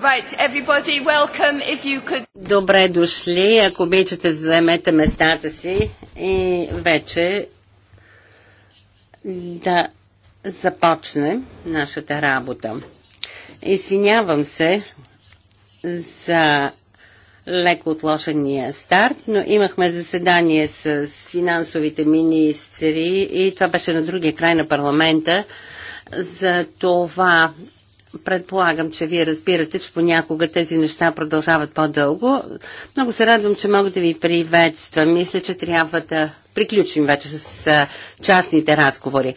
Right, could... Добре дошли, ако обичате заемете местата си и вече да започне нашата работа. Извинявам се за леко отложения старт, но имахме заседание с финансовите министри и това беше на другия край на парламента. За това Предполагам, че вие разбирате, че понякога тези неща продължават по-дълго. Много се радвам, че мога да ви приветствам. Мисля, че трябва да приключим вече с частните разговори.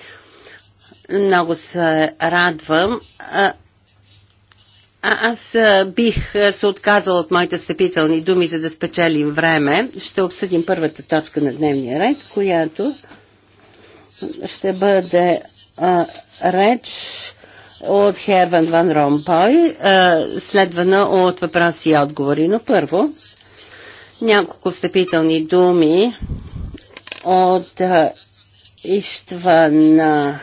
Много се радвам. А, аз бих се отказала от моите встъпителни думи, за да спечелим време. Ще обсъдим първата точка на дневния ред, която ще бъде а, реч от Херван Ван Ромпой, е, следвана от въпроси и отговори. Но първо, няколко встъпителни думи от е, Иштвана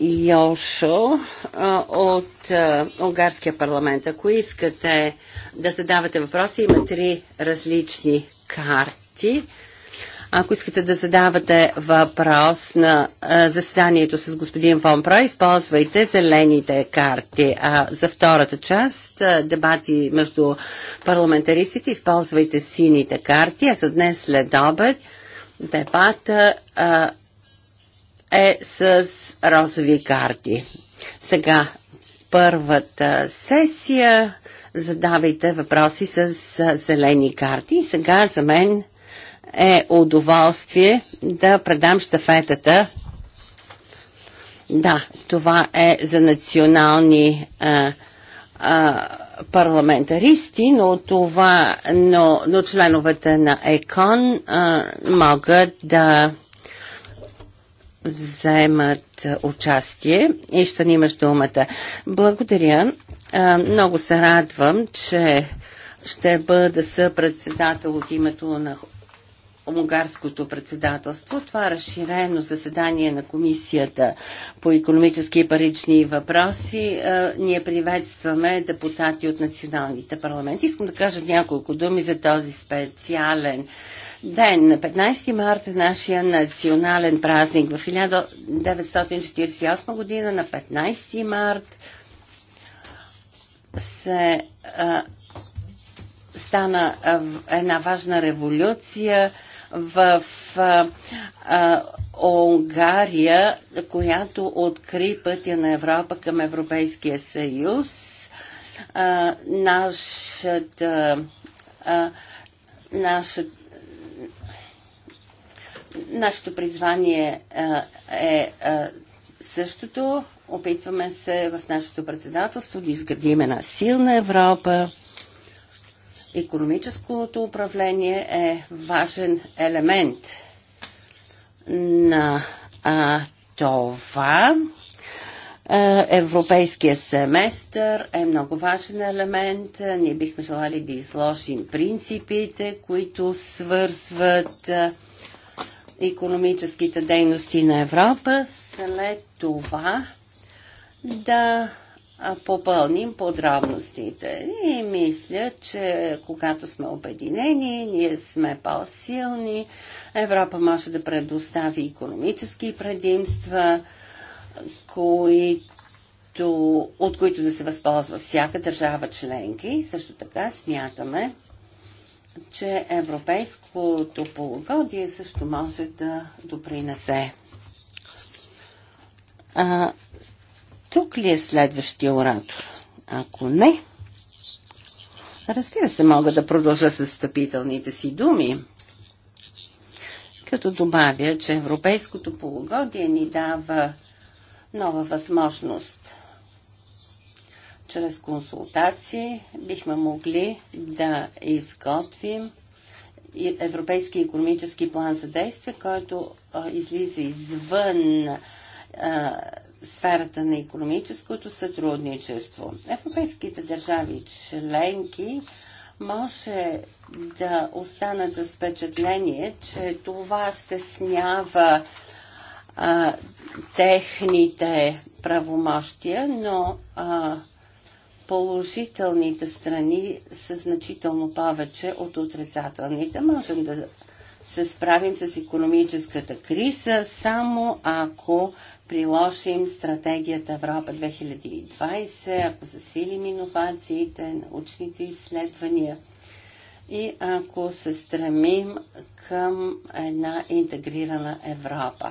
Йошо е, от Унгарския парламент. Ако искате да задавате въпроси, има три различни карти. Ако искате да задавате въпрос на заседанието с господин Фон Про, използвайте зелените карти. А за втората част, дебати между парламентаристите, използвайте сините карти. А за днес след обед дебата е с розови карти. Сега първата сесия задавайте въпроси с зелени карти. И сега за мен е удоволствие да предам штафетата. Да, това е за национални а, а, парламентаристи, но, това, но, но членовете на ЕКОН а, могат да вземат участие и ще ни имаш думата. Благодаря. А, много се радвам, че ще бъда съпредседател от името на унгарското председателство. Това разширено заседание на Комисията по економически и парични въпроси. Е, ние приветстваме депутати от националните парламенти. Искам да кажа няколко думи за този специален ден. На 15 марта е нашия национален празник в 1948 година на 15 март се а, е, стана а, една важна революция в а, а, Унгария, която откри пътя на Европа към Европейския съюз. А, нашата, а, нашата Нашето призвание а, е а, същото. Опитваме се в нашето председателство да изградим една силна Европа, Економическото управление е важен елемент на а, това. Европейския семестър е много важен елемент. Ние бихме желали да изложим принципите, които свързват економическите дейности на Европа. След това да попълним подробностите. И мисля, че когато сме обединени, ние сме по-силни, Европа може да предостави економически предимства, които от които да се възползва всяка държава членки. и също така смятаме, че европейското полугодие също може да допринесе. А, тук ли е следващия оратор? Ако не, разбира се, мога да продължа с стъпителните си думи, като добавя, че европейското полугодие ни дава нова възможност. Чрез консултации бихме могли да изготвим Европейски економически план за действие, който излиза извън сферата на економическото сътрудничество. Европейските държави членки може да останат за впечатление, че това стеснява а, техните правомощия, но а, положителните страни са значително повече от отрицателните. Можем да се справим с економическата криза само ако приложим стратегията Европа 2020, ако засилим иновациите, научните изследвания и ако се стремим към една интегрирана Европа.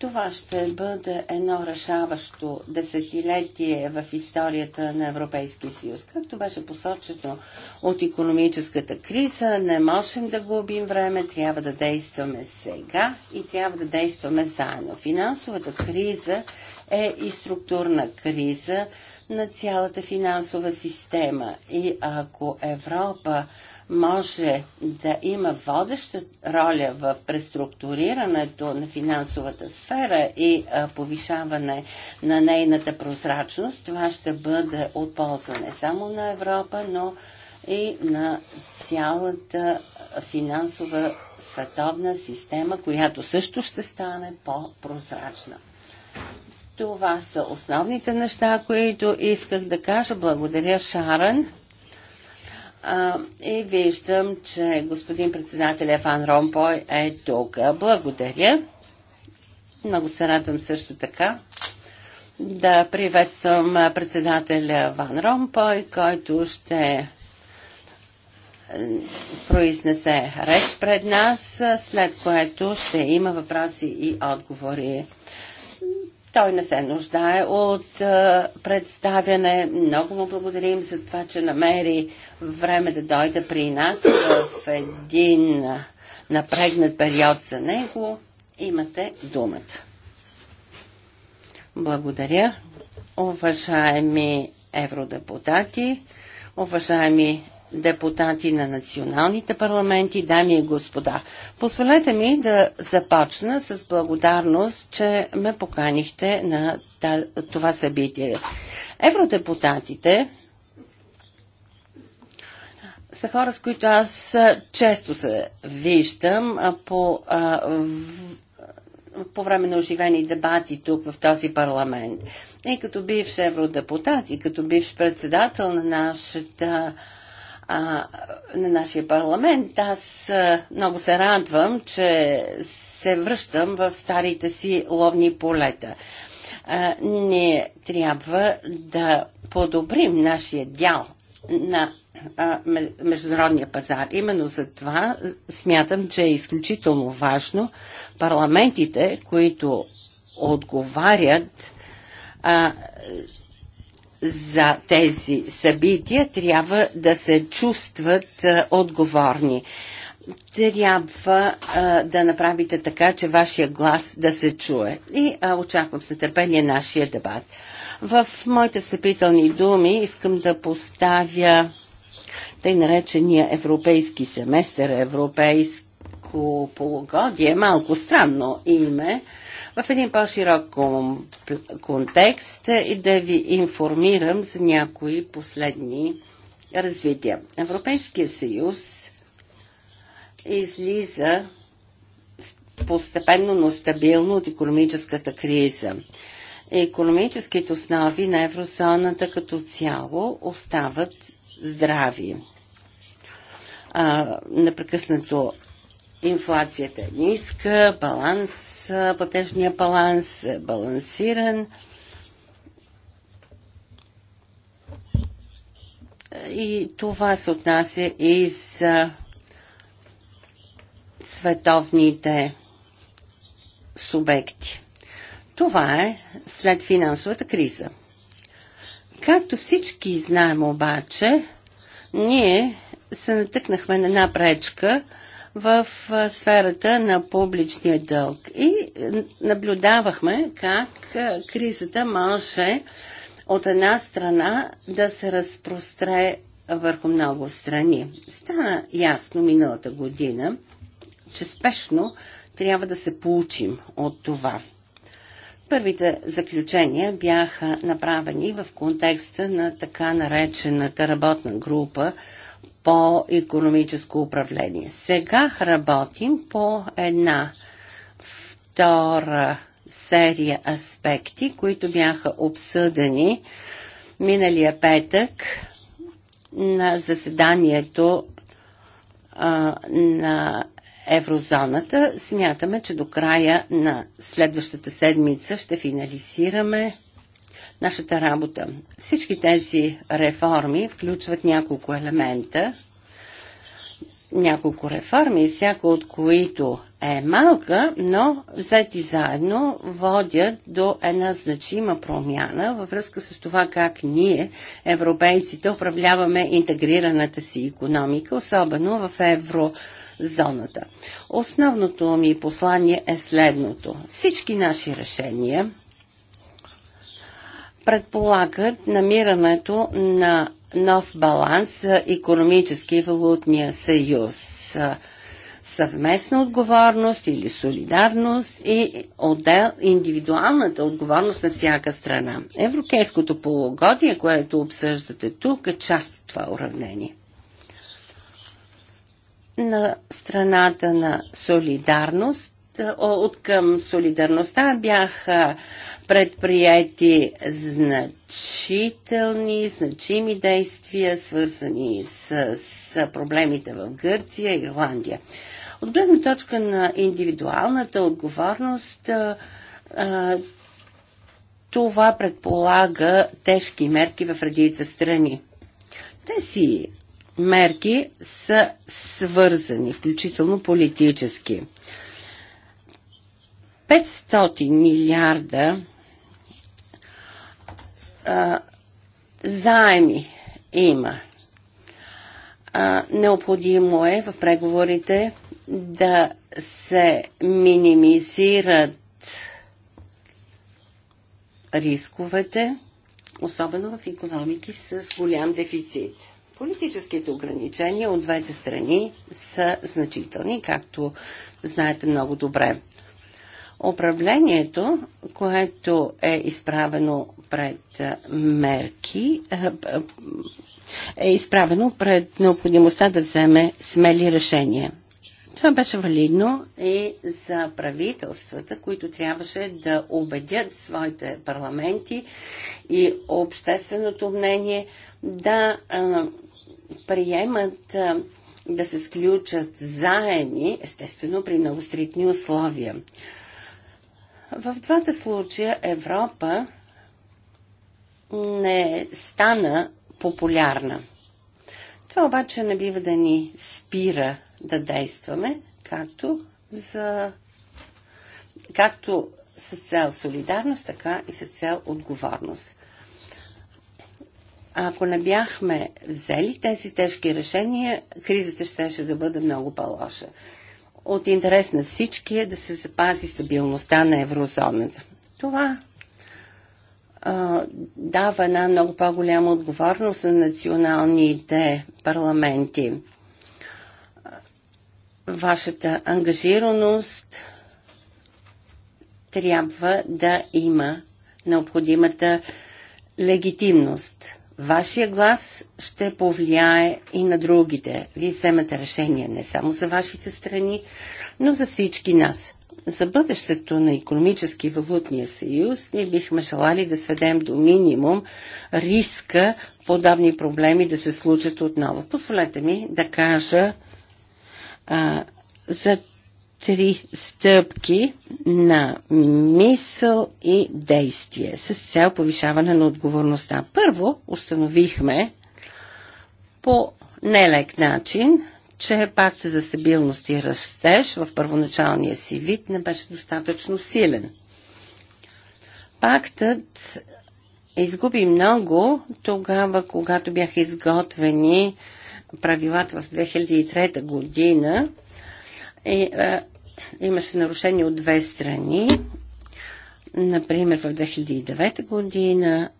Това ще бъде едно решаващо десетилетие в историята на Европейския съюз. Както беше посочено от економическата криза, не можем да губим време, трябва да действаме сега и трябва да действаме заедно. Финансовата криза е и структурна криза, на цялата финансова система. И ако Европа може да има водеща роля в преструктурирането на финансовата сфера и повишаване на нейната прозрачност, това ще бъде от полза не само на Европа, но и на цялата финансова световна система, която също ще стане по-прозрачна. Това са основните неща, които исках да кажа. Благодаря, Шаран. А, и виждам, че господин председателя Фан Ромпой е тук. Благодаря. Много се радвам също така да приветствам председателя Ван Ромпой, който ще произнесе реч пред нас, след което ще има въпроси и отговори. Той не се нуждае от а, представяне. Много му благодарим за това, че намери време да дойде при нас в един напрегнат период за него. Имате думата. Благодаря, уважаеми евродепутати, уважаеми депутати на националните парламенти, дами и господа. Позволете ми да започна с благодарност, че ме поканихте на това събитие. Евродепутатите са хора, с които аз често се виждам по, по време на оживени дебати тук в този парламент. И като бивш евродепутат, и като бивш председател на нашата а, на нашия парламент. Аз а, много се радвам, че се връщам в старите си ловни полета. А, не трябва да подобрим нашия дял на а, международния пазар. Именно за това смятам, че е изключително важно парламентите, които отговарят а, за тези събития трябва да се чувстват а, е, отговорни. Трябва а, е, да направите така, че вашия глас да се чуе. И а, е, очаквам с нетърпение нашия дебат. В моите встъпителни думи искам да поставя тъй наречения европейски семестър, европейско полугодие, малко странно име, в един по-широк контекст и да ви информирам за някои последни развития. Европейския съюз излиза постепенно, но стабилно от економическата криза. Економическите основи на еврозоната като цяло остават здрави. А, непрекъснато Инфлацията е ниска, баланс, платежния баланс е балансиран. И това се отнася и за световните субекти. Това е след финансовата криза. Както всички знаем обаче, ние се натъкнахме на една пречка – в сферата на публичния дълг. И е, наблюдавахме как кризата може от една страна да се разпростре върху много страни. Стана ясно миналата година, че спешно трябва да се получим от това. Първите заключения бяха направени в контекста на така наречената работна група по економическо управление. Сега работим по една втора серия аспекти, които бяха обсъдени миналия петък на заседанието а, на еврозоната. Смятаме, че до края на следващата седмица ще финализираме нашата работа. Всички тези реформи включват няколко елемента, няколко реформи, всяка от които е малка, но взети заедно водят до една значима промяна във връзка с това как ние, европейците, управляваме интегрираната си економика, особено в евро зоната. Основното ми послание е следното. Всички наши решения, предполагат намирането на нов баланс за економически и валутния съюз, съвместна отговорност или солидарност и отдел, индивидуалната отговорност на всяка страна. Европейското полугодие, което обсъждате тук, е част от това уравнение. На страната на солидарност е, от към солидарността бяха предприяти значителни, значими действия, свързани с, с проблемите в Гърция и Ирландия. От гледна точка на индивидуалната отговорност, това предполага тежки мерки в редица страни. Тези мерки са свързани, включително политически. 500 милиарда заеми има. А, необходимо е в преговорите да се минимизират рисковете, особено в економики с голям дефицит. Политическите ограничения от двете страни са значителни, както знаете много добре. Управлението, което е изправено пред мерки, е изправено пред необходимостта да вземе смели решения. Това беше валидно и за правителствата, които трябваше да убедят своите парламенти и общественото мнение да а, приемат а, да се сключат заеми, естествено при много стритни условия. В двата случая Европа не стана популярна. Това обаче не бива да ни спира да действаме, както за както с цел солидарност, така и с цел отговорност. А ако не бяхме взели тези тежки решения, кризата щеше да бъде много по-лоша. От интерес на всички е да се запази стабилността на еврозоната. Това дава една много по-голяма отговорност на националните парламенти. Вашата ангажираност трябва да има необходимата легитимност. Вашия глас ще повлияе и на другите. Вие вземате решение не само за вашите страни, но за всички нас. За бъдещето на економически и валутния съюз ние бихме желали да сведем до минимум риска подобни проблеми да се случат отново. Позволете ми да кажа а, за три стъпки на мисъл и действие с цел повишаване на отговорността. Първо установихме по нелек начин, че пакта за стабилност и растеж в първоначалния си вид не беше достатъчно силен. Пактът изгуби много тогава, когато бяха изготвени правилата в 2003 година. И, е, имаше нарушение от две страни. Например, в 2009 година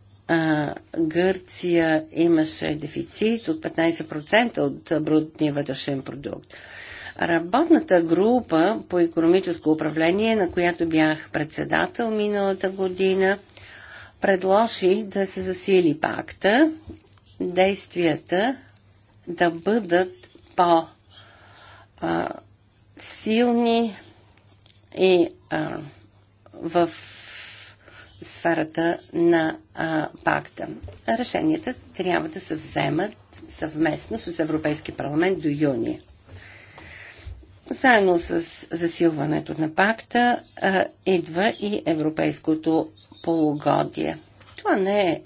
Гърция имаше дефицит от 15% от брутния вътрешен продукт. Работната група по економическо управление, на която бях председател миналата година, предложи да се засили пакта, действията да бъдат по- силни и а, в сферата на а, пакта. Решенията трябва да се вземат съвместно с Европейски парламент до юни. Заедно с засилването на пакта а, идва и европейското полугодие. Това не е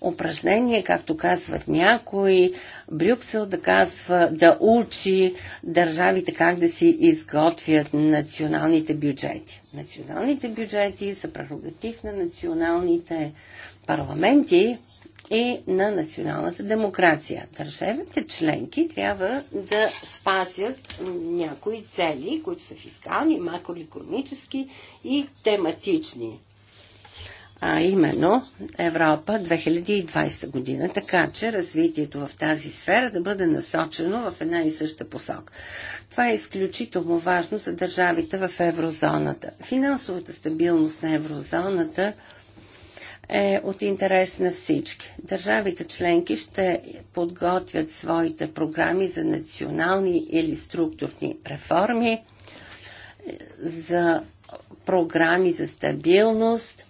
упражнение, както казват някои, Брюксел да казва, да учи държавите как да си изготвят националните бюджети. Националните бюджети са прерогатив на националните парламенти и на националната демокрация. Държавите членки трябва да спасят някои цели, които са фискални, макроекономически и тематични а именно Европа 2020 година, така че развитието в тази сфера да бъде насочено в една и съща посока. Това е изключително важно за държавите в еврозоната. Финансовата стабилност на еврозоната е от интерес на всички. Държавите членки ще подготвят своите програми за национални или структурни реформи, за програми за стабилност –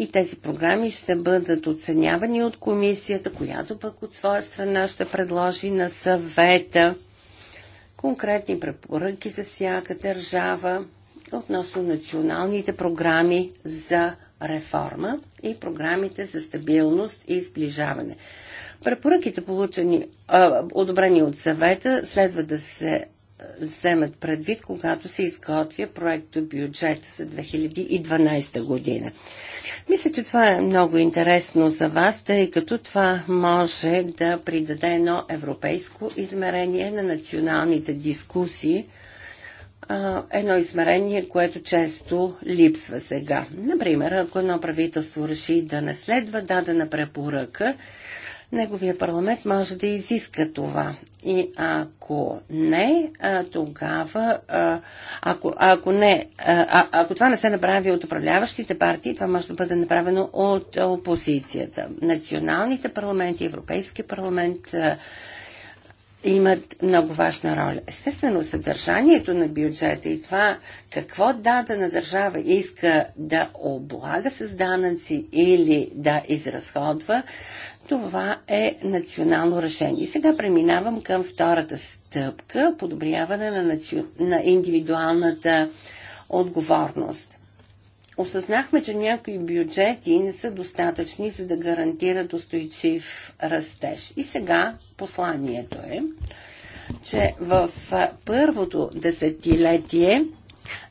и тези програми ще бъдат оценявани от комисията, която пък от своя страна ще предложи на съвета конкретни препоръки за всяка държава относно националните програми за реформа и програмите за стабилност и сближаване. Препоръките, получени, одобрени от съвета, следва да се вземат предвид, когато се изготвя проекто бюджет за 2012 година. Мисля, че това е много интересно за вас, тъй като това може да придаде едно европейско измерение на националните дискусии, едно измерение, което често липсва сега. Например, ако едно правителство реши да не следва дадена препоръка, неговия парламент може да изиска това. И ако не, тогава, ако, ако, не, ако това не се направи от управляващите партии, това може да бъде направено от опозицията. Националните парламенти, Европейския парламент имат много важна роля. Естествено, съдържанието на бюджета и това какво дадена държава иска да облага с данъци или да изразходва, това е национално решение. Сега преминавам към втората стъпка подобряване на, наци... на индивидуалната отговорност. Осъзнахме, че някои бюджети не са достатъчни, за да гарантират устойчив растеж. И сега посланието е, че в първото десетилетие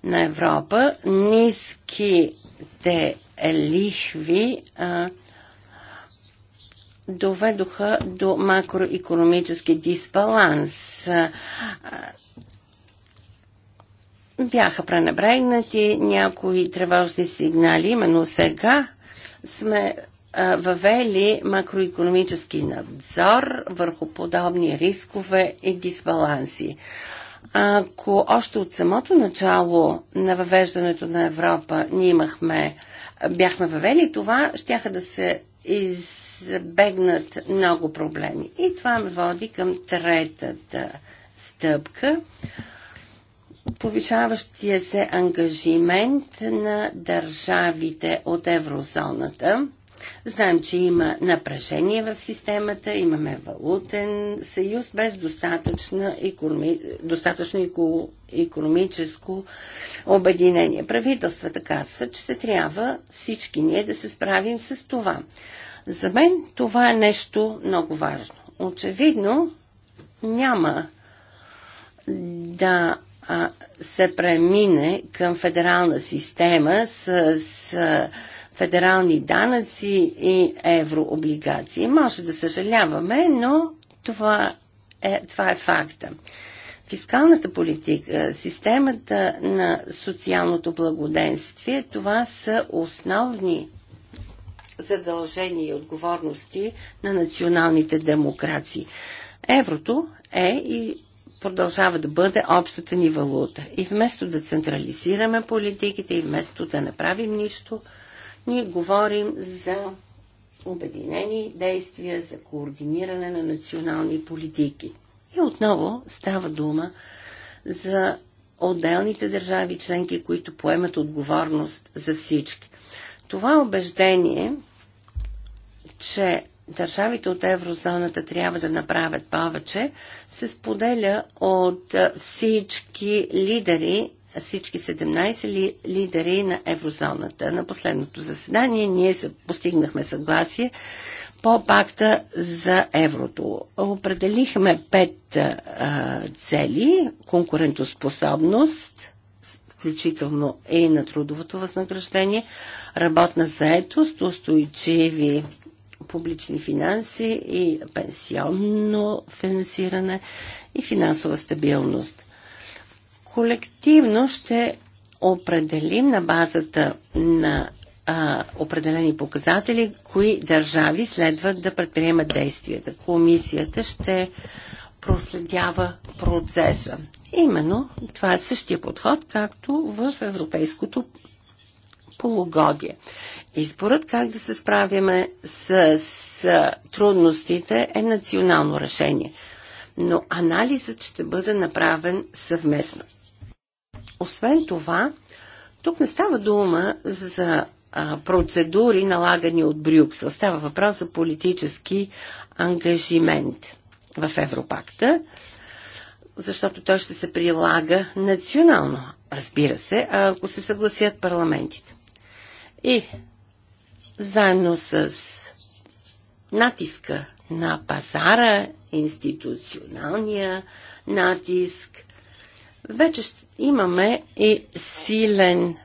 на Европа ниските лихви а, доведоха до макроекономически дисбаланс. Бяха пренебрегнати някои тревожни сигнали. Именно сега сме въвели макроекономически надзор върху подобни рискове и дисбаланси. Ако още от самото начало на въвеждането на Европа ние имахме, бяхме въвели това, щяха да се из избегнат много проблеми. И това ме води към третата стъпка повишаващия се ангажимент на държавите от еврозоната. Знаем, че има напрежение в системата, имаме валутен съюз без достатъчно, економи... достатъчно економическо обединение. Правителствата казват, че се трябва всички ние да се справим с това. За мен това е нещо много важно. Очевидно няма да а, се премине към федерална система с, с федерални данъци и еврооблигации. Може да съжаляваме, но това е, това е факта. Фискалната политика, системата на социалното благоденствие, това са основни задължения и отговорности на националните демокрации. Еврото е и продължава да бъде общата ни валута. И вместо да централизираме политиките и вместо да направим нищо, ние говорим за обединени действия, за координиране на национални политики. И отново става дума за отделните държави членки, които поемат отговорност за всички. Това убеждение че държавите от еврозоната трябва да направят повече, се споделя от всички лидери, всички 17 ли, лидери на еврозоната. На последното заседание ние постигнахме съгласие по пакта за еврото. Определихме пет а, цели конкурентоспособност, включително и на трудовото възнаграждение, работна заетост, устойчиви публични финанси и пенсионно финансиране и финансова стабилност. Колективно ще определим на базата на а, определени показатели, кои държави следват да предприемат действията. Комисията ще проследява процеса. Именно това е същия подход, както в европейското полугодие. Изборът как да се справяме с, с трудностите е национално решение, но анализът ще бъде направен съвместно. Освен това, тук не става дума за процедури, налагани от Брюксел. Става въпрос за политически ангажимент в Европакта, защото той ще се прилага национално, разбира се, ако се съгласят парламентите. И заедно с натиска на пазара, институционалния натиск, вече имаме и силен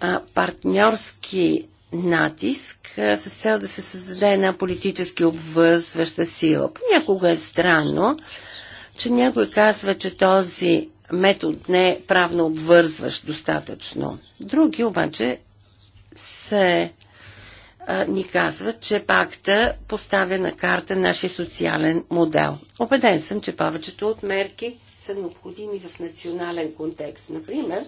а, партньорски натиск а, с цел да се създаде една политически обвързваща сила. Понякога е странно, че някой казва, че този метод не е правно обвързващ достатъчно. Други обаче се а, ни казва, че пакта поставя на карта нашия социален модел. Обеден съм, че повечето от мерки са необходими в национален контекст. Например,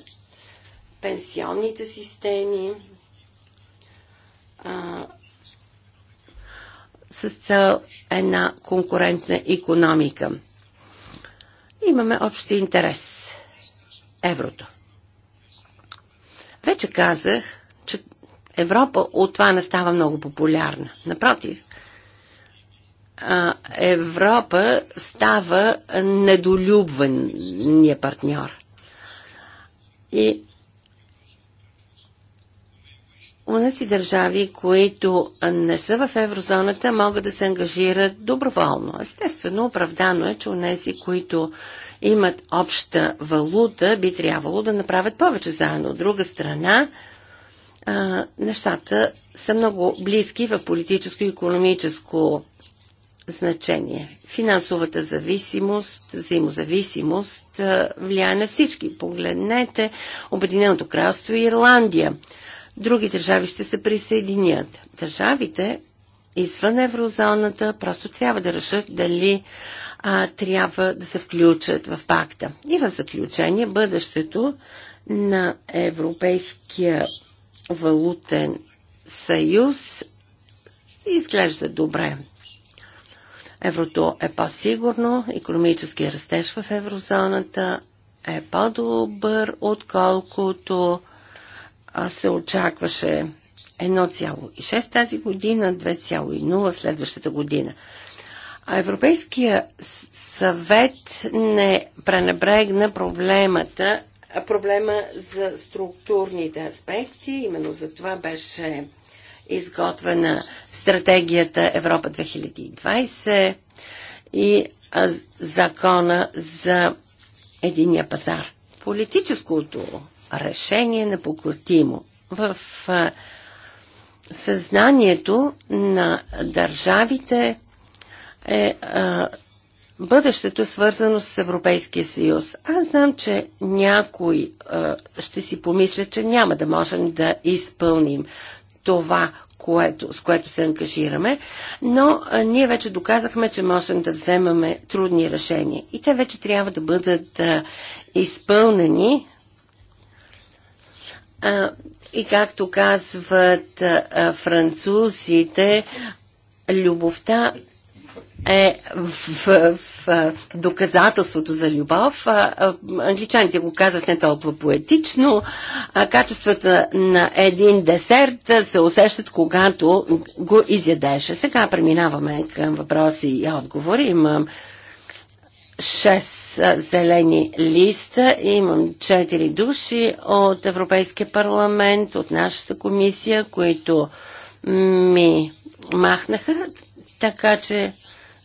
пенсионните системи а, с цел една конкурентна економика. Имаме общи интерес. Еврото. Вече казах, Европа от това не става много популярна. Напротив, Европа става недолюбвания партньор. И унеси държави, които не са в еврозоната, могат да се ангажират доброволно. Естествено, оправдано е, че унеси, които имат обща валута, би трябвало да направят повече заедно. От друга страна, а, нещата са много близки в политическо и економическо значение. Финансовата зависимост, взаимозависимост влияе на всички. Погледнете Обединеното кралство и Ирландия. Други държави ще се присъединят. Държавите извън еврозоната просто трябва да решат дали а, трябва да се включат в пакта. И в заключение бъдещето на Европейския валутен съюз изглежда добре. Еврото е по-сигурно, економическия растеж в еврозоната е по-добър, отколкото се очакваше 1,6 тази година, 2,0 следващата година. А Европейския съвет не пренебрегна проблемата проблема за структурните аспекти. Именно за това беше изготвена стратегията Европа 2020 и закона за единия пазар. Политическото решение е непоклатимо. В съзнанието на държавите е а, бъдещето е свързано с Европейския съюз. Аз знам, че някой а, ще си помисля, че няма да можем да изпълним това, което, с което се ангажираме, но а, ние вече доказахме, че можем да вземаме трудни решения. И те вече трябва да бъдат а, изпълнени. А, и както казват а, французите, любовта е в, в, в доказателството за любов. Англичаните го казват не толкова поетично. Качествата на един десерт се усещат, когато го изядеш. Сега преминаваме към въпроси и отговори. Имам 6 зелени листа. Имам 4 души от Европейския парламент, от нашата комисия, които ми махнаха така че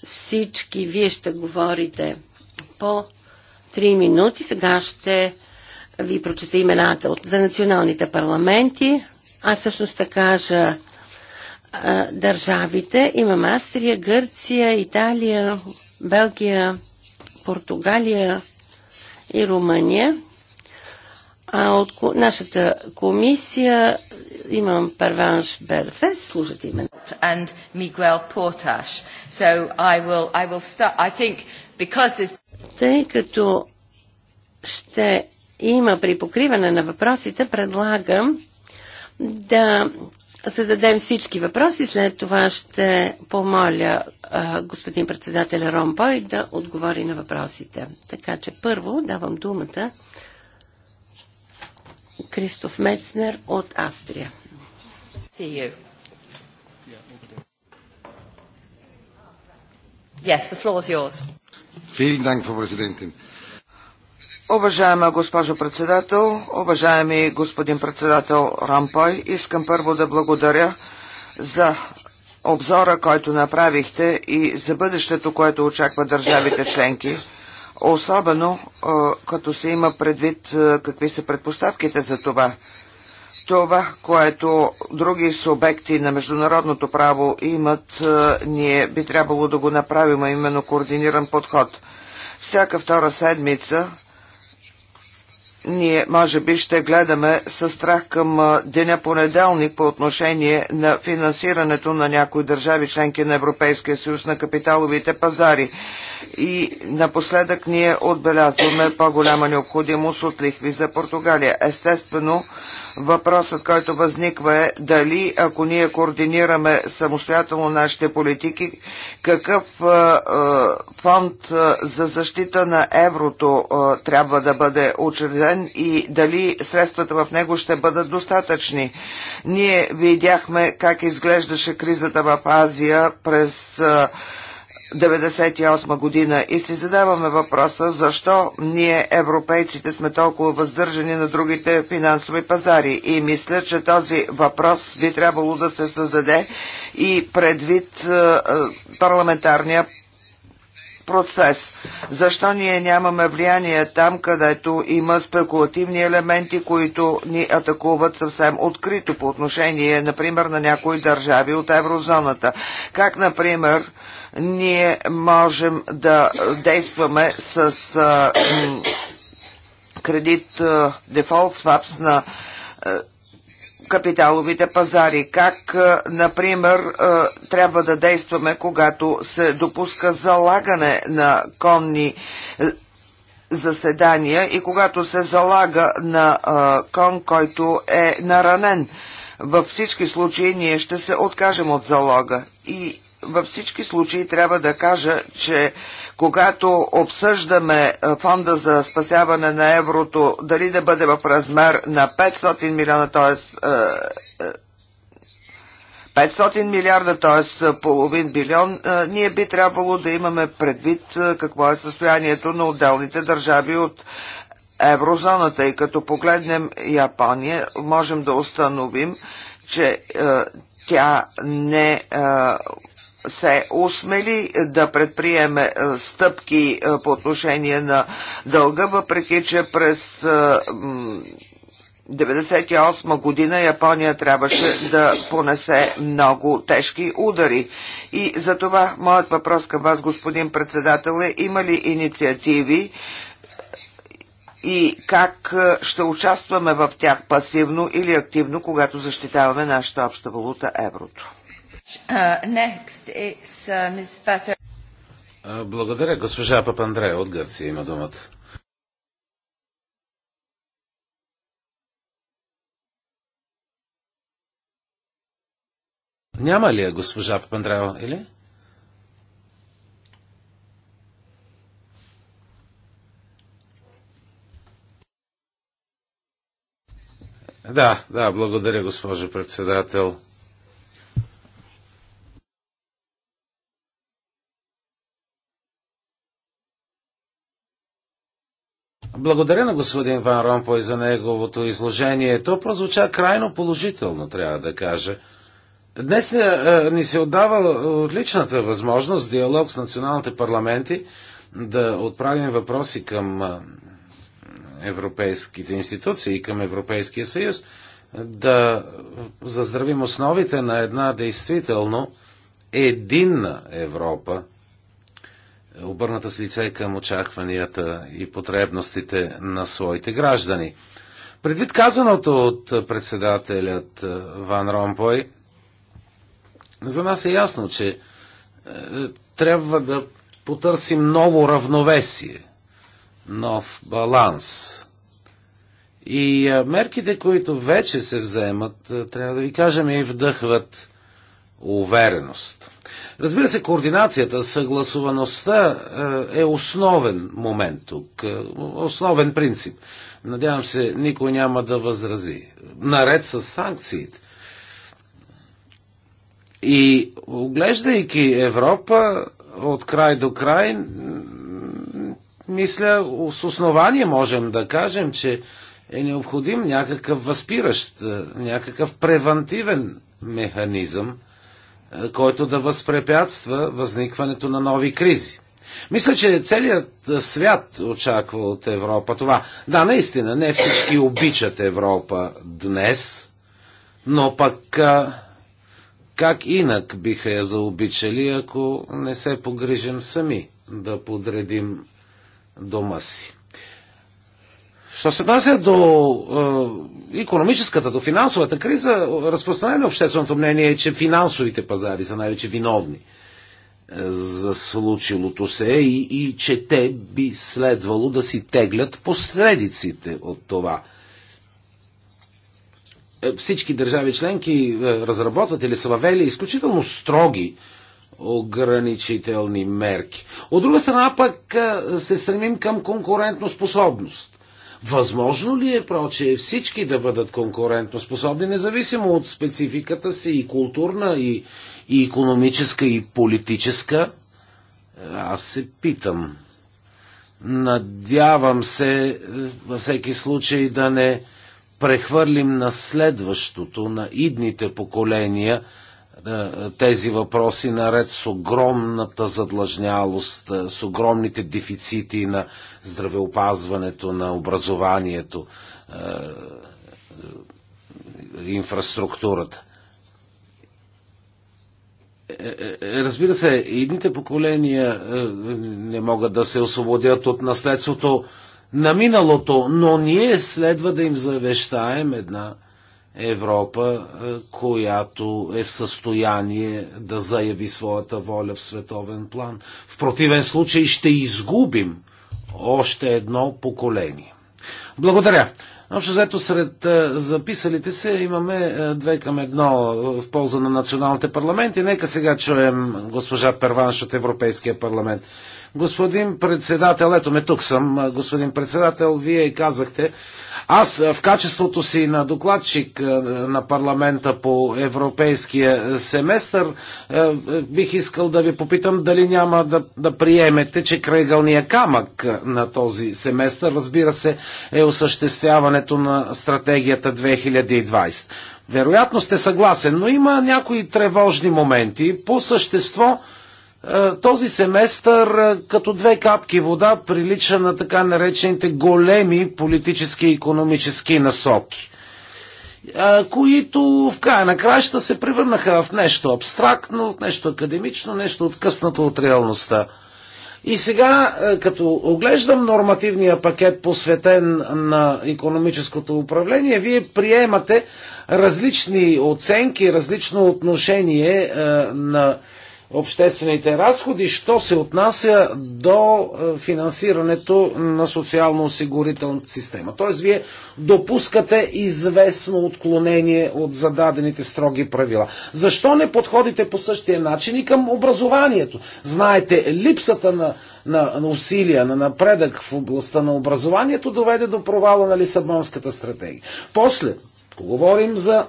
всички вие ще говорите по 3 минути. Сега ще ви прочета имената за националните парламенти. Аз всъщност ще кажа а, държавите. Имам Австрия, Гърция, Италия, Белгия, Португалия и Румъния. А от нашата комисия имам Перванш Берфес, слушате име. And Miguel Portas. So I will, I will start, I think, because this... Тъй като ще има при покриване на въпросите, предлагам да зададем всички въпроси. След това ще помоля а, господин председателя Ромбой да отговори на въпросите. Така че първо давам думата Кристоф Мецнер от Австрия. See you. Yes, the floor is yours. Vielen Dank, Frau Präsidentin. Уважаема госпожо председател, уважаеми господин председател Рампой, искам първо да благодаря за обзора, който направихте и за бъдещето, което очаква държавите членки особено като се има предвид какви са предпоставките за това. Това, което други субекти на международното право имат, ние би трябвало да го направим, а именно координиран подход. Всяка втора седмица ние може би ще гледаме със страх към деня понеделник по отношение на финансирането на някои държави членки на Европейския съюз на капиталовите пазари и напоследък ние отбелязваме по-голяма необходимост от лихви за Португалия. Естествено, въпросът, който възниква е дали, ако ние координираме самостоятелно нашите политики, какъв е, е, фонд за защита на еврото е, трябва да бъде учреден и дали средствата в него ще бъдат достатъчни. Ние видяхме как изглеждаше кризата в Азия през е, 1998 година и си задаваме въпроса защо ние европейците сме толкова въздържани на другите финансови пазари и мисля, че този въпрос би трябвало да се създаде и предвид е, е, парламентарния процес. Защо ние нямаме влияние там, където има спекулативни елементи, които ни атакуват съвсем открито по отношение, например, на някои държави от еврозоната? Как, например, ние можем да действаме с кредит дефолт свапс на капиталовите пазари. Как, например, трябва да действаме, когато се допуска залагане на конни заседания и когато се залага на кон, който е наранен. Във всички случаи ние ще се откажем от залога. И във всички случаи трябва да кажа, че когато обсъждаме фонда за спасяване на еврото, дали да бъде в размер на 500 милиона, т.е. 500 милиарда, т.е. половин билион, ние би трябвало да имаме предвид какво е състоянието на отделните държави от еврозоната. И като погледнем Япония, можем да установим, че тя не е, се осмели да предприеме е, стъпки е, по отношение на дълга, въпреки че през 1998 е, година Япония трябваше да понесе много тежки удари. И за това моят въпрос към вас, господин председател, е има ли инициативи и как ще участваме в тях пасивно или активно, когато защитаваме нашата обща валута еврото? Uh, uh Благодаря, госпожа Папандрея от Гърция има думата. Няма ли я госпожа Папандрева, или? Да, да, благодаря, госпожо председател. Благодаря на господин Ван Ромпой за неговото изложение. То прозвуча крайно положително, трябва да кажа. Днес е, е, ни се отдава отличната възможност диалог с националните парламенти да отправим въпроси към е, европейските институции и към Европейския съюз, да заздравим основите на една действително единна Европа, обърната с лице към очакванията и потребностите на своите граждани. Предвид казаното от председателят е, Ван Ромпой, за нас е ясно, че е, трябва да потърсим ново равновесие, нов баланс. И е, мерките, които вече се вземат, трябва да ви кажем, и вдъхват увереност. Разбира се, координацията, съгласуваността е, е основен момент тук, е, основен принцип. Надявам се, никой няма да възрази. Наред с санкциите. И оглеждайки Европа от край до край, мисля, с основание можем да кажем, че е необходим някакъв възпиращ, е, някакъв превантивен механизъм, е, който да възпрепятства възникването на нови кризи. Мисля, че целият е, свят очаква от Европа това. Да, наистина, не всички обичат Европа днес, но пък е, как инак биха я заобичали, ако не се погрижим сами да подредим дома си. Що се отнася до е, економическата, до финансовата криза, разпространено общественото мнение е, че финансовите пазари са най-вече виновни е, за случилото се и, и че те би следвало да си теглят последиците от това. Е, всички държави членки е, разработват или са въвели изключително строги ограничителни мерки. От друга страна пък се стремим към конкурентно способност. Възможно ли е, проче, всички да бъдат конкурентоспособни, независимо от спецификата си и културна, и, и економическа, и политическа? Аз се питам. Надявам се, е, във всеки случай, да не прехвърлим на следващото, на идните поколения – е, тези въпроси, наред с огромната задлъжнялост, е, с огромните дефицити на здравеопазването, на образованието, е, инфраструктурата. Разбира се, едните поколения не могат да се освободят от наследството на миналото, но ние следва да им завещаем една Европа, е, която е в състояние да заяви своята воля в световен план. В противен случай ще изгубим още едно поколение. Благодаря. Общо заето сред е, записалите се имаме е, две към едно в полза на националните парламенти. Нека сега чуем госпожа Перванш от Европейския парламент. Господин председател, ето ме тук съм, господин председател, вие казахте, аз в качеството си на докладчик на парламента по европейския семестър бих искал да ви попитам дали няма да, да приемете, че крайгълния камък на този семестър, разбира се, е осъществяването на стратегията 2020. Вероятно сте съгласен, но има някои тревожни моменти. По същество, е, този семестър е, като две капки вода прилича на така наречените големи политически и економически насоки, е, които в края на краща се превърнаха в нещо абстрактно, в нещо академично, нещо откъснато от реалността. И сега, като оглеждам нормативния пакет, посветен на економическото управление, вие приемате различни оценки, различно отношение на обществените разходи, що се отнася до е, финансирането на социално-осигурителната система. Т.е. вие допускате известно отклонение от зададените строги правила. Защо не подходите по същия начин и към образованието? Знаете, липсата на на, на усилия, на напредък в областта на образованието доведе до провала на Лисабонската стратегия. После, говорим за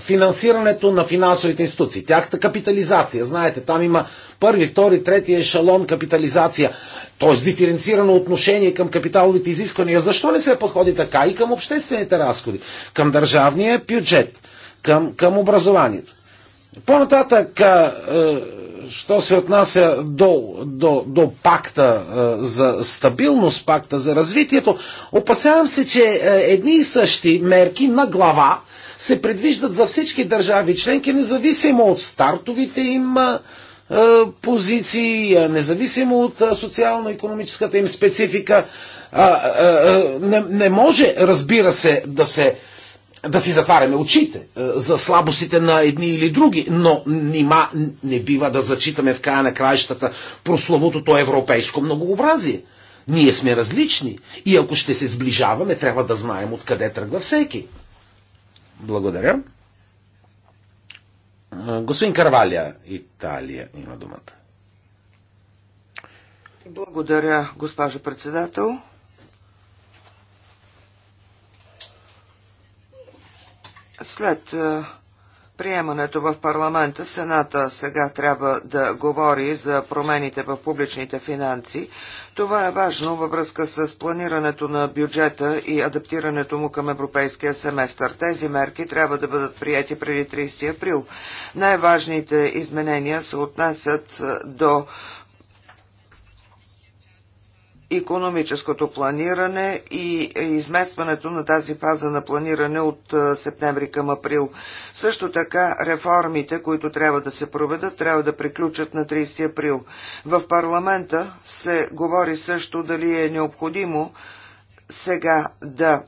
финансирането на финансовите институции, тяхната капитализация. Знаете, там има първи, втори, трети ешалон капитализация, т.е. диференцирано отношение към капиталовите изисквания. Защо не се подходи така и към обществените разходи, към държавния бюджет, към, към образованието? По-нататък, що се отнася до, до, до пакта за стабилност, пакта за развитието, опасявам се, че едни и същи мерки на глава се предвиждат за всички държави членки, независимо от стартовите им позиции, независимо от социално-економическата им специфика. Не, не може, разбира се, да се да си затваряме очите е, за слабостите на едни или други, но нима не бива да зачитаме в края на краищата прословутото европейско многообразие. Ние сме различни и ако ще се сближаваме, трябва да знаем откъде тръгва всеки. Благодаря. Е, господин Карвалия, Италия има думата. Благодаря, госпожо председател. След е, приемането в парламента Сената сега трябва да говори за промените в публичните финанси. Това е важно във връзка с планирането на бюджета и адаптирането му към европейския семестър. Тези мерки трябва да бъдат прияти преди 30 април. Най-важните изменения се отнасят е, до економическото планиране и изместването на тази фаза на планиране от септември към април. Също така реформите, които трябва да се проведат, трябва да приключат на 30 април. В парламента се говори също дали е необходимо сега да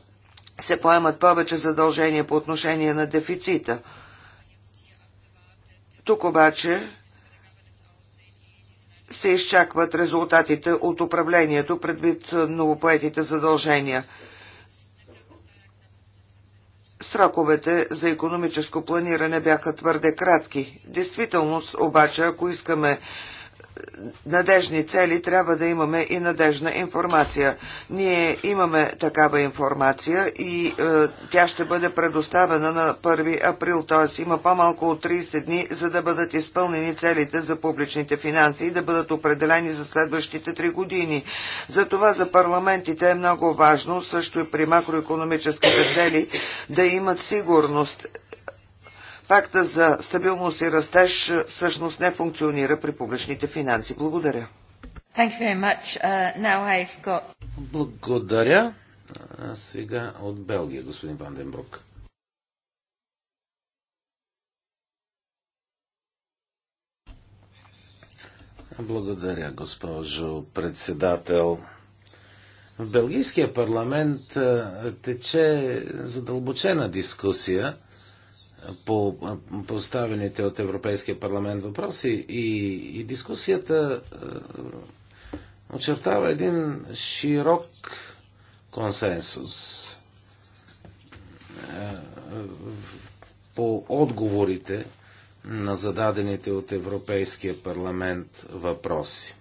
се поемат повече задължения по отношение на дефицита. Тук обаче се изчакват резултатите от управлението предвид новопоетите задължения. Сроковете за економическо планиране бяха твърде кратки. Действителност обаче, ако искаме надежни цели, трябва да имаме и надежна информация. Ние имаме такава информация и е, тя ще бъде предоставена на 1 април, т.е. има по-малко от 30 дни, за да бъдат изпълнени целите за публичните финанси и да бъдат определени за следващите 3 години. Затова за парламентите е много важно, също и при макроекономическите цели, да имат сигурност Пакта за стабилност и растеж е, всъщност не функционира при публичните финанси. Благодаря. Uh, got... Благодаря. А сега от Белгия, господин Ванденбрук. Благодаря, госпожо председател. В Белгийския парламент тече задълбочена дискусия по поставените от Европейския парламент въпроси и, и дискусията очертава един широк консенсус по отговорите на зададените от Европейския парламент въпроси.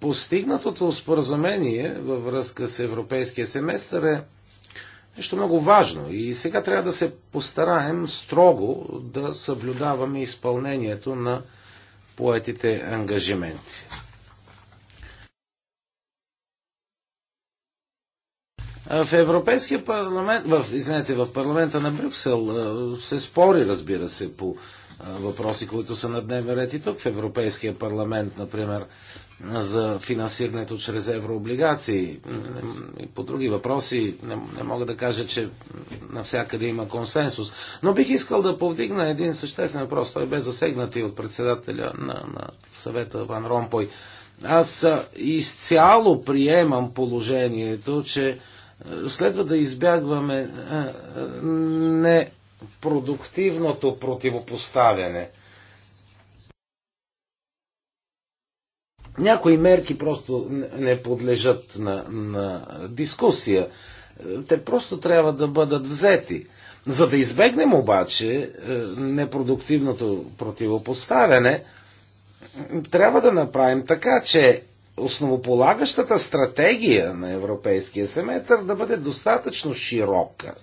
Постигнатото споразумение във връзка с Европейския семестър е Нещо много важно. И сега трябва да се постараем строго да съблюдаваме изпълнението на поетите ангажименти. В Европейския парламент, в, извинете, в парламента на Брюксел се спори, разбира се, по въпроси, които са на дневен ред и тук в Европейския парламент, например за финансирането чрез еврооблигации и по други въпроси не, не мога да кажа, че навсякъде има консенсус. Но бих искал да повдигна един съществен въпрос. Той бе засегнат и от председателя на, на съвета Ван Ромпой. Аз изцяло приемам положението, че следва да избягваме непродуктивното противопоставяне – Някои мерки просто не подлежат на, на дискусия. Те просто трябва да бъдат взети. За да избегнем обаче е, непродуктивното противопоставяне, трябва да направим така, че основополагащата стратегия на европейския семетър да бъде достатъчно широка,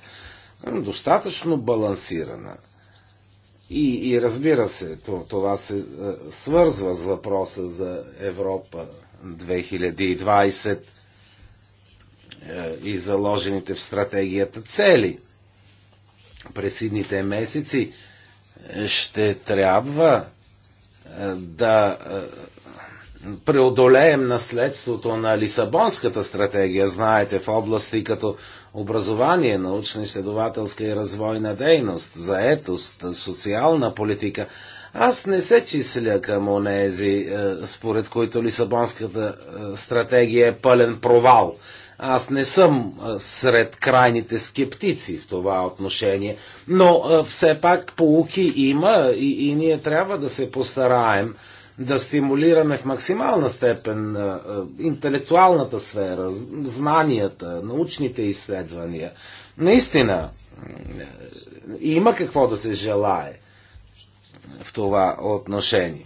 достатъчно балансирана – и, и разбира се, това се е, свързва с въпроса за Европа 2020 е, и заложените в стратегията цели. През едните месеци е, ще трябва да преодолеем наследството на Лисабонската стратегия, знаете, в области като образование, научно-изследователска и развойна дейност, заетост, социална политика. Аз не се числя към онези, е, според които Лисабонската е, стратегия е пълен провал. Аз не съм е, сред крайните скептици в това отношение, но все пак поуки има и, и ние трябва да се постараем да стимулираме в максимална степен интелектуалната сфера, знанията, научните изследвания. Наистина, има какво да се желае в това отношение.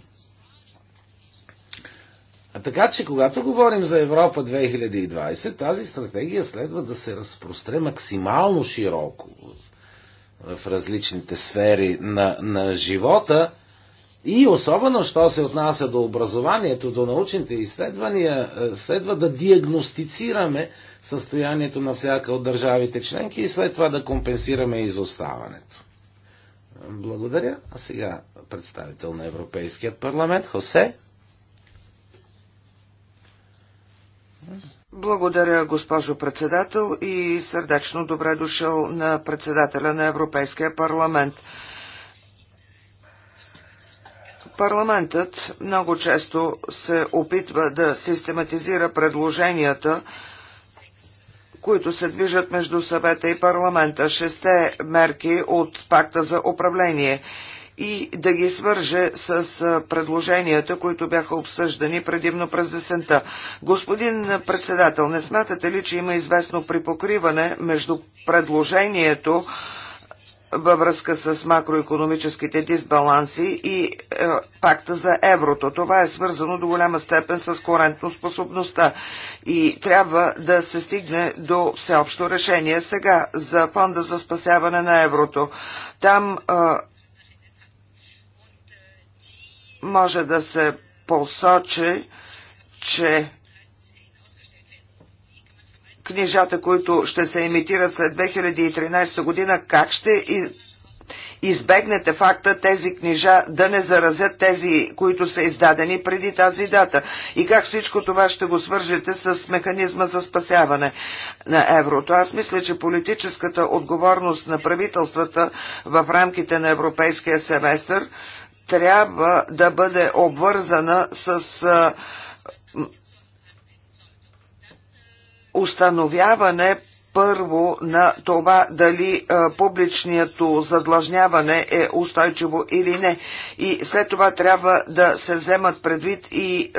А така че, когато говорим за Европа 2020, тази стратегия следва да се разпростре максимално широко в различните сфери на, на живота – и особено, що се отнася до образованието, до научните изследвания, е, следва да диагностицираме състоянието на всяка от държавите членки и след това да компенсираме изоставането. Благодаря. А сега представител на Европейския парламент, Хосе. Благодаря, госпожо председател, и сърдечно добре дошъл на председателя на Европейския парламент. Парламентът много често се опитва да систематизира предложенията, които се движат между съвета и парламента, шесте мерки от пакта за управление и да ги свърже с предложенията, които бяха обсъждани предимно през десента. Господин председател, не смятате ли, че има известно припокриване между предложението, във връзка с макроекономическите дисбаланси и е, пакта за еврото. Това е свързано до голяма степен с способността и трябва да се стигне до всеобщо решение сега за фонда за спасяване на еврото. Там е, може да се посочи, че книжата, които ще се емитират след 2013 година, как ще избегнете факта тези книжа да не заразят тези, които са издадени преди тази дата и как всичко това ще го свържете с механизма за спасяване на еврото. Аз мисля, че политическата отговорност на правителствата в рамките на европейския семестър трябва да бъде обвързана с установяване първо на това дали публичният задлъжняване е устойчиво или не. И след това трябва да се вземат предвид и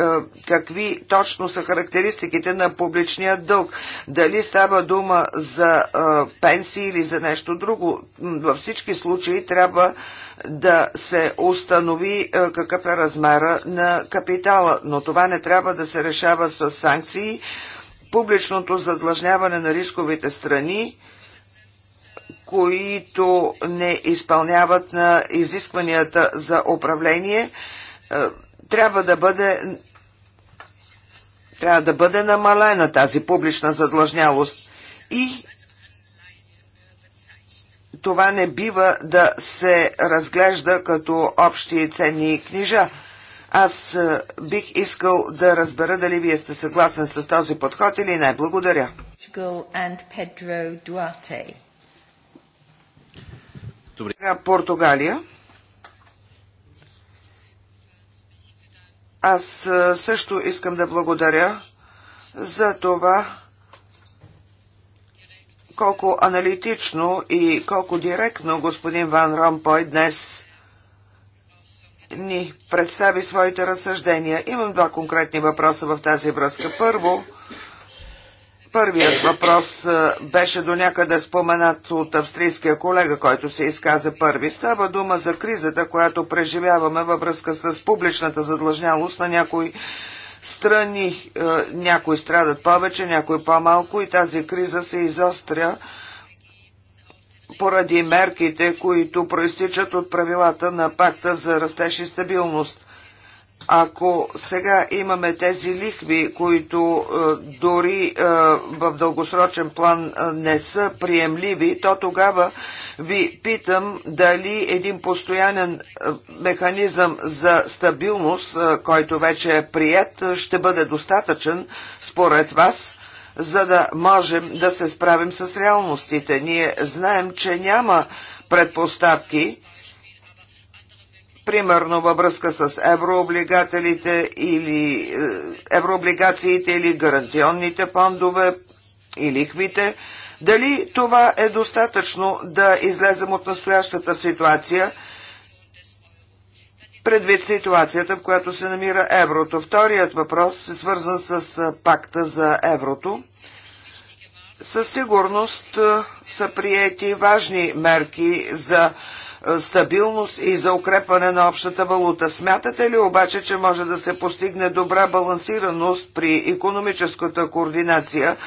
какви точно са характеристиките на публичния дълг. Дали става дума за пенсии или за нещо друго. Във всички случаи трябва да се установи какъв е размера на капитала, но това не трябва да се решава с санкции, публичното задлъжняване на рисковите страни, които не изпълняват на изискванията за управление, е, трябва да бъде трябва да бъде намалена тази публична задлъжнялост и това не бива да се разглежда като общи ценни книжа. Аз бих искал да разбера дали вие сте съгласен с този подход или не. Благодаря. Добре. Португалия. Аз също искам да благодаря за това, колко аналитично и колко директно господин Ван Ромпой днес ни представи своите разсъждения. Имам два конкретни въпроса в тази връзка. Първо, първият въпрос беше до някъде споменат от австрийския колега, който се изказа първи. Става дума за кризата, която преживяваме във връзка с публичната задлъжнялост на някои страни. Някои страдат повече, някои по-малко и тази криза се изостря поради мерките, които проистичат от правилата на пакта за растеж и стабилност. Ако сега имаме тези лихви, които е, дори е, в дългосрочен план е, не са приемливи, то тогава ви питам дали един постоянен е, механизъм за стабилност, е, който вече е прият, е, ще бъде достатъчен според вас за да можем да се справим с реалностите. Ние знаем, че няма предпоставки, примерно във връзка с еврооблигателите или е, еврооблигациите или гарантионните фондове и лихвите, дали това е достатъчно да излезем от настоящата ситуация – предвид ситуацията, в която се намира еврото. Вторият въпрос е свързан с пакта за еврото. Със сигурност са приети важни мерки за стабилност и за укрепване на общата валута. Смятате ли обаче, че може да се постигне добра балансираност при економическата координация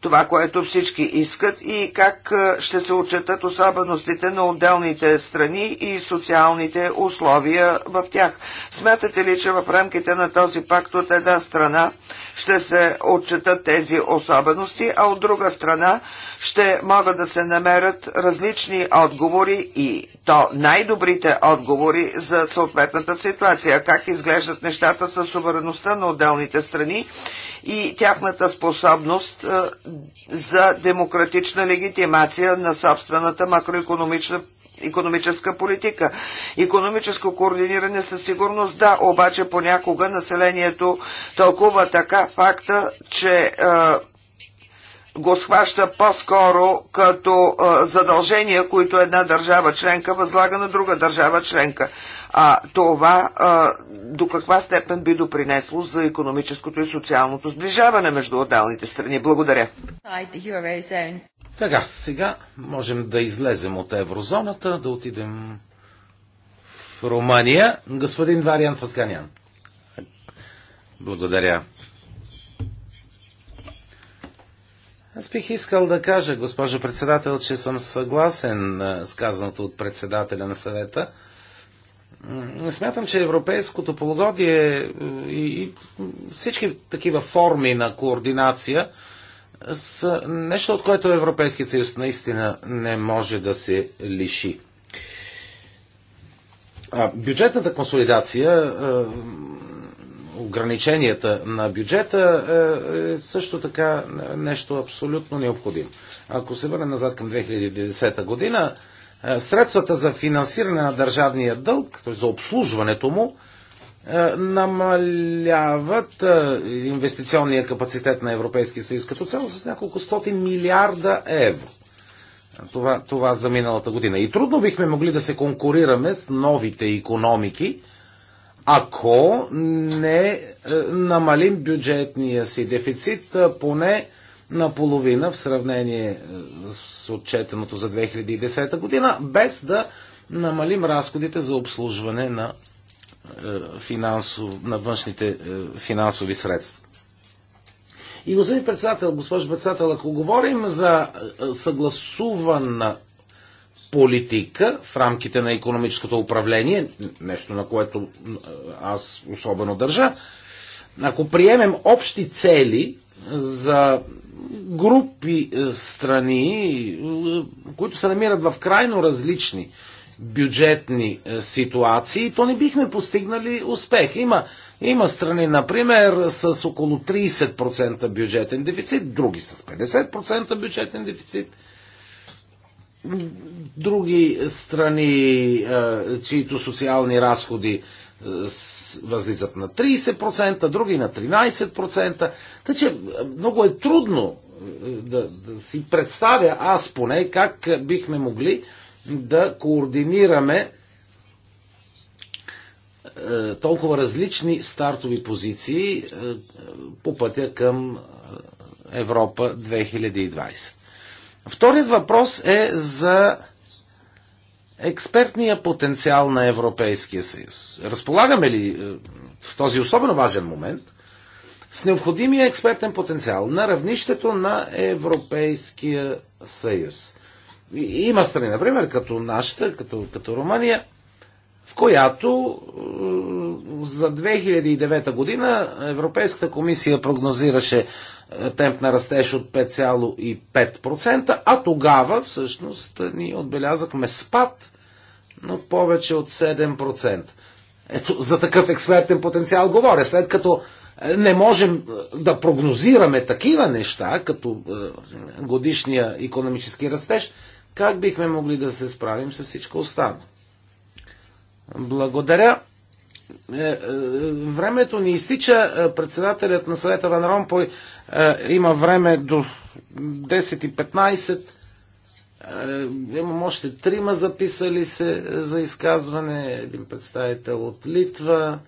това, което всички искат и как ще се отчетат особеностите на отделните страни и социалните условия в тях. Смятате ли, че в рамките на този пакт от една страна ще се отчетат тези особености, а от друга страна ще могат да се намерят различни отговори и то най-добрите отговори за съответната ситуация, как изглеждат нещата с сувереността на отделните страни и тяхната способност е, за демократична легитимация на собствената макроекономична економическа политика. Економическо координиране със сигурност да, обаче понякога населението тълкува така факта, че е, го схваща по-скоро като е, задължения, които една държава членка възлага на друга държава членка а това а, до каква степен би допринесло за економическото и социалното сближаване между отдалните страни. Благодаря. Така, сега можем да излезем от еврозоната, да отидем в Румъния. Господин Вариан Фасганян. Благодаря. Аз бих искал да кажа, госпожо председател, че съм съгласен с казаното от председателя на съвета – Смятам, че европейското полугодие е, и всички такива форми на координация са нещо, от което Европейският съюз наистина не може да се лиши. Бюджетната консолидация, е, ограниченията на бюджета е, е също така нещо абсолютно необходимо. Ако се върнем назад към 2010 година, е, средствата за финансиране на държавния дълг, т.е. за обслужването му, е, намаляват е, инвестиционния капацитет на Европейския съюз като цяло с няколко стотин милиарда евро. Това, това за миналата година. И трудно бихме могли да се конкурираме с новите економики, ако не намалим бюджетния си дефицит поне наполовина в сравнение е, с отчетеното за 2010 година, без да намалим разходите за обслужване на, е, финансов, на външните е, финансови средства. И господин председател, госпожо председател, ако говорим за съгласувана политика в рамките на економическото управление, нещо на което аз особено държа, ако приемем общи цели за групи е, страни, е, които се намират в крайно различни бюджетни е, ситуации, то не бихме постигнали успех. Има, има страни, например, с около 30% бюджетен дефицит, други с 50% бюджетен дефицит, други страни, чието социални разходи възлизат на 30%, други на 13%. Така че е, много е трудно е, да, да си представя аз поне как бихме могли да координираме е, толкова различни стартови позиции по пътя към Европа 2020. Вторият въпрос е за експертния потенциал на Европейския съюз? Разполагаме ли е, в този особено важен момент с необходимия експертен потенциал на равнището на Европейския съюз? Има страни, например, като нашата, като, като Румъния, в която за 2009 година Европейската комисия прогнозираше е, темп на растеж от 5,5%, а тогава всъщност ние отбелязахме спад, но повече от 7%. Ето, за такъв експертен потенциал говоря. След като е, не можем е, да прогнозираме такива неща, като годишния економически растеж, как бихме могли да се справим с всичко останало? Благодаря. Е, е, времето ни изтича. Е, председателят на съвета Ван Ромпой има време до 10.15. Имам още трима записали се за изказване. Един представител от Литва.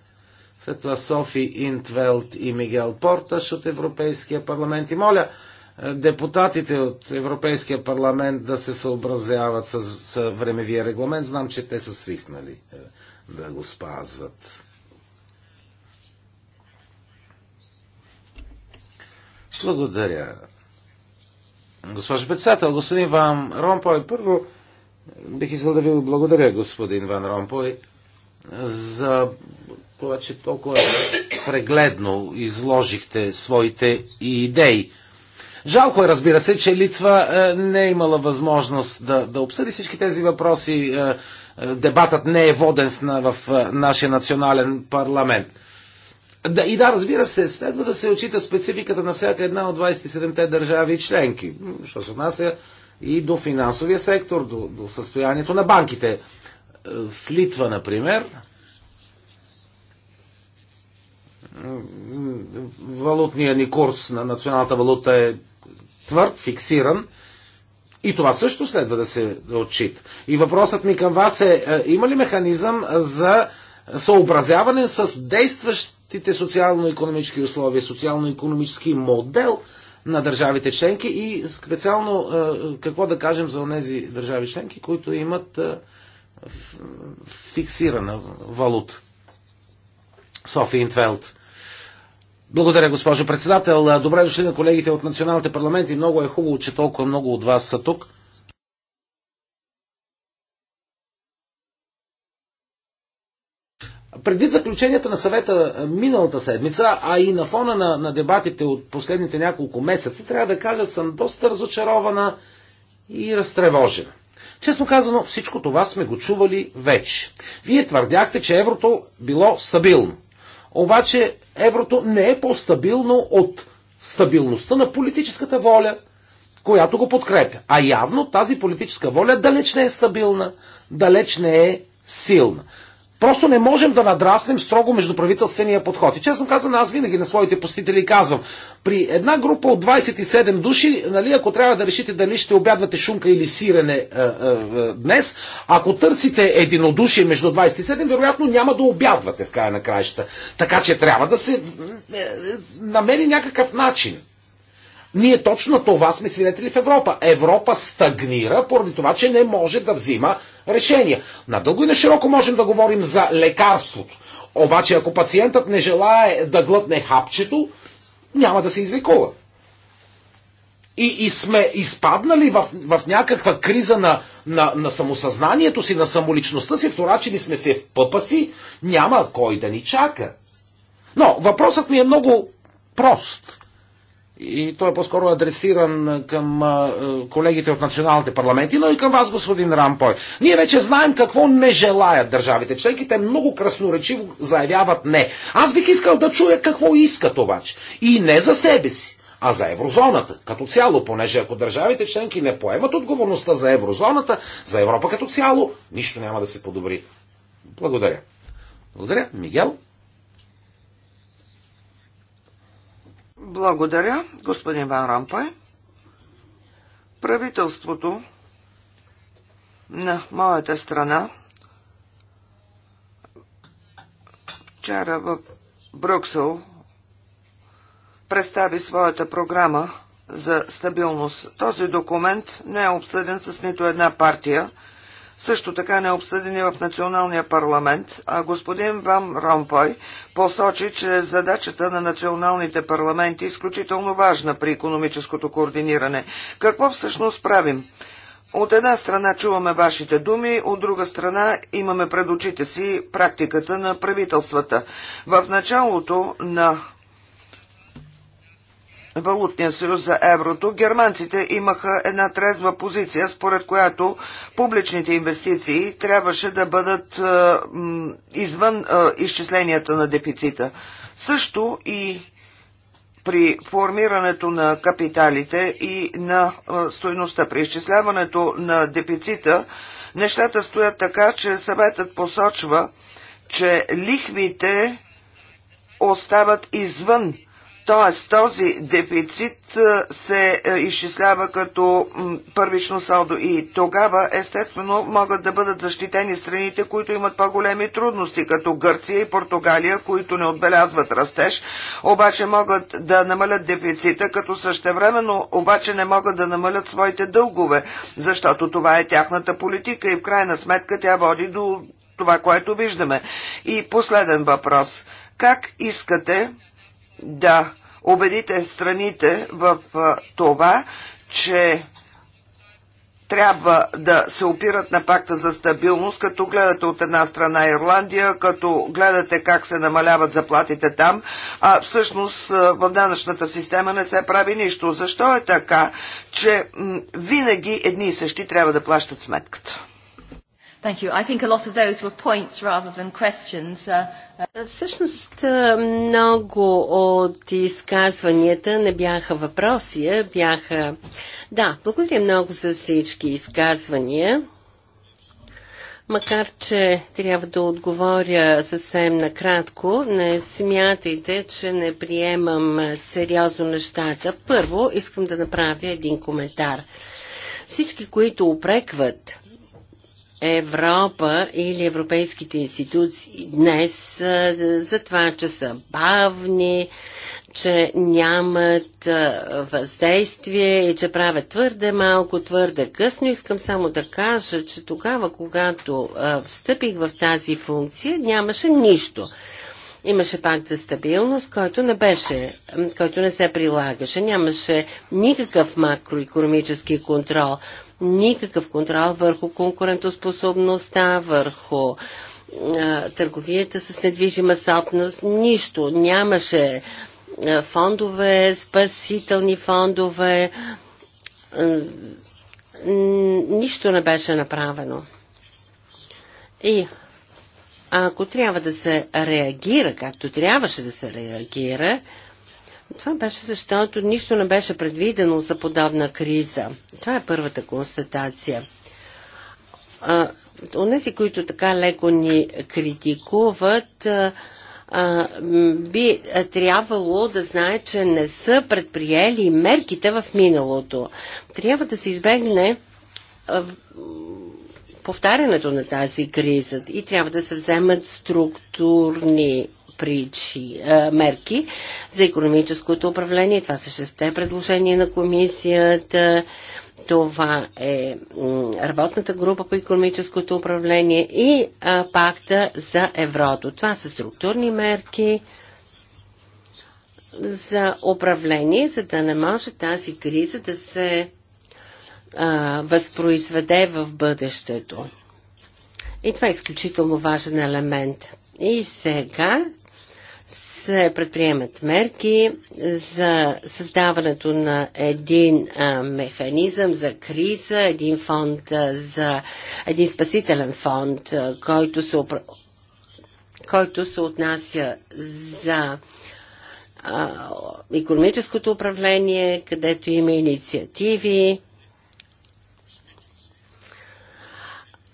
След това Софи Интвелт и Мигел Порташ от Европейския парламент. И моля, депутатите от Европейския парламент да се съобразяват с, с времевия регламент. Знам, че те са свикнали е, да го спазват. Благодаря. Госпожо председател, господин Ван Ромпой, първо бих искал да ви благодаря, господин Ван Ромпой, за това, че толкова прегледно изложихте своите идеи. Жалко е, разбира се, че Литва е, не е имала възможност да, да обсъди всички тези въпроси. Е, е, дебатът не е воден в, в, в нашия национален парламент. Да, и да, разбира се, следва да се очита спецификата на всяка една от 27-те държави и членки, що се отнася и до финансовия сектор, до, до състоянието на банките. В Литва, например, валутния ни курс на националната валута е твърд, фиксиран. И това също следва да се отчита. И въпросът ми към вас е, е има ли механизъм за съобразяване с действащите социално-економически условия, социално-економически модел на държавите членки и специално е, какво да кажем за тези държави членки, които имат е, фиксирана валута? Софи Интвелт. Благодаря, госпожо председател. Добре дошли на колегите от националните парламенти. Много е хубаво, че толкова много от вас са тук. Предвид заключенията на съвета миналата седмица, а и на фона на, на дебатите от последните няколко месеца, трябва да кажа, съм доста разочарована и разтревожена. Честно казано, всичко това сме го чували вече. Вие твърдяхте, че еврото било стабилно. Обаче еврото не е по-стабилно от стабилността на политическата воля, която го подкрепя. А явно тази политическа воля далеч не е стабилна, далеч не е силна. Просто не можем да надраснем строго междуправителствения подход. И честно казвам, аз винаги на своите посетители казвам, при една група от 27 души, нали, ако трябва да решите дали ще обядвате шунка или сирене е, е, е, днес, ако търсите единодушие между 27, вероятно няма да обядвате в края на краища. Така че трябва да се е, е, намери някакъв начин ние точно това сме свидетели в Европа. Европа стагнира поради това, че не може да взима решения. Надълго и на широко можем да говорим за лекарството. Обаче, ако пациентът не желае да глътне хапчето, няма да се изликува. И, и сме изпаднали в, в някаква криза на, на, на самосъзнанието си, на самоличността си, вторачили сме се в пъпа си, няма кой да ни чака. Но въпросът ми е много прост. И той е по-скоро адресиран към е, колегите от националните парламенти, но и към вас, господин Рампой. Ние вече знаем какво не желаят държавите членки. Те много красноречиво заявяват не. Аз бих искал да чуя какво искат обаче. И не за себе си, а за еврозоната като цяло, понеже ако държавите членки не поемат отговорността за еврозоната, за Европа като цяло, нищо няма да се подобри. Благодаря. Благодаря, Мигел. Благодаря, господин Ван Рампай. Правителството на моята страна вчера в Брюксел представи своята програма за стабилност. Този документ не е обсъден с нито една партия също така не обсъдени в националния парламент, а господин Вам Ромпой посочи, че задачата на националните парламенти е изключително важна при економическото координиране. Какво всъщност правим? От една страна чуваме вашите думи, от друга страна имаме пред очите си практиката на правителствата. В началото на Валутния съюз за еврото, германците имаха една трезва позиция, според която публичните инвестиции трябваше да бъдат е, извън е, изчисленията на дефицита. Също и при формирането на капиталите и на е, стоеността при изчисляването на дефицита, нещата стоят така, че съветът посочва, че лихвите остават извън Тоест, този дефицит се изчислява като първично салдо и тогава, естествено, могат да бъдат защитени страните, които имат по-големи трудности, като Гърция и Португалия, които не отбелязват растеж, обаче могат да намалят дефицита, като същевременно обаче не могат да намалят своите дългове, защото това е тяхната политика и в крайна сметка тя води до това, което виждаме. И последен въпрос. Как искате да убедите страните в това, че трябва да се опират на пакта за стабилност, като гледате от една страна Ирландия, като гледате как се намаляват заплатите там, а всъщност в данъчната система не се прави нищо. Защо е така, че винаги едни и същи трябва да плащат сметката? Thank you. I think a lot of those were points rather than questions. Uh, uh. Всъщност много от изказванията не бяха въпроси, а бяха... Да, благодаря много за всички изказвания. Макар, че трябва да отговоря съвсем накратко, не смятайте, че не приемам сериозно нещата. Първо, искам да направя един коментар. Всички, които упрекват Европа или европейските институции днес за това, че са бавни, че нямат въздействие и че правят твърде малко, твърде късно. Искам само да кажа, че тогава, когато встъпих в тази функция, нямаше нищо. Имаше пакт за стабилност, който не беше, който не се прилагаше. Нямаше никакъв макроекономически контрол никакъв контрол върху конкурентоспособността, върху а, търговията с недвижима собственост, нищо. Нямаше а, фондове, спасителни фондове, а, нищо не беше направено. И ако трябва да се реагира, както трябваше да се реагира, това беше защото нищо не беше предвидено за подобна криза. Това е първата констатация. Онези, които така леко ни критикуват, а, би а, трябвало да знае, че не са предприели мерките в миналото. Трябва да се избегне а, повтарянето на тази криза и трябва да се вземат структурни причи, а, мерки за економическото управление. Това са шесте предложения на комисията. Това е работната група по економическото управление и а, пакта за еврото. Това са структурни мерки за управление, за да не може тази криза да се а, възпроизведе в бъдещето. И това е изключително важен елемент. И сега се предприемат мерки за създаването на един а, механизъм за криза, един фонд а, за един спасителен фонд, а, който се, опра... който се отнася за а, економическото управление, където има инициативи,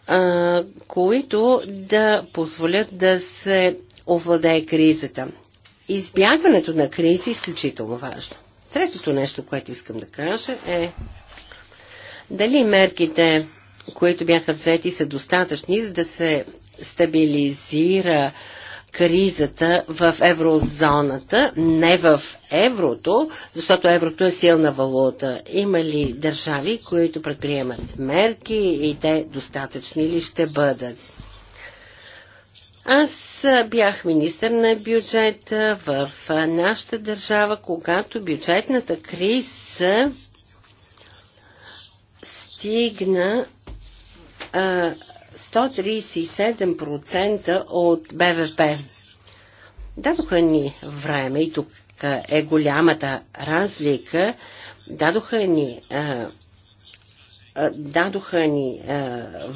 а, които да позволят да се овладее кризата избягването на кризи е изключително важно. Третото нещо, което искам да кажа е дали мерките, които бяха взети, са достатъчни, за да се стабилизира кризата в еврозоната, не в еврото, защото еврото е силна валута. Има ли държави, които предприемат мерки и те достатъчни ли ще бъдат? Аз бях министър на бюджета в нашата държава, когато бюджетната криза стигна 137% от БВП. Дадоха ни време и тук е голямата разлика. Дадоха ни а, дадоха ни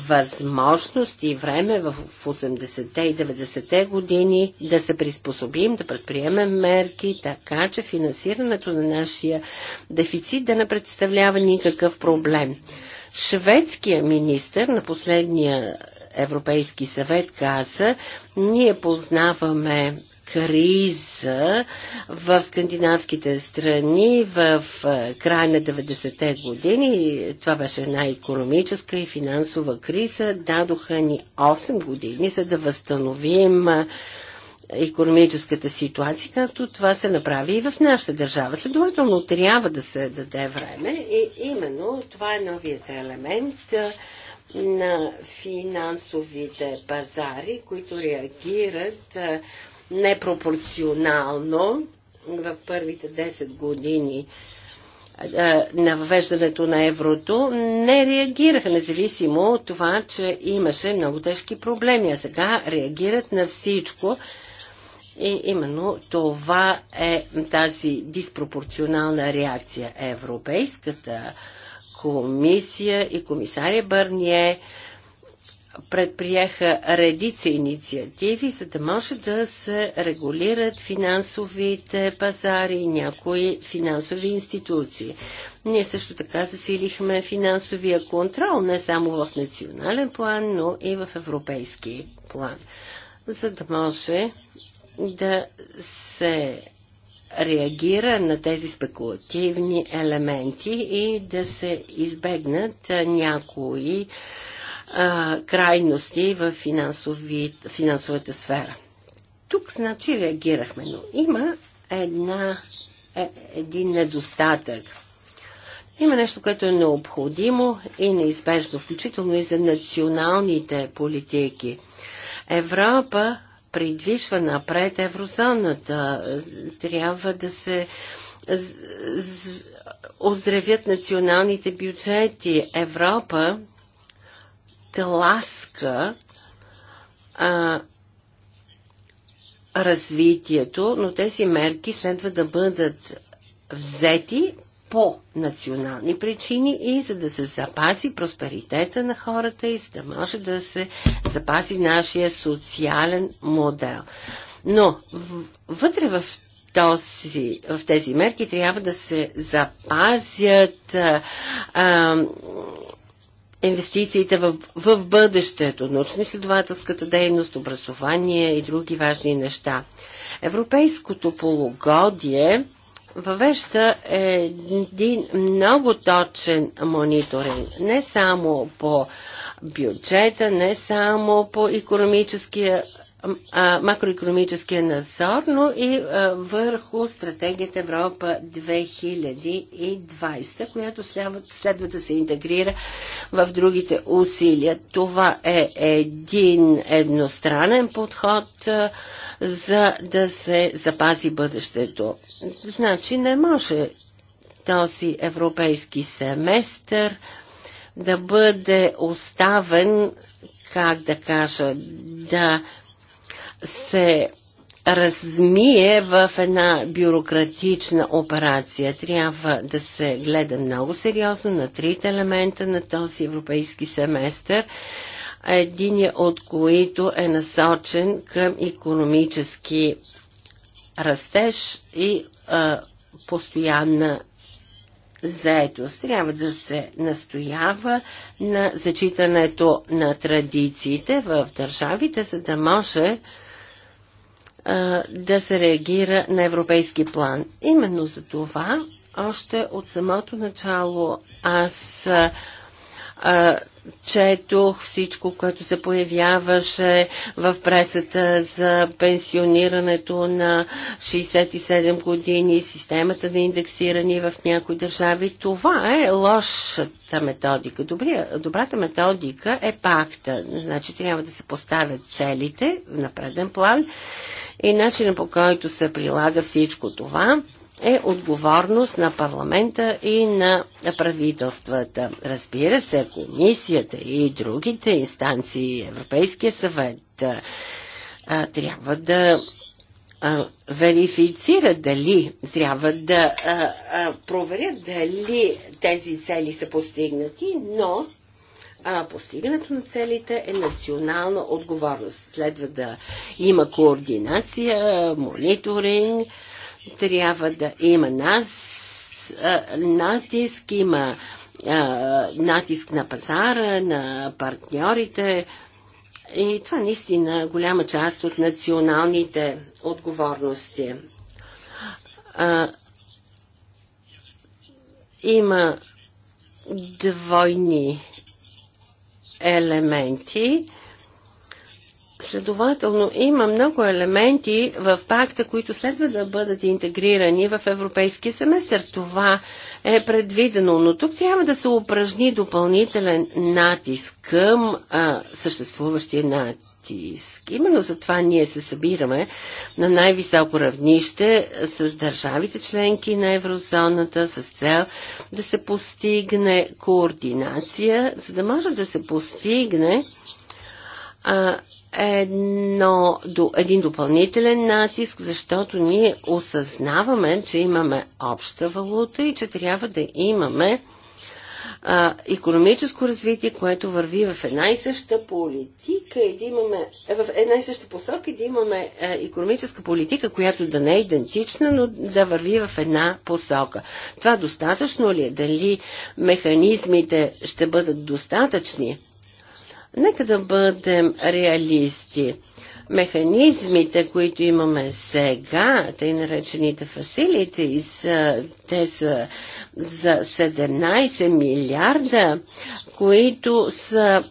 възможност и време в 80-те и 90-те години да се приспособим, да предприемем мерки, така че финансирането на нашия дефицит да не представлява никакъв проблем. Шведския министр на последния Европейски съвет каза, ние познаваме криза в скандинавските страни в края на 90-те години. Това беше една економическа и финансова криза. Дадоха ни 8 години, за да възстановим економическата ситуация, както това се направи и в нашата държава. Следователно трябва да се даде време и именно това е новият елемент на финансовите пазари, които реагират непропорционално в първите 10 години на въвеждането на еврото, не реагираха, независимо от това, че имаше много тежки проблеми. А сега реагират на всичко. И именно това е тази диспропорционална реакция. Европейската комисия и комисаря Бърние предприеха редица инициативи, за да може да се регулират финансовите пазари и някои финансови институции. Ние също така засилихме финансовия контрол не само в национален план, но и в европейски план, за да може да се реагира на тези спекулативни елементи и да се избегнат някои а, крайности в финансови, финансовата сфера. Тук, значи, реагирахме, но има една, е, един недостатък. Има нещо, което е необходимо и неизбежно, включително и за националните политики. Европа придвижва напред еврозоната. Трябва да се оздравят националните бюджети. Европа тласка а, развитието, но тези мерки следва да бъдат взети по национални причини и за да се запази просперитета на хората и за да може да се запази нашия социален модел. Но вътре в, този, в тези мерки трябва да се запазят а, а, инвестициите в, в бъдещето, научно-изследователската дейност, образование и други важни неща. Европейското полугодие въвеща един много точен мониторинг, не само по бюджета, не само по економическия макроекономическия надзор, но и върху стратегията Европа 2020, която следва, да се интегрира в другите усилия. Това е един едностранен подход, за да се запази бъдещето. Значи не може този европейски семестър да бъде оставен, как да кажа, да се размие в една бюрократична операция. Трябва да се гледа много сериозно на трите елемента на този европейски семестър, един е от които е насочен към економически растеж и а, постоянна заетост. Трябва да се настоява на зачитането на традициите в държавите, за да може да се реагира на европейски план. Именно за това още от самото начало аз а, четох всичко, което се появяваше в пресата за пенсионирането на 67 години, системата на индексиране в някои държави. Това е лошата методика. Добрия, добрата методика е пакта. Значи трябва да се поставят целите на преден план и начинът по който се прилага всичко това е отговорност на парламента и на правителствата. Разбира се, комисията и другите инстанции, Европейския съвет, а, трябва да а, верифицират дали, трябва да а, а, проверят дали тези цели са постигнати, но а постигането на целите е национална отговорност. Следва да има координация, мониторинг, трябва да има нас, натиск, има натиск на пазара, на партньорите. И това наистина голяма част от националните отговорности. А, има двойни елементи. Следователно, има много елементи в пакта, които следва да бъдат интегрирани в европейския семестър. Това е предвидено, но тук трябва да се упражни допълнителен натиск към а, съществуващия натиск натиск. Именно затова ние се събираме на най-високо равнище с държавите членки на еврозоната с цел да се постигне координация, за да може да се постигне а, едно, до, един допълнителен натиск, защото ние осъзнаваме, че имаме обща валута и че трябва да имаме а, економическо развитие, което върви в една и съща политика и да имаме, е, в една и съща посока и да имаме а, е, економическа политика, която да не е идентична, но да върви в една посока. Това достатъчно ли е? Дали механизмите ще бъдат достатъчни? Нека да бъдем реалисти. Механизмите, които имаме сега, тъй наречените фасилити, те са за 17 милиарда, които са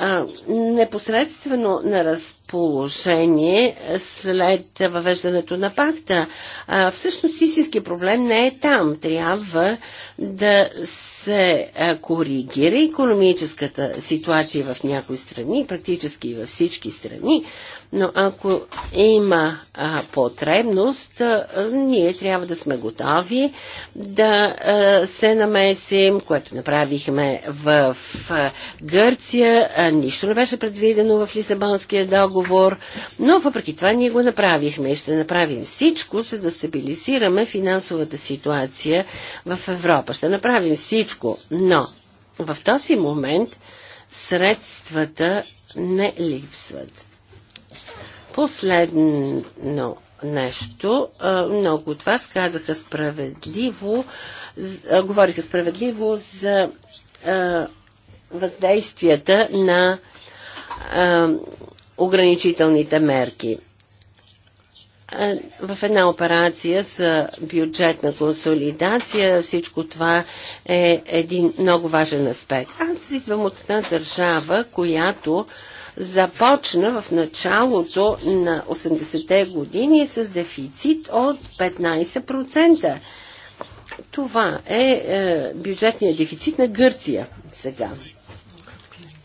а, непосредствено на разположение след въвеждането на пакта. А, всъщност истински проблем не е там. Трябва да се коригира економическата ситуация в някои страни, практически във всички страни, но ако има а, потребност, а, ние трябва да сме готови да а, се намесим, което направихме в а, Гърция. А, нищо не беше предвидено в Лисабонския договор, но въпреки това ние го направихме и ще направим всичко, за да стабилизираме финансовата ситуация в Европа. Ще направим всичко, но в този момент средствата не липсват. Последно нещо. Много от вас казаха справедливо, говориха справедливо за въздействията на ограничителните мерки. В една операция с бюджетна консолидация всичко това е един много важен аспект. Аз идвам от една държава, която започна в началото на 80-те години с дефицит от 15%. Това е, е бюджетният дефицит на Гърция сега.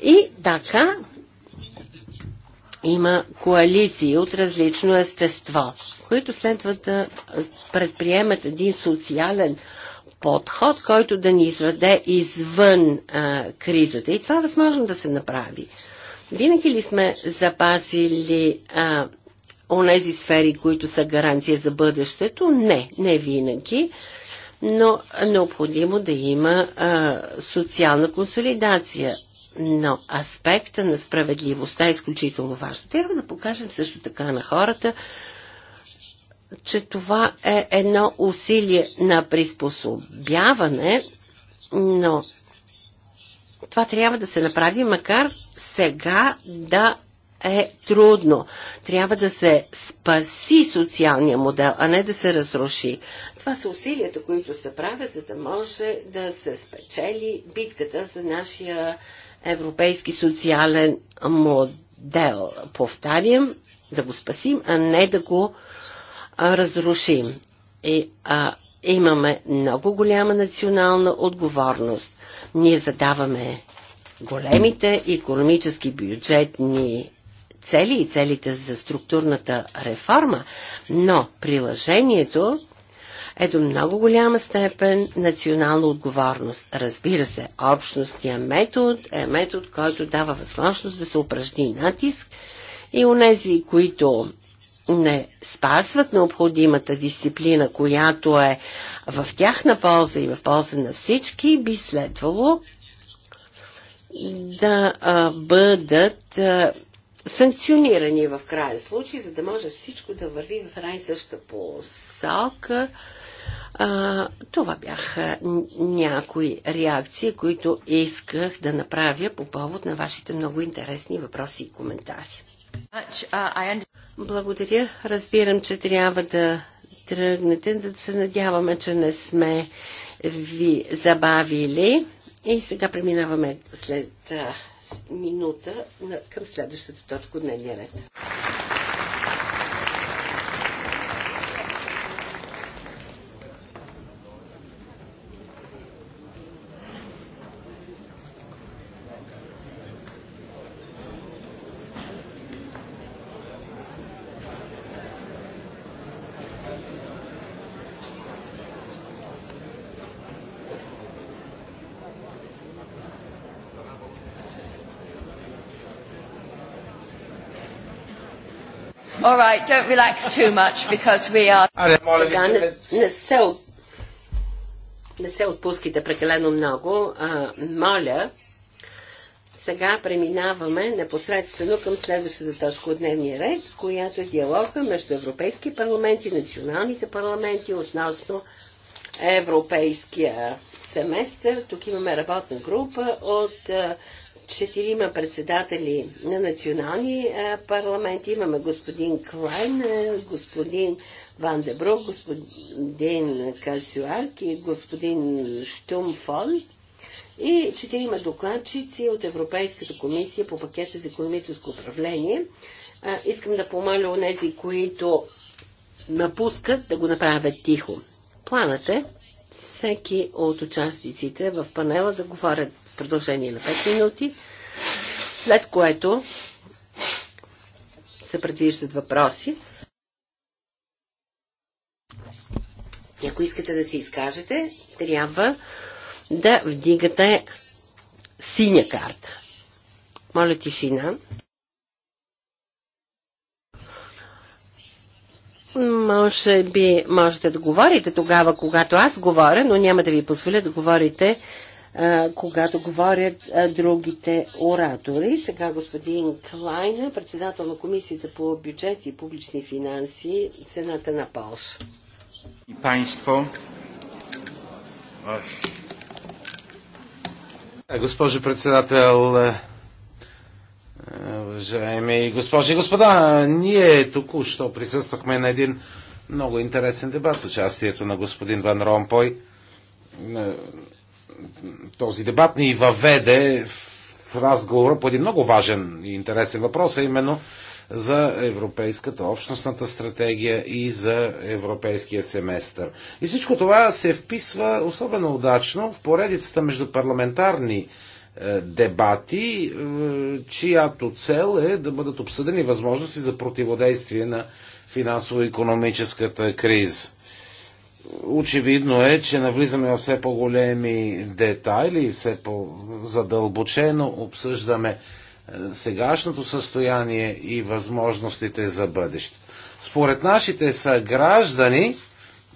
И така има коалиции от различно естество, които следва да предприемат един социален подход, който да ни изведе извън а, кризата. И това е възможно да се направи. Винаги ли сме запасили а, онези сфери, които са гаранция за бъдещето? Не, не винаги. Но необходимо да има а, социална консолидация. Но аспекта на справедливостта е изключително важно. Трябва да покажем също така на хората, че това е едно усилие на приспособяване, но това трябва да се направи, макар сега да е трудно. Трябва да се спаси социалния модел, а не да се разруши. Това са усилията, които се правят, за да може да се спечели битката за нашия европейски социален модел. Повтарям, да го спасим, а не да го разрушим. И а, имаме много голяма национална отговорност. Ние задаваме големите економически бюджетни цели и целите за структурната реформа, но приложението е до много голяма степен национална отговорност. Разбира се, общностния метод е метод, който дава възможност да се упражни натиск и у нези, които не спазват необходимата дисциплина, която е в тяхна полза и в полза на всички, би следвало да а, бъдат а, санкционирани в крайен случай, за да може всичко да върви в рай съща посока. А, това бяха някои реакции, които исках да направя по повод на вашите много интересни въпроси и коментари. Uh, благодаря. Разбирам, че трябва да тръгнете, да се надяваме, че не сме ви забавили. И сега преминаваме след а, минута на, към следващата точка от дневния ред. right, don't relax too much because we are... Аре, моля Сега ви се... не, не, се от... не се отпускайте прекалено много. А, моля, сега преминаваме непосредствено към следващата точка от дневния ред, която е диалога между Европейски парламент и националните парламенти относно Европейския семестър. Тук имаме работна група от четирима председатели на национални парламенти. Имаме господин Клайн, господин Ван Дебро, господин Касюарк и господин Штумфон и четирима докладчици от Европейската комисия по пакета за економическо управление. искам да помоля нези, които напускат, да го направят тихо. Планът е всеки от участниците в панела да говорят в продължение на 5 минути, след което се предвиждат въпроси. И ако искате да се изкажете, трябва да вдигате синя карта. Моля тишина. Може би можете да говорите тогава, когато аз говоря, но няма да ви позволя да говорите, а, когато говорят а, другите оратори. Сега господин Клайна, председател на Комисията по бюджет и публични финанси, цената на Полш. И панство. Госпожо председател, Уважаеми госпожи и господа, ние току-що присъствахме на един много интересен дебат с участието на господин Ван Ромпой. Е, този дебат ни въведе в разговора по един много важен и интересен въпрос, а именно за Европейската общностната стратегия и за Европейския семестър. И всичко това се вписва особено удачно в поредицата между парламентарни е, дебати, е, чиято цел е да бъдат обсъдени възможности за противодействие на финансово-економическата криза. Очевидно е, че навлизаме в все по-големи детайли, и все по-задълбочено обсъждаме е, сегашното състояние и възможностите за бъдеще. Според нашите съграждани,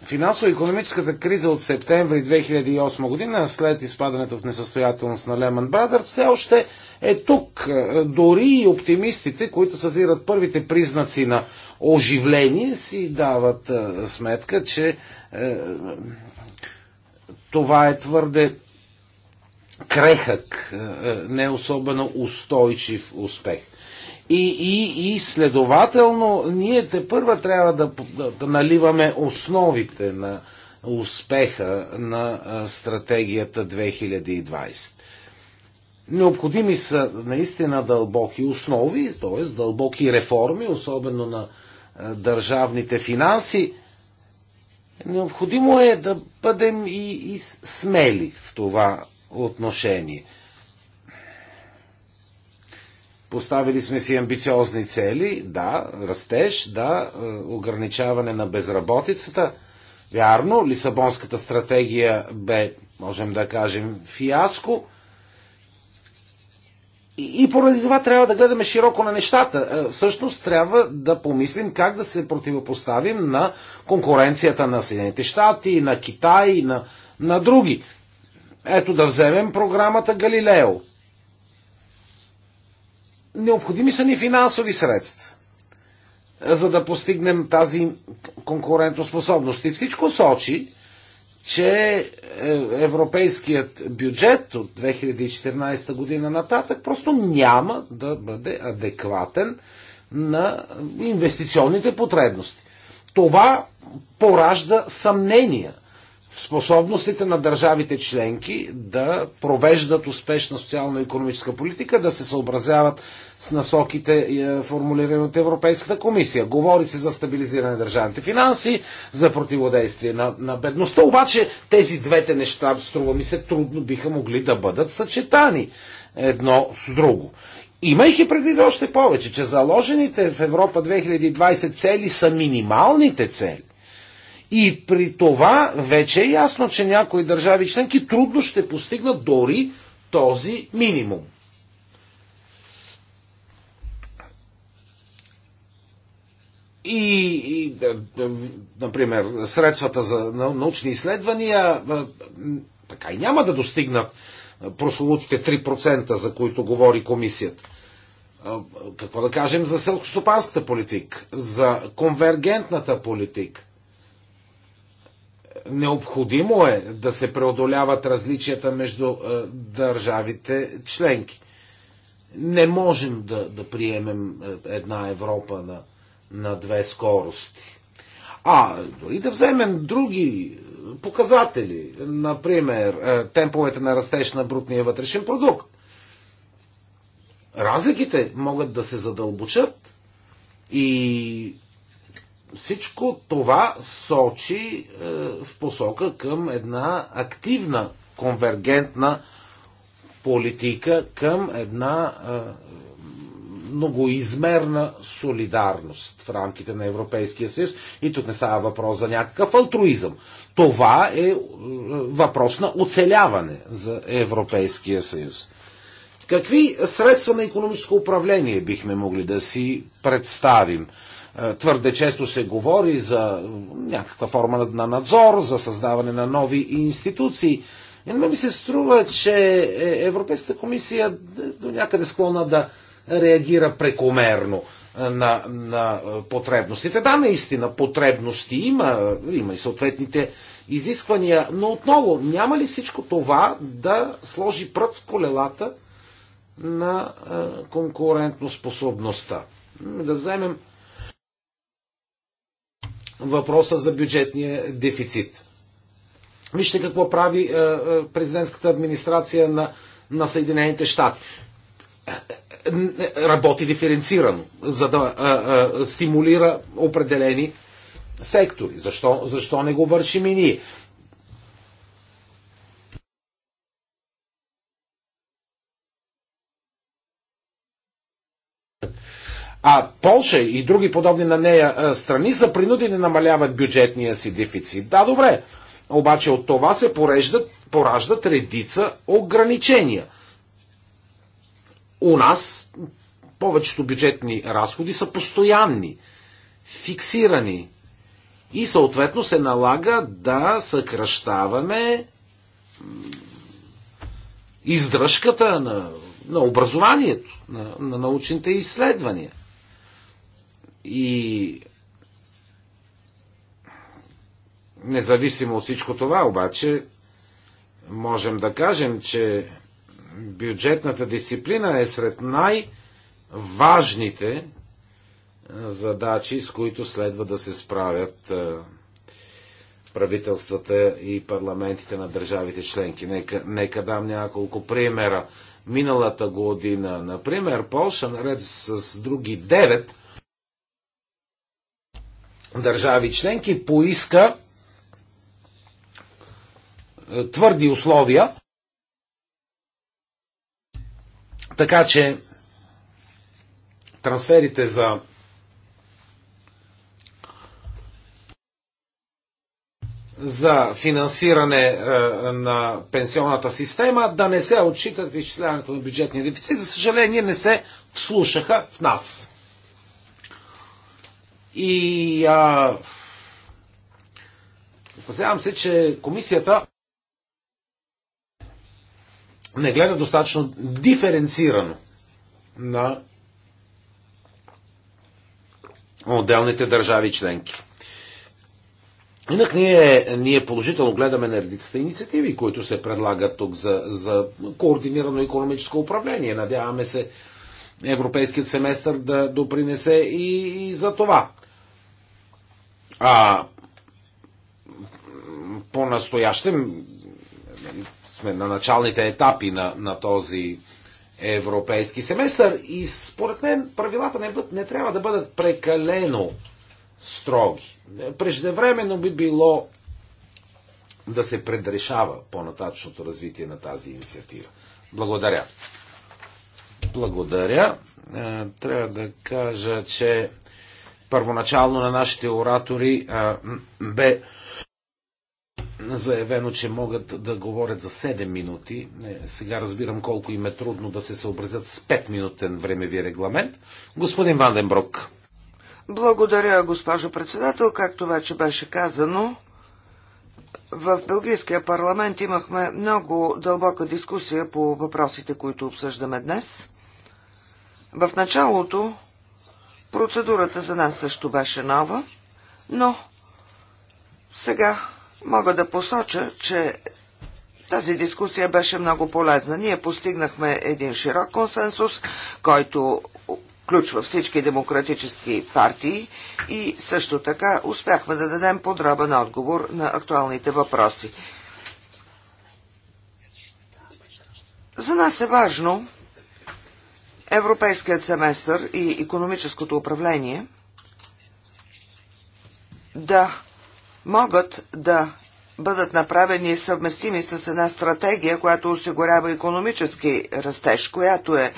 Финансово-економическата криза от септември 2008 година, след изпадането в несъстоятелност на Леман Брадър, все още е тук. Е, дори и оптимистите, които съзират първите признаци на оживление, си дават е, сметка, че е, това е твърде крехък, е, не особено устойчив успех. И, и, и следователно, ние те първа трябва да, да, да наливаме основите на успеха на стратегията 2020. Необходими са наистина дълбоки основи, т.е. дълбоки реформи, особено на държавните финанси. Необходимо е да бъдем и, и смели в това отношение. Поставили сме си амбициозни цели, да, растеж, да, е, ограничаване на безработицата. Вярно, Лисабонската стратегия бе, можем да кажем, фиаско. И, и поради това трябва да гледаме широко на нещата. Е, всъщност трябва да помислим как да се противопоставим на конкуренцията на Съединените щати, на Китай, на, на други. Ето да вземем програмата Галилео необходими са ни финансови средства, за да постигнем тази конкурентоспособност. И всичко сочи, че е, европейският бюджет от 2014 година нататък просто няма да бъде адекватен на инвестиционните потребности. Това поражда съмнения – способностите на държавите членки да провеждат успешна социално-економическа политика, да се съобразяват с насоките, е, формулирани от Европейската комисия. Говори се за стабилизиране на държавните финанси, за противодействие на, на бедността, обаче тези двете неща, струва ми се, трудно биха могли да бъдат съчетани едно с друго. Имайки предвид още повече, че заложените в Европа 2020 цели са минималните цели, и при това вече е ясно, че някои държави членки трудно ще постигнат дори този минимум. И, и например, средствата за научни изследвания така и няма да достигнат прословутите 3%, за които говори комисията. Какво да кажем за селскостопанската политика, за конвергентната политика? необходимо е да се преодоляват различията между е, държавите членки. Не можем да, да приемем е, една Европа на, на две скорости. А, дори да вземем други е, показатели, например, темповете на растеж на брутния вътрешен продукт, разликите могат да се задълбочат и всичко това сочи е, в посока към една активна конвергентна политика, към една е, многоизмерна солидарност в рамките на Европейския съюз. И тук не става въпрос за някакъв алтруизъм. Това е, е въпрос на оцеляване за Европейския съюз. Какви средства на економическо управление бихме могли да си представим? Е, твърде често се говори за някаква форма на надзор, за създаване на нови институции. И ми се струва, че е, Европейската комисия до някъде склонна да реагира прекомерно е, на, на потребностите. Да, наистина, потребности има, има и съответните изисквания, но отново, няма ли всичко това да сложи прът в колелата на конкурентоспособността? Ами да вземем въпроса за бюджетния дефицит. Вижте какво прави е, е, президентската администрация на, на Съединените щати. Работи диференцирано, за да а, е, а, стимулира определени сектори. Защо, защо не го вършим и ние? А Полша и други подобни на нея страни са принудени да намаляват бюджетния си дефицит. Да, добре. Обаче от това се пореждат, пораждат редица ограничения. У нас повечето бюджетни разходи са постоянни, фиксирани. И съответно се налага да съкръщаваме издръжката на, на образованието, на, на научните изследвания. И независимо от всичко това, обаче, можем да кажем, че бюджетната дисциплина е сред най-важните задачи, с които следва да се справят правителствата и парламентите на държавите членки. Нека, нека дам няколко примера. Миналата година, например, Полша, наред с други девет държави членки поиска е, твърди условия, така че трансферите за за финансиране е, на пенсионната система да не се отчитат в изчисляването на бюджетния дефицит. За съжаление не се вслушаха в нас. И а, опасявам се, че комисията не гледа достатъчно диференцирано на отделните държави членки. Инак ние, ние положително гледаме на редицата инициативи, които се предлагат тук за, за координирано економическо управление. Надяваме се европейският семестър да допринесе и, и за това. А по-настоящем сме на началните етапи на, на този европейски семестър и според мен правилата не, бъд, не трябва да бъдат прекалено строги. Преждевременно би било да се предрешава по-нататъчното развитие на тази инициатива. Благодаря. Благодаря. Е, трябва да кажа, че първоначално на нашите оратори бе заявено, че могат да говорят за 7 минути. Е, сега разбирам колко им е трудно да се съобразят с 5-минутен времеви регламент. Господин Ванденброк. Благодаря, госпожо председател. Както вече беше казано, в Белгийския парламент имахме много дълбока дискусия по въпросите, които обсъждаме днес. В началото Процедурата за нас също беше нова, но сега мога да посоча, че тази дискусия беше много полезна. Ние постигнахме един широк консенсус, който включва всички демократически партии и също така успяхме да дадем подробен отговор на актуалните въпроси. За нас е важно Европейският семестър и економическото управление да могат да бъдат направени съвместими с една стратегия, която осигурява економически растеж, която е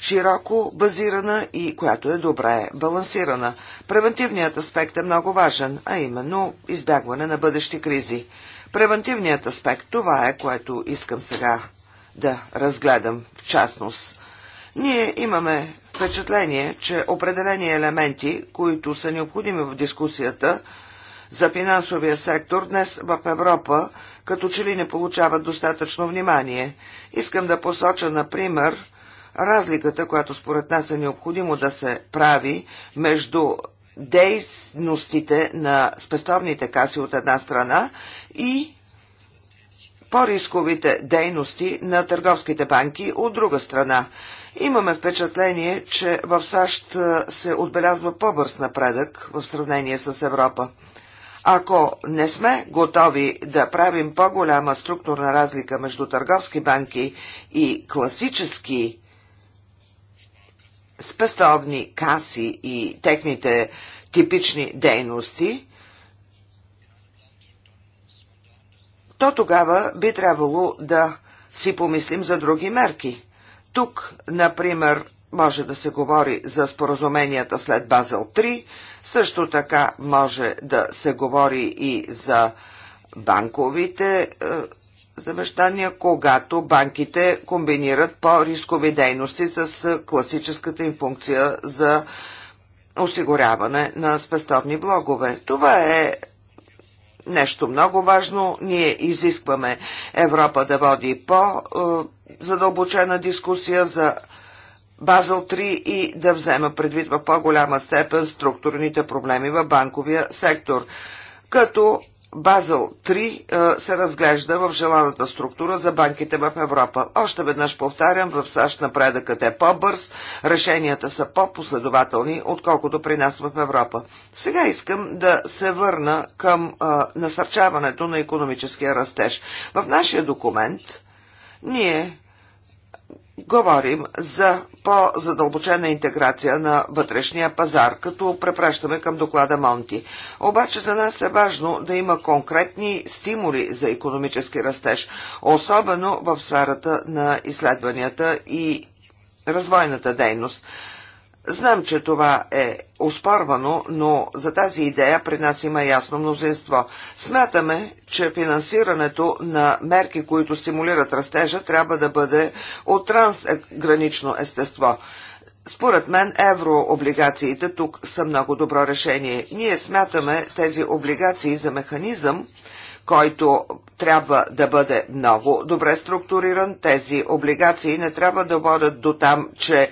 широко базирана и която е добре балансирана. Превентивният аспект е много важен, а именно избягване на бъдещи кризи. Превентивният аспект, това е, което искам сега да разгледам в частност. Ние имаме впечатление, че определени елементи, които са необходими в дискусията за финансовия сектор, днес в Европа като че ли не получават достатъчно внимание. Искам да посоча, например, разликата, която според нас е необходимо да се прави между дейностите на спестовните каси от една страна и по-рисковите дейности на търговските банки от друга страна. Имаме впечатление, че в САЩ се отбелязва по-бърз напредък в сравнение с Европа. Ако не сме готови да правим по-голяма структурна разлика между търговски банки и класически спестовни каси и техните типични дейности, то тогава би трябвало да си помислим за други мерки. Тук, например, може да се говори за споразуменията след Базел 3, също така може да се говори и за банковите е, завещания, когато банките комбинират по-рискови дейности с е, класическата им функция за осигуряване на спестовни блогове. Това е нещо много важно. Ние изискваме Европа да води по-задълбочена дискусия за Базъл 3 и да взема предвид в по-голяма степен структурните проблеми в банковия сектор, като Базел 3 е, се разглежда в желаната структура за банките в Европа. Още веднъж повтарям, в САЩ напредъкът е по-бърз, решенията са по-последователни, отколкото при нас в Европа. Сега искам да се върна към а, е, насърчаването на економическия растеж. В нашия документ ние говорим за по-задълбочена интеграция на вътрешния пазар, като препращаме към доклада Монти. Обаче за нас е важно да има конкретни стимули за економически растеж, особено в сферата на изследванията и развойната дейност. Знам, че това е оспорвано, но за тази идея при нас има ясно мнозинство. Смятаме, че финансирането на мерки, които стимулират растежа, трябва да бъде от трансгранично естество. Според мен еврооблигациите тук са много добро решение. Ние смятаме тези облигации за механизъм, който трябва да бъде много добре структуриран. Тези облигации не трябва да водят до там, че е,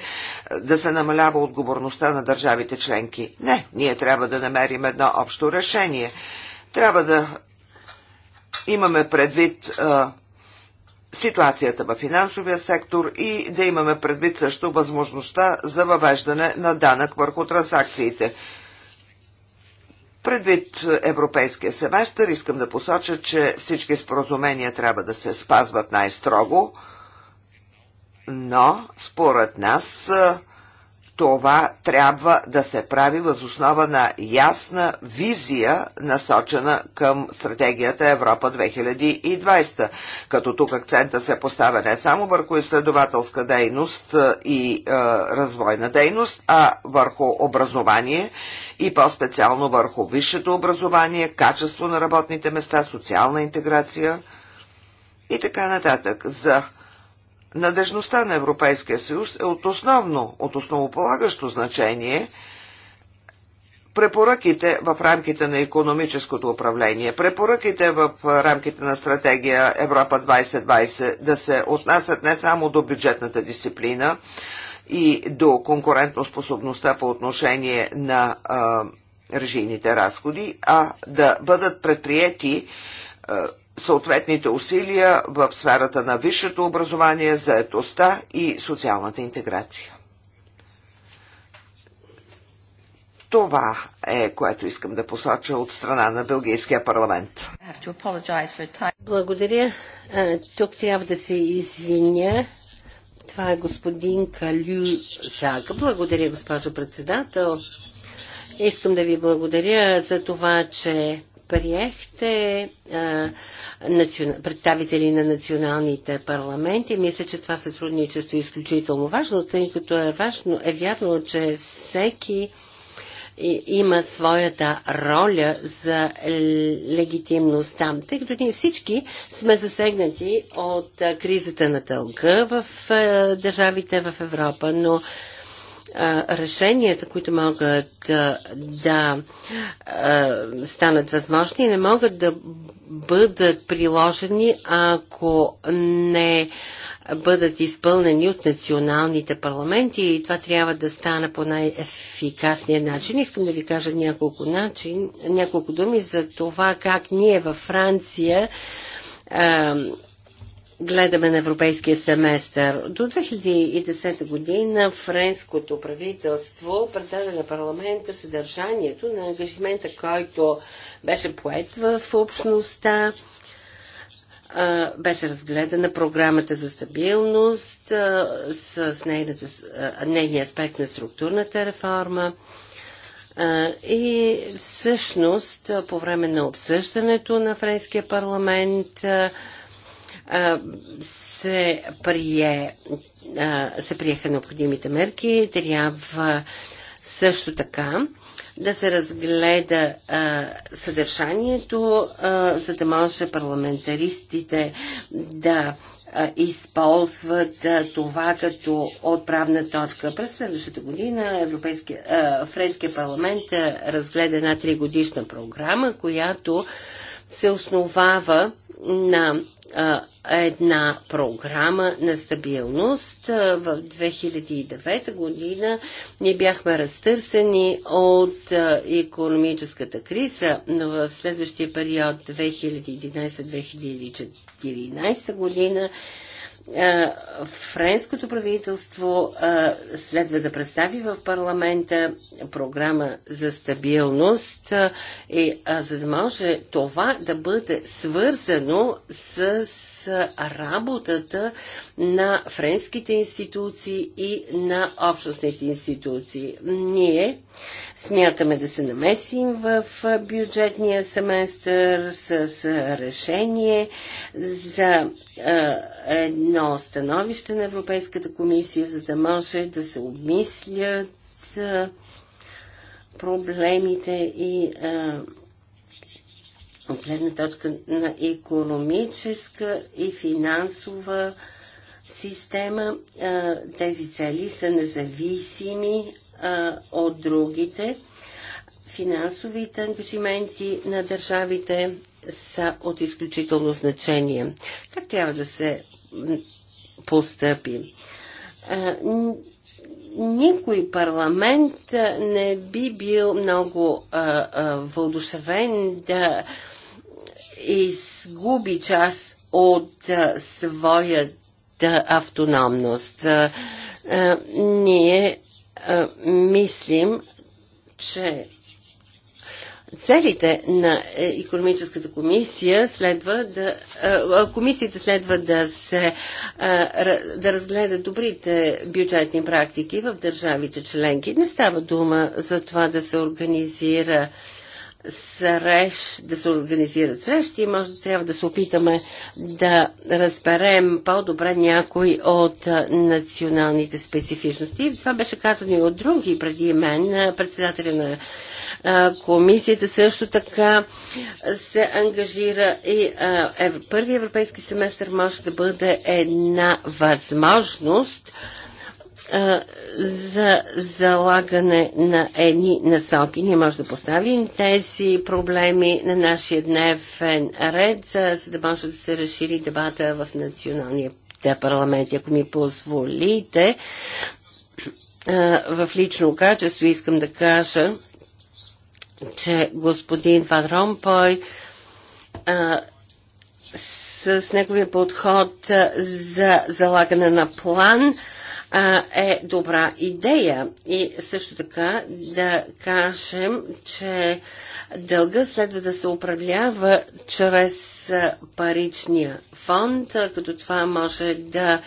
да се намалява отговорността на държавите членки. Не, ние трябва да намерим едно общо решение. Трябва да имаме предвид а, е, ситуацията във финансовия сектор и да имаме предвид също възможността за въвеждане на данък върху транзакциите. Предвид Европейския семестър, искам да посоча, че всички споразумения трябва да се спазват най-строго, но според нас това трябва да се прави възоснова на ясна визия, насочена към стратегията Европа 2020, като тук акцента се поставя не само върху изследователска дейност и е, развойна дейност, а върху образование и по-специално върху висшето образование, качество на работните места, социална интеграция и така нататък. За надежността на Европейския съюз е от основно, от основополагащо значение препоръките в рамките на економическото управление, препоръките в рамките на стратегия Европа 2020 да се отнасят не само до бюджетната дисциплина и до конкурентоспособността по отношение на а, режийните разходи, а да бъдат предприяти а, съответните усилия в сферата на висшето образование, заедостта и социалната интеграция. Това е което искам да посоча от страна на Белгийския парламент. Благодаря. Тук трябва да се извиня. Това е господин Калю Зага. Благодаря, госпожо председател. Искам да ви благодаря за това, че приехте а, представители на националните парламенти. Мисля, че това сътрудничество е изключително важно, тъй като е, важно, е вярно, че всеки и, има своята роля за легитимност там, тъй като ние всички сме засегнати от кризата на дълга в държавите в Европа, но решенията, които могат да, да станат възможни, не могат да бъдат приложени, ако не бъдат изпълнени от националните парламенти и това трябва да стане по най-ефикасния начин. Искам да ви кажа няколко, начин, няколко думи за това как ние във Франция гледаме на европейския семестър. До 2010 година френското правителство предаде на парламента съдържанието на ангажимента, който беше поет в общността. Беше разгледана програмата за стабилност с нейната, нейния аспект на структурната реформа. И всъщност по време на обсъждането на френския парламент се прие, се приеха необходимите мерки. Трябва също така да се разгледа а, съдържанието, а, за да може парламентаристите да а, използват а, това като отправна точка. През следващата година Европейския, а, Френския парламент а, разгледа една тригодишна програма, която се основава на една програма на стабилност. В 2009 година ние бяхме разтърсени от економическата криза, но в следващия период 2011-2014 година Френското правителство следва да представи в парламента програма за стабилност, и, за да може това да бъде свързано с работата на френските институции и на общностните институции. Ние смятаме да се намесим в бюджетния семестър с решение за едно становище на Европейската комисия, за да може да се обмислят проблемите и а, от гледна точка на економическа и финансова система. Тези цели са независими от другите. Финансовите ангажименти на държавите са от изключително значение. Как трябва да се постъпи? никой парламент не би бил много а, а, да изгуби част от а, своята автономност. А, а, ние а, мислим, че целите на е, економическата комисия следва да комисията следва да се да разгледа добрите бюджетни практики в държавите членки. Не става дума за това да се организира срещ, да се организират срещи и може да трябва да се опитаме да разберем по-добре някой от националните специфичности. Това беше казано и от други преди мен, председателя на комисията също така се ангажира и първи европейски семестър може да бъде една възможност за залагане на едни насоки. Ние може да поставим тези проблеми на нашия дневен ред, за да може да се разшири дебата в националния парламент. Ако ми позволите, в лично качество искам да кажа, че господин Ван Ромпой с неговия подход за залагане на план – е добра идея. И също така да кажем, че дълга следва да се управлява чрез паричния фонд, като това може да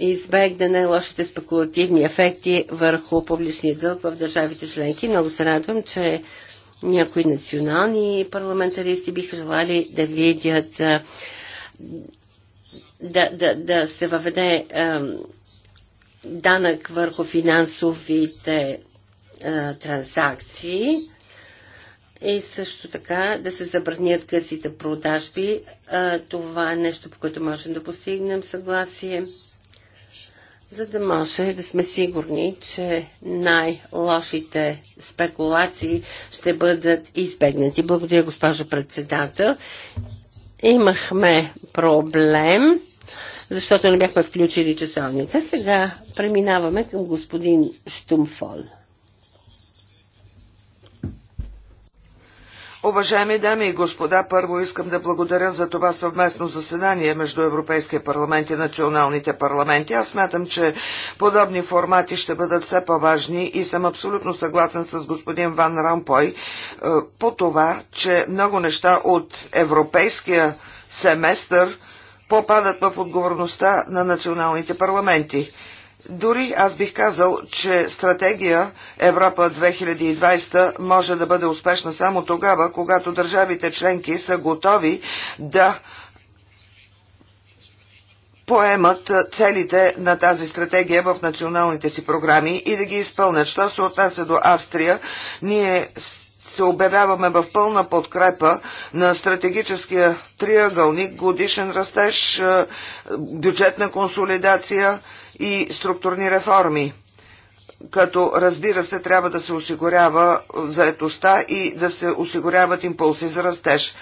избегне най-лошите спекулативни ефекти върху публичния дълг в държавите членки. Много се радвам, че някои национални парламентаристи биха желали да видят да, да, да се въведе данък върху финансовите а, транзакции и също така да се забранят късите продажби. А, това е нещо, по което можем да постигнем съгласие, за да може да сме сигурни, че най-лошите спекулации ще бъдат избегнати. Благодаря, госпожо председател. Имахме проблем защото не бяхме включили часовника. Сега преминаваме към господин Штумфол. Уважаеми дами и господа, първо искам да благодаря за това съвместно заседание между Европейския парламент и националните парламенти. Аз смятам, че подобни формати ще бъдат все по-важни и съм абсолютно съгласен с господин Ван Рампой е, по това, че много неща от Европейския семестър попадат в отговорността на националните парламенти. Дори аз бих казал, че стратегия Европа 2020 може да бъде успешна само тогава, когато държавите членки са готови да поемат целите на тази стратегия в националните си програми и да ги изпълнят. Що се отнася до Австрия, ние се обявяваме в пълна подкрепа на стратегическия триъгълник годишен растеж, е, бюджетна консолидация и структурни реформи като разбира се трябва да се осигурява заетостта и да се осигуряват импулси за растеж.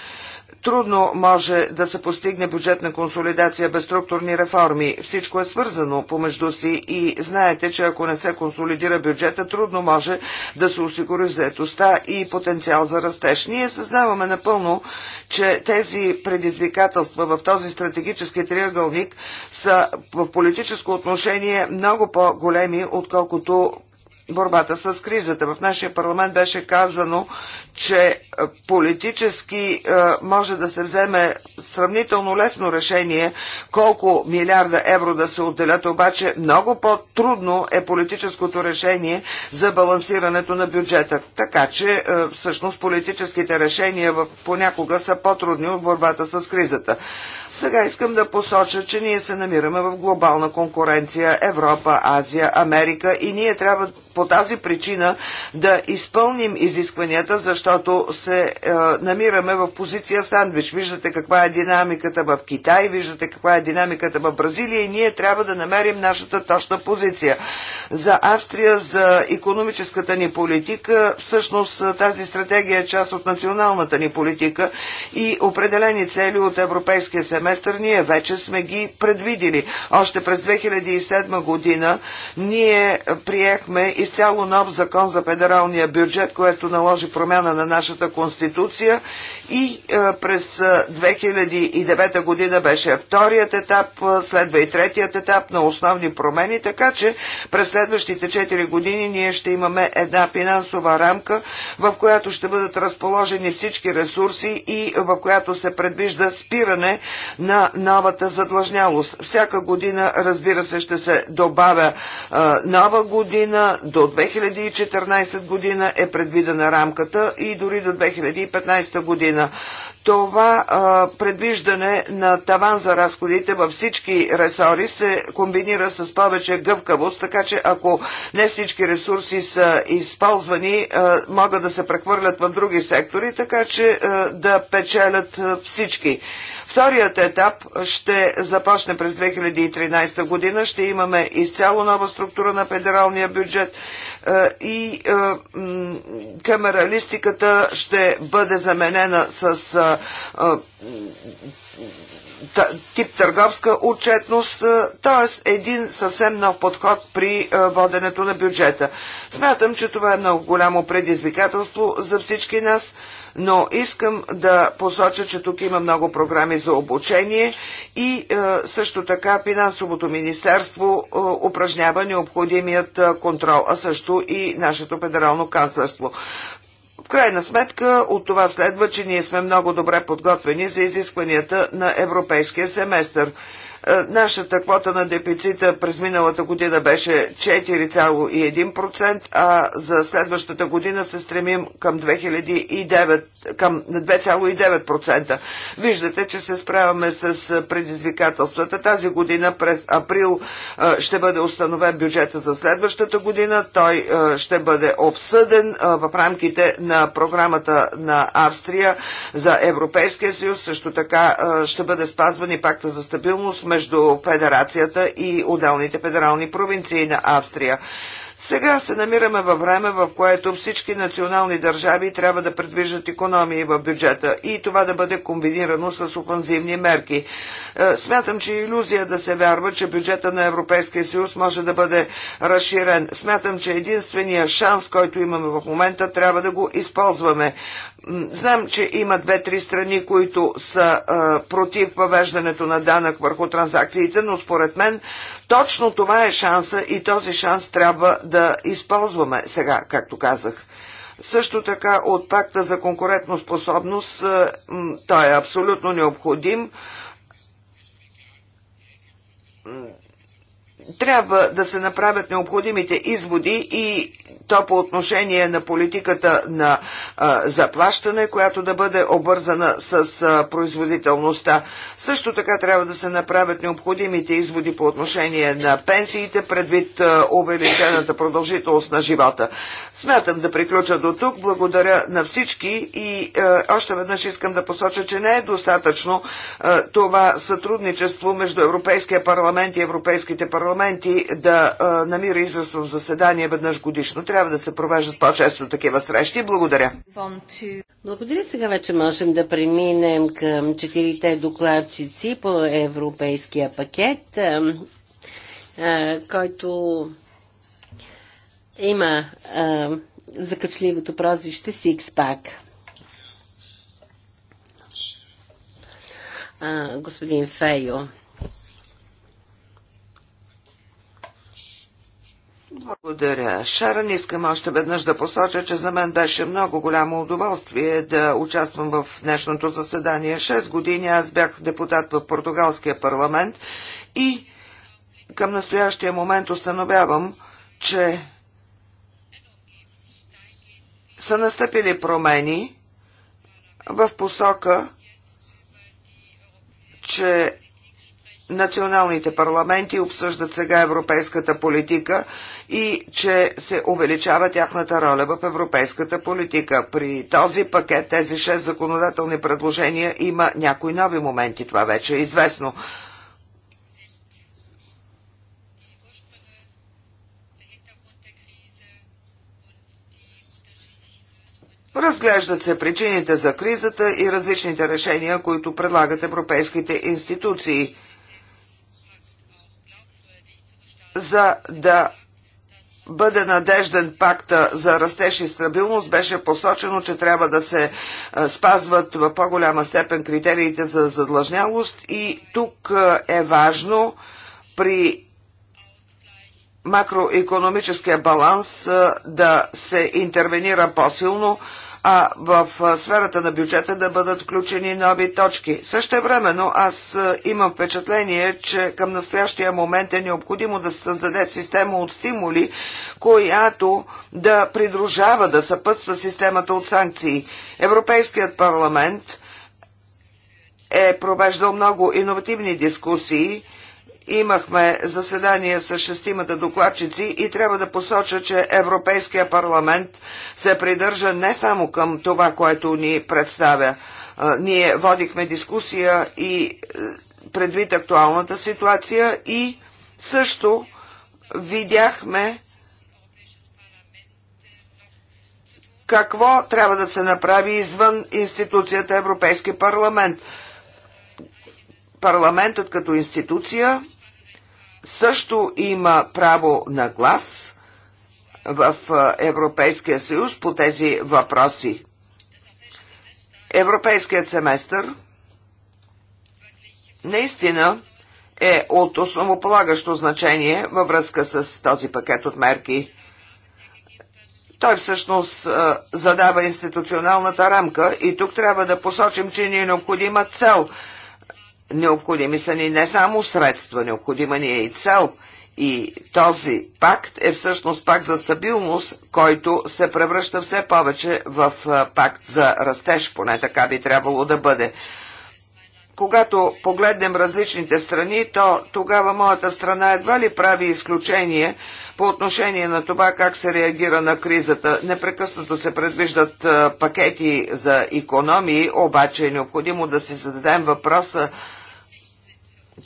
Трудно може да се постигне бюджетна консолидация без структурни реформи. Всичко е свързано помежду си и знаете, че ако не се консолидира бюджета, трудно може да се осигури заетостта и потенциал за растеж. Ние съзнаваме напълно, че тези предизвикателства в този стратегически триъгълник са в политическо отношение много по-големи, отколкото борбата с кризата. В нашия парламент беше казано, че е, политически е, може да се вземе сравнително лесно решение колко милиарда евро да се отделят, обаче много по-трудно е политическото решение за балансирането на бюджета. Така че е, всъщност политическите решения понякога са по-трудни от борбата с кризата. Сега искам да посоча, че ние се намираме в глобална конкуренция Европа, Азия, Америка и ние трябва по тази причина да изпълним изискванията, защото се е, намираме в позиция сандвич. Виждате каква е динамиката в Китай, виждате каква е динамиката в Бразилия и ние трябва да намерим нашата точна позиция. За Австрия, за економическата ни политика, всъщност е, тази стратегия е част от националната ни политика и определени цели от Европейския семестър семестър ние вече сме ги предвидили. Още през 2007 година ние приехме изцяло нов закон за федералния бюджет, което наложи промяна на нашата конституция и е, през 2009 е, година беше вторият етап, е, следва и третият етап на основни промени, така че през следващите 4 години ние ще имаме една финансова рамка, в която ще бъдат разположени всички ресурси и в която се предвижда спиране на новата задлъжнялост. Всяка година, разбира се, ще се добавя нова година, до 2014 година е предвидена рамката и дори до 2015 година година. Това а, предвиждане на таван за разходите във всички ресори се комбинира с повече гъвкавост, така че ако не всички ресурси са използвани, а, могат да се прехвърлят в други сектори, така че а, да печелят а, всички. Вторият етап ще започне през 2013 година. Ще имаме изцяло нова структура на федералния бюджет е, и е, камералистиката ще бъде заменена с е, тип търговска отчетност, т.е. един съвсем нов подход при воденето на бюджета. Смятам, че това е много голямо предизвикателство за всички нас, но искам да посоча, че тук има много програми за обучение и също така финансовото министерство упражнява необходимият контрол, а също и нашето федерално канцлерство. В крайна сметка от това следва, че ние сме много добре подготвени за изискванията на европейския семестър. Е, нашата квота на дефицита през миналата година беше 4,1%, а за следващата година се стремим към 2009, към 2,9%. Виждате, че се справяме с е, предизвикателствата. Тази година през април е, ще бъде установен бюджета за следващата година. Той ще бъде обсъден в рамките на програмата на Австрия за Европейския съюз. Също така ще бъде спазван и пакта за стабилност между федерацията и отделните федерални провинции на Австрия. Сега се намираме във време, в което всички национални държави трябва да предвиждат економии в бюджета и това да бъде комбинирано с офанзивни мерки. Е, смятам, че е иллюзия да се вярва, че бюджета на Европейския съюз може да бъде разширен. Смятам, че единствения шанс, който имаме в момента, трябва да го използваме. Знам, че има две-три страни, които са а, против въвеждането на данък върху транзакциите, но според мен точно това е шанса и този шанс трябва да използваме сега, както казах. Също така от пакта за конкурентоспособност той е абсолютно необходим трябва да се направят необходимите изводи и то по отношение на политиката на а, заплащане, която да бъде обвързана с а, производителността. Също така трябва да се направят необходимите изводи по отношение на пенсиите, предвид а, увеличената продължителност на живота. Смятам да приключа до тук. Благодаря на всички и е, още веднъж искам да посоча, че не е достатъчно е, това сътрудничество между Европейския парламент и Европейските парламенти да е, намира израз в заседание веднъж годишно. Трябва да се провеждат по-често такива срещи. Благодаря. Благодаря. Сега вече можем да преминем към четирите докладчици по европейския пакет, е, е, който има а, закачливото прозвище Сикспак. А, господин Фейо. Благодаря. Шаран, искам още веднъж да посоча, че за мен беше много голямо удоволствие да участвам в днешното заседание. Шест години аз бях депутат в португалския парламент и към настоящия момент установявам, че са настъпили промени в посока, че националните парламенти обсъждат сега европейската политика и че се увеличава тяхната роля в европейската политика. При този пакет, тези шест законодателни предложения, има някои нови моменти. Това вече е известно. Разглеждат се причините за кризата и различните решения, които предлагат европейските институции, за да бъде надежден пакта за растеж и стабилност, беше посочено, че трябва да се спазват в по-голяма степен критериите за задлъжнялост и тук е важно при макроекономическия баланс да се интервенира по-силно а в сферата на бюджета да бъдат включени нови точки. Също времено аз имам впечатление, че към настоящия момент е необходимо да се създаде система от стимули, която да придружава, да съпътства системата от санкции. Европейският парламент е провеждал много иновативни дискусии, Имахме заседание с шестимата докладчици и трябва да посоча, че Европейския парламент се придържа не само към това, което ни представя. Ние водихме дискусия и е, предвид актуалната ситуация и също видяхме какво трябва да се направи извън институцията Европейски парламент. Парламентът като институция също има право на глас в Европейския съюз по тези въпроси. Европейският семестър наистина е от основополагащо значение във връзка с този пакет от мерки. Той всъщност задава институционалната рамка и тук трябва да посочим, че ни е необходима цел – Необходими са ни не само средства, необходима ни е и цел. И този пакт е всъщност пакт за стабилност, който се превръща все повече в пакт за растеж, поне така би трябвало да бъде. Когато погледнем различните страни, то тогава моята страна едва ли прави изключение по отношение на това как се реагира на кризата. Непрекъснато се предвиждат пакети за економии, обаче е необходимо да си зададем въпроса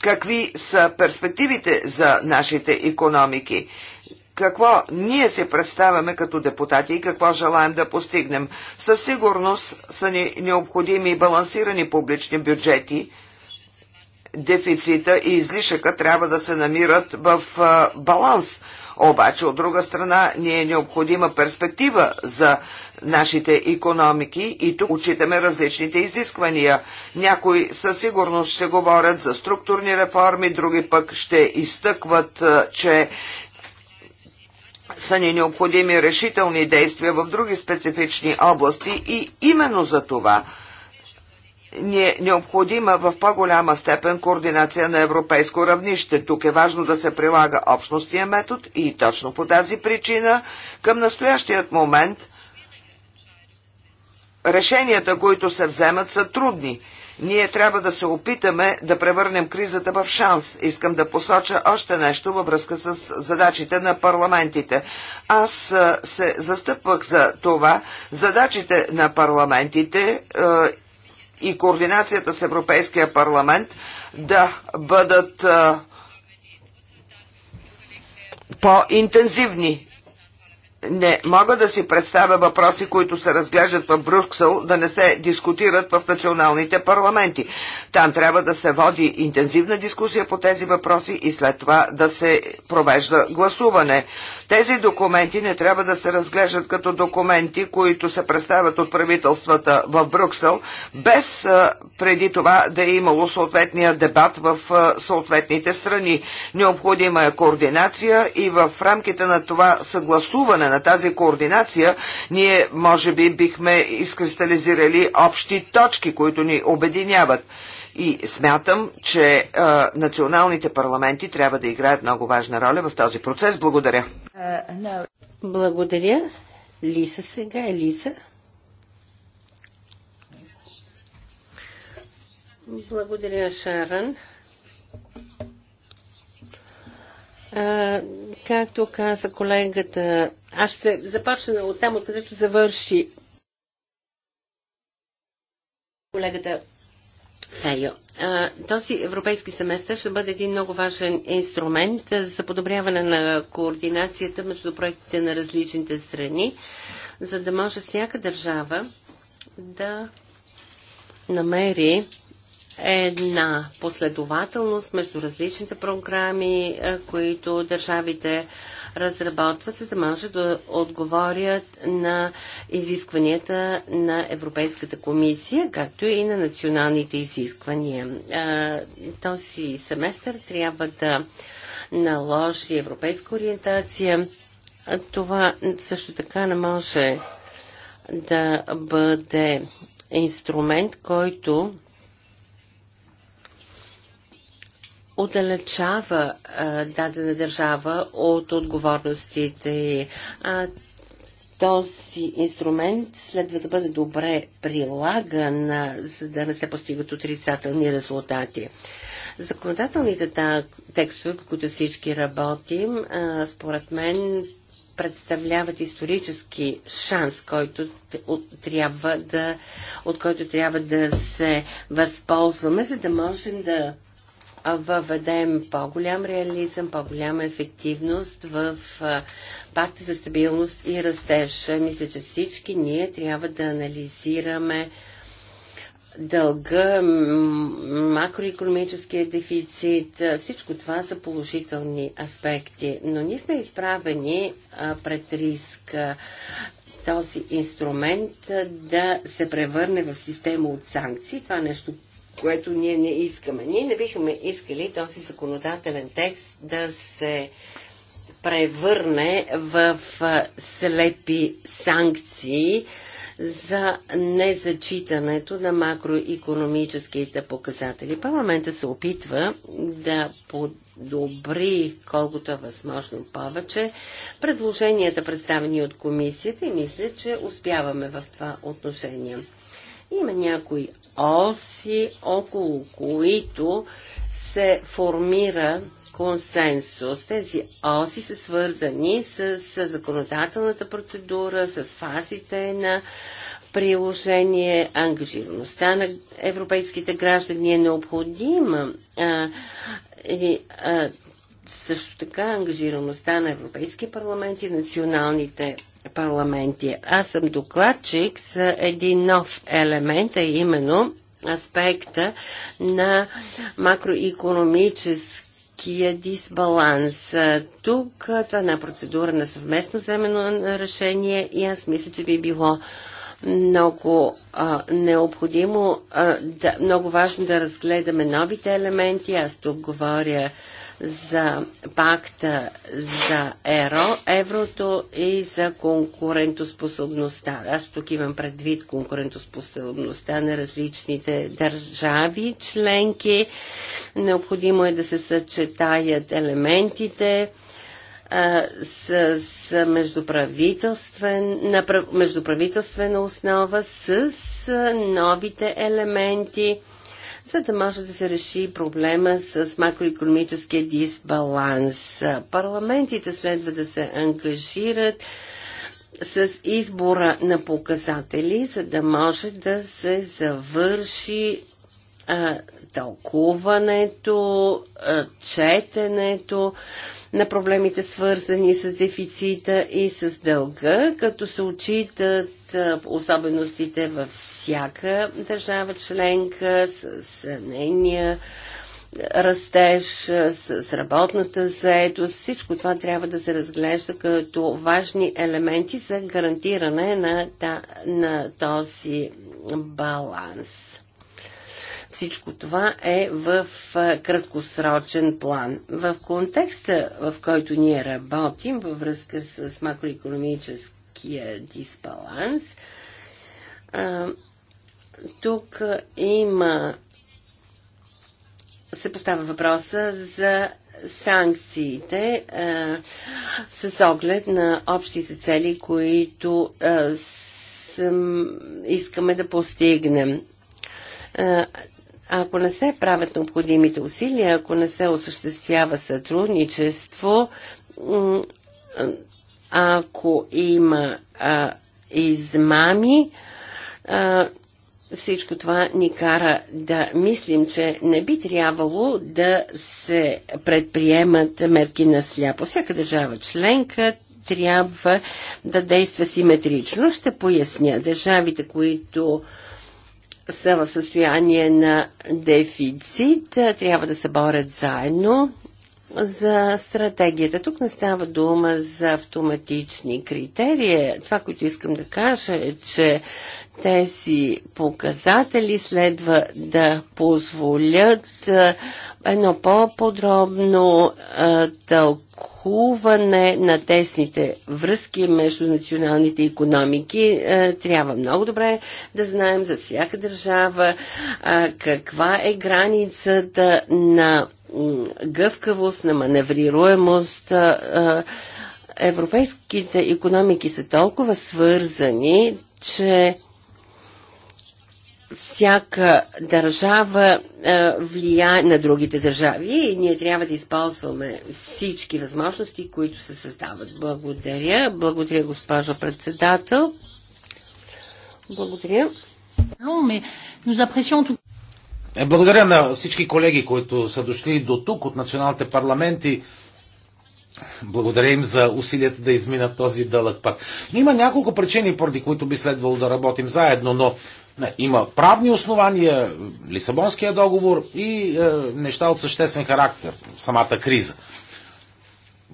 какви са перспективите за нашите економики какво ние се представяме като депутати и какво желаем да постигнем. Със сигурност са ни необходими балансирани публични бюджети. Дефицита и излишъка трябва да се намират в баланс – обаче, от друга страна, ни е необходима перспектива за нашите економики и тук учитаме различните изисквания. Някои със сигурност ще говорят за структурни реформи, други пък ще изтъкват, е, че са ни необходими решителни действия в други специфични области и именно за това – ни е необходима в по-голяма степен координация на европейско равнище. Тук е важно да се прилага общностия метод и точно по тази причина към настоящият момент решенията, които се вземат, са трудни. Ние трябва да се опитаме да превърнем кризата в шанс. Искам да посоча още нещо във връзка с задачите на парламентите. Аз се застъпвах за това задачите на парламентите и координацията с Европейския парламент да бъдат по-интензивни не мога да си представя въпроси, които се разглеждат в Брюксел, да не се дискутират в националните парламенти. Там трябва да се води интензивна дискусия по тези въпроси и след това да се провежда гласуване. Тези документи не трябва да се разглеждат като документи, които се представят от правителствата в Брюксел, без преди това да е имало съответния дебат в съответните страни. Необходима е координация и в рамките на това съгласуване на тази координация, ние може би бихме изкристализирали общи точки, които ни обединяват. И смятам, че е, националните парламенти трябва да играят много важна роля в този процес. Благодаря. Uh, no. Благодаря. Лиса сега. е Лиса. Благодаря, Шаран както каза колегата, аз ще започна от там, откъдето завърши колегата Фейо. Този европейски семестър ще бъде един много важен инструмент за подобряване на координацията между проектите на различните страни, за да може всяка държава да намери една последователност между различните програми, е, които държавите разработват, за да може да отговорят на изискванията на Европейската комисия, както и на националните изисквания. Е, този семестър трябва да наложи европейска ориентация. Това също така не може да бъде инструмент, който отдалечава дадена държава от отговорностите. А, този инструмент следва да бъде добре прилаган, за да не се постигат отрицателни резултати. Законодателните текстове, по които всички работим, според мен представляват исторически шанс, който трябва да, от който трябва да се възползваме, за да можем да въведем по-голям реализъм, по-голяма ефективност в пакта за стабилност и растеж. Мисля, че всички ние трябва да анализираме дълга, макроекономическия дефицит, всичко това са положителни аспекти. Но ние сме изправени пред риск този инструмент да се превърне в система от санкции. Това нещо което ние не искаме. Ние не бихме искали този законодателен текст да се превърне в слепи санкции за незачитането на макроекономическите показатели. Парламента се опитва да подобри колкото е възможно повече предложенията, представени от комисията и мисля, че успяваме в това отношение. Има някои оси, около които се формира консенсус. Тези оси са свързани с, законодателната процедура, с фазите на приложение, ангажираността на европейските граждани е необходима. А, и, а, също така ангажираността на Европейския парламент и националните парламенти. Аз съм докладчик за един нов елемент, а именно аспекта на макроекономически дисбаланс. Тук това е една процедура на съвместно вземено решение и аз мисля, че би било много а, необходимо, а, да, много важно да разгледаме новите елементи. Аз тук говоря за пакта за еро, еврото и за конкурентоспособността. Аз тук имам предвид конкурентоспособността на различните държави членки. Необходимо е да се съчетаят елементите а, с, с междуправителствен, на, междуправителствена основа с новите елементи за да може да се реши проблема с макроекономическия дисбаланс. Парламентите следва да се ангажират с избора на показатели, за да може да се завърши а, тълкуването, а, четенето на проблемите свързани с дефицита и с дълга, като се очитат особеностите във всяка държава членка, с, нейния растеж, с, с работната заетост. Всичко това трябва да се разглежда като важни елементи за гарантиране на, на този баланс. Всичко това е в краткосрочен план. В контекста, в който ние работим, във връзка с макроекономическия дисбаланс, тук има се поставя въпроса за санкциите а, е, с оглед на общите цели, които а, е, с, искаме да постигнем. Е, ако не се правят необходимите усилия, ако не се осъществява сътрудничество, ако има а, измами, а, всичко това ни кара да мислим, че не би трябвало да се предприемат мерки на сляпо. Всяка държава членка трябва да действа симетрично. Ще поясня. Държавите, които са в състояние на дефицит, трябва да се борят заедно за стратегията. Тук не става дума за автоматични критерии. Това, което искам да кажа е, че тези показатели следва да позволят едно по-подробно тълкуване на тесните връзки между националните економики. Трябва много добре да знаем за всяка държава каква е границата на гъвкавост, на маневрируемост. Европейските економики са толкова свързани, че всяка държава влияе на другите държави и ние трябва да използваме всички възможности, които се създават. Благодаря. Благодаря, госпожо председател. Благодаря. Е, благодаря на всички колеги, които са дошли до тук от националните парламенти. Благодаря им за усилията да изминат този дълъг път. Има няколко причини, поради които би следвало да работим заедно, но не, има правни основания, Лисабонския договор и е, неща от съществен характер, самата криза.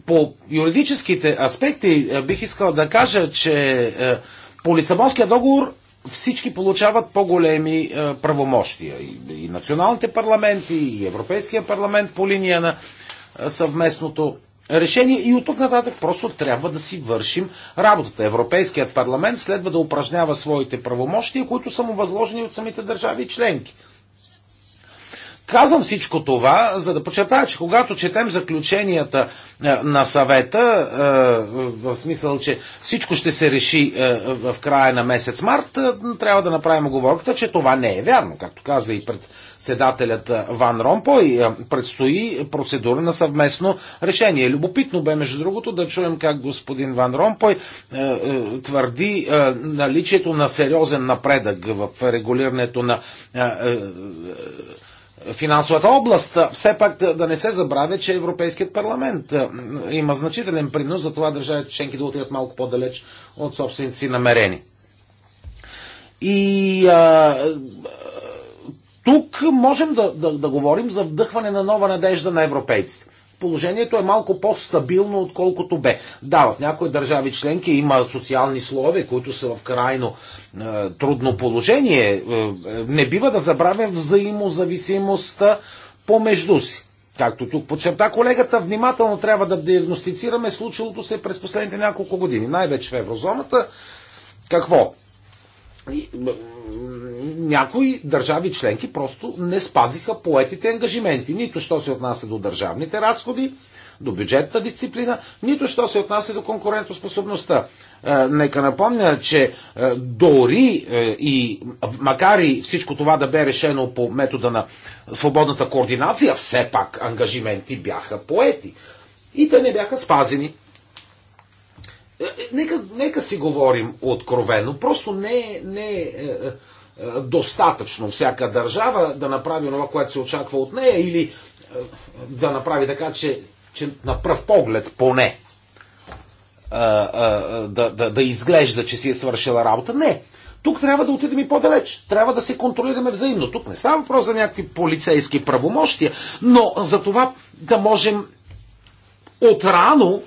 По юридическите аспекти е, бих искал да кажа, че е, по Лисабонския договор всички получават по-големи е, правомощия. И националните парламенти, и Европейския парламент по линия на е, съвместното решение и от тук нататък просто трябва да си вършим работата. Европейският парламент следва да упражнява своите правомощия, които са му възложени от самите държави и членки. Казвам всичко това, за да подчертая, че когато четем заключенията е, на съвета, е, в смисъл, че всичко ще се реши е, в края на месец март, трябва да направим оговорката, че това не е вярно. Както каза и председателят Ван Ромпой, предстои процедура на съвместно решение. Любопитно бе, между другото, да чуем как господин Ван Ромпой твърди наличието на сериозен напредък в регулирането на финансовата област. Все пак да, да не се забравя, че Европейският парламент има значителен принос за това държавите членки да отидат малко по-далеч от собствените си намерени. И а, тук можем да, да, да говорим за вдъхване на нова надежда на европейците положението е малко по-стабилно, отколкото бе. Да, в някои държави членки има социални слове, които са в крайно е, трудно положение. Е, е, не бива да забравя взаимозависимостта помежду си. Както тук подчерта колегата, внимателно трябва да диагностицираме случилото се през последните няколко години, най-вече в еврозоната. Какво? някои държави членки просто не спазиха поетите ангажименти. Нито що се отнася до държавните разходи, до бюджетната дисциплина, нито що се отнася до конкурентоспособността. Е, нека напомня, че е, дори е, и макар и всичко това да бе решено по метода на свободната координация, все пак ангажименти бяха поети. И те не бяха спазени. Нека, нека си говорим откровено. Просто не, не е, е, е достатъчно всяка държава да направи това, което се очаква от нея или е, да направи така, че, че на пръв поглед поне да, да, да изглежда, че си е свършила работа. Не. Тук трябва да отидем и по-далеч. Трябва да се контролираме взаимно. Тук не става въпрос за някакви полицейски правомощия, но за това да можем отрано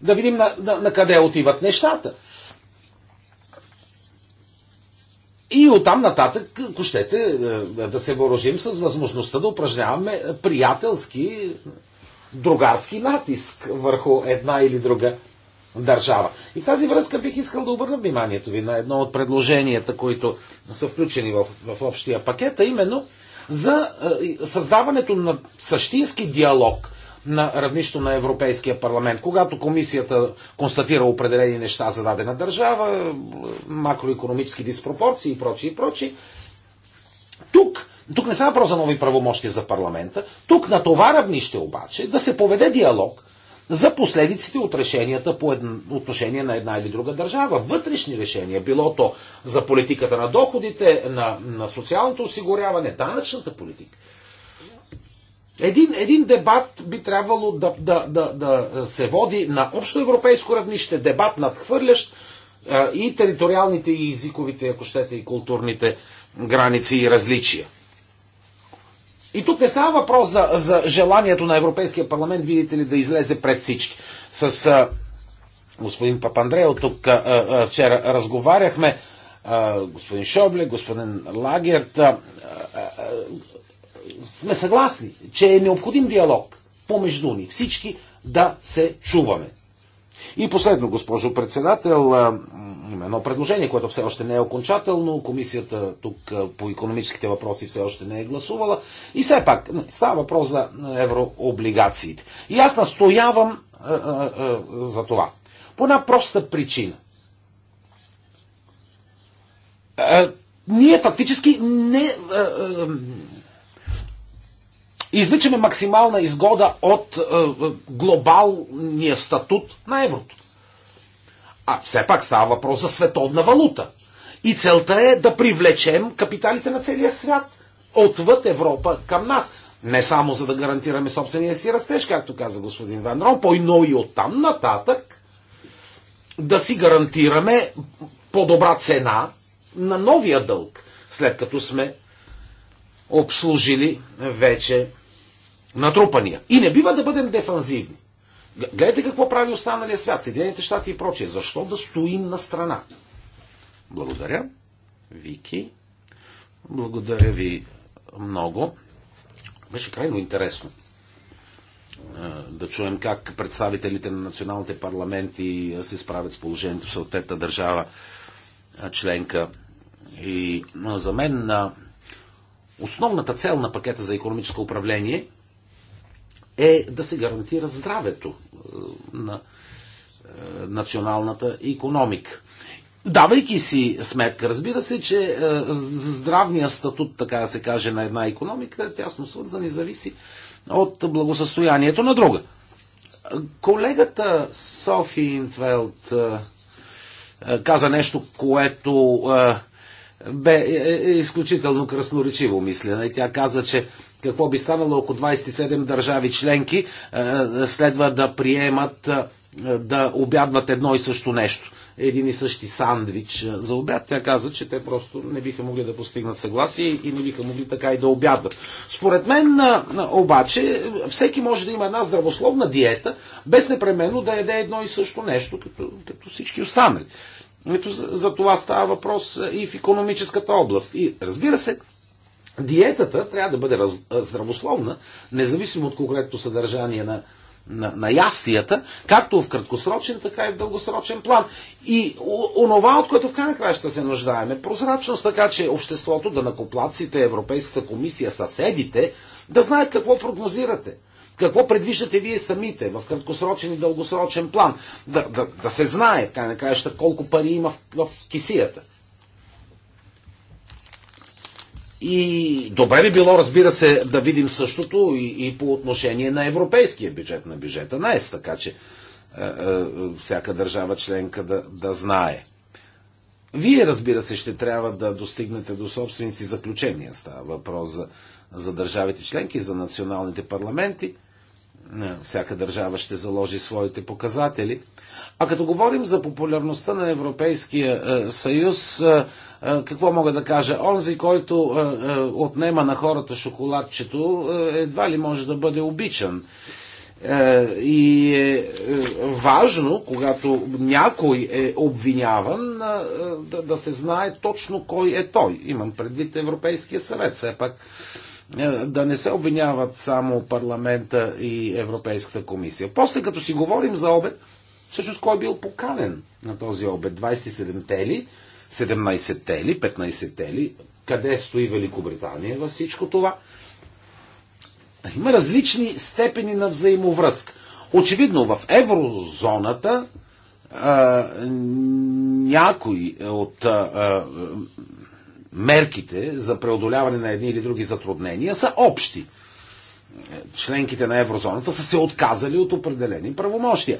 да видим на, на, на къде отиват нещата. И оттам нататък, ако щете, е, е, да се въоръжим с възможността да упражняваме е, приятелски, другарски натиск върху една или друга държава. И в тази връзка бих искал да обърна вниманието ви на едно от предложенията, които са включени в, в общия пакет, а именно за създаването на същински диалог на равнището на Европейския парламент. Когато комисията констатира определени неща за дадена държава, макроекономически диспропорции и прочи и прочи. тук тук не става въпрос за нови правомощия за парламента. Тук на това равнище обаче да се поведе диалог за последиците от решенията по едно, отношение на една или друга държава. Вътрешни решения, било то за политиката на доходите, на, на социалното осигуряване, данъчната политика. Един, един дебат би трябвало да, да, да, да се води на общо европейско равнище, дебат надхвърлящ а, и териториалните, и езиковите, ако щете, и културните граници и различия. И тук не става въпрос за, за желанието на Европейския парламент, видите ли, да излезе пред всички. С а, господин Папандрео тук а, а, вчера разговаряхме, а, господин Шобле, господин Лагерт. А, а, сме съгласни, че е необходим диалог помежду ни всички да се чуваме. И последно, госпожо председател, има едно предложение, което все още не е окончателно. Комисията тук по економическите въпроси все още не е гласувала. И все пак, не, става въпрос за еврооблигациите. И аз настоявам а, а, а, за това. По една проста причина. А, ние фактически не а, а, извличаме максимална изгода от е, е, глобалния статут на еврото. А все пак става въпрос за световна валута. И целта е да привлечем капиталите на целия свят отвъд Европа към нас. Не само за да гарантираме собствения си растеж, както каза господин Ван Ромпой, но и от там нататък да си гарантираме по-добра цена на новия дълг, след като сме обслужили вече натрупания. И не бива да бъдем дефанзивни. Гледайте какво прави останалия свят, Съединените щати и прочие. Защо да стоим на страна? Благодаря. Вики. Благодаря ви много. Беше крайно интересно да чуем как представителите на националните парламенти се справят с положението в съответната държава членка. И за мен на. Основната цел на пакета за економическо управление е да се гарантира здравето е, на е, националната економика. Давайки си сметка, разбира се, че е, здравният статут, така да се каже, на една економика е тясно свързан и зависи от благосъстоянието на друга. Колегата Софи Интвелд каза нещо, което бе е, е, е изключително красноречиво мислена. И тя каза, че какво би станало, ако 27 държави членки следва да приемат да обядват едно и също нещо. Един и същи сандвич за обяд. Тя каза, че те просто не биха могли да постигнат съгласие и не биха могли така и да обядват. Според мен обаче всеки може да има една здравословна диета, без непременно да яде едно и също нещо, като, като всички останали. Ето за, за това става въпрос е, и в економическата област. И разбира се, диетата трябва да бъде раз, е, здравословна, независимо от конкретното съдържание на, на, на ястията, както в краткосрочен, така и в дългосрочен план. И онова, от което в крайна края ще се нуждаем, е прозрачност, така че обществото, да накоплаците, Европейската комисия, съседите, да знаят какво прогнозирате какво предвиждате вие самите в краткосрочен и дългосрочен план? Да, да, да се знае, така на колко пари има в, в кисията. И добре би било, разбира се, да видим същото и, и по отношение на европейския бюджет, на бюджета на ЕС, така че е, е, всяка държава членка да, да знае. Вие, разбира се, ще трябва да достигнете до собственици заключения. Става въпрос за, за държавите членки, за националните парламенти. Е, всяка държава ще заложи своите показатели. А като говорим за популярността на Европейския е, съюз, е, какво мога да кажа? Онзи, който отнема на хората шоколадчето, едва ли може да бъде обичан. И е важно, когато някой е обвиняван, да се знае точно кой е той. Имам предвид Европейския съвет. Все пак е, да не се обвиняват само парламента и Европейската комисия. После като си говорим за обед, всъщност кой е бил поканен на този обед? 27-те ли? 17-те ли? 15-те ли? Къде стои Великобритания във всичко това? Има различни степени на взаимовръзка. Очевидно, в еврозоната а, някои от а, мерките за преодоляване на едни или други затруднения са общи. Членките на еврозоната са се отказали от определени правомощия.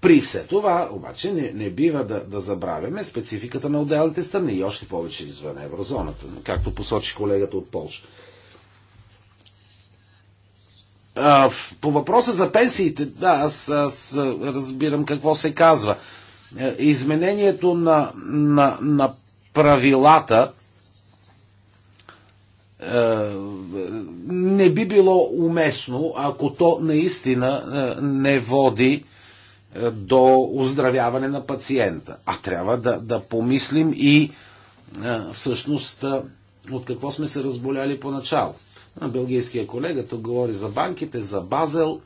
При все това, обаче, не, не бива да, да забравяме спецификата на отделните страни и още повече извън еврозоната, както посочи колегата от Польша. По въпроса за пенсиите, да, аз, аз разбирам какво се казва. Е, изменението на, на, на правилата е, не би било уместно, ако то наистина е, не води е, до оздравяване на пациента. А трябва да, да помислим и всъщност от какво сме се разболяли поначало. Белгийския колега тук говори за банките, за Базел,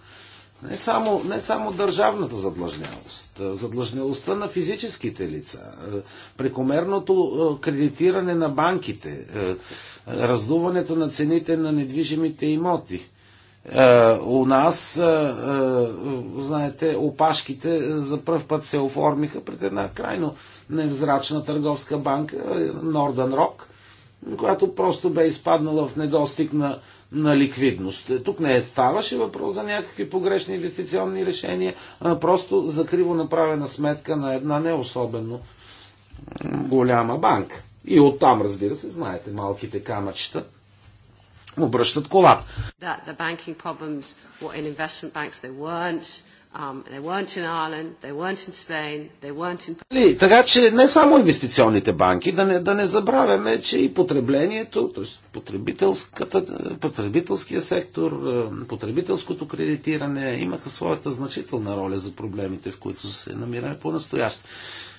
не само, не само държавната задлъжнялост, задлъжнялостта на физическите лица, прекомерното кредитиране на банките, раздуването на цените на недвижимите имоти. У нас, знаете, опашките за първ път се оформиха пред една крайно невзрачна търговска банка, Northern Rock – която просто бе изпаднала в недостиг на на ликвидност. Тук не е ставаше въпрос за някакви погрешни инвестиционни решения, а просто за криво направена сметка на една не особено голяма банка. И оттам, разбира се, знаете, малките камъчета обръщат колата. Um, in... Нали, така че не само инвестиционните банки, да не, да не забравяме, че и потреблението, т.е. потребителския сектор, е, потребителското кредитиране имаха своята значителна роля за проблемите, в които се намираме по-настояще.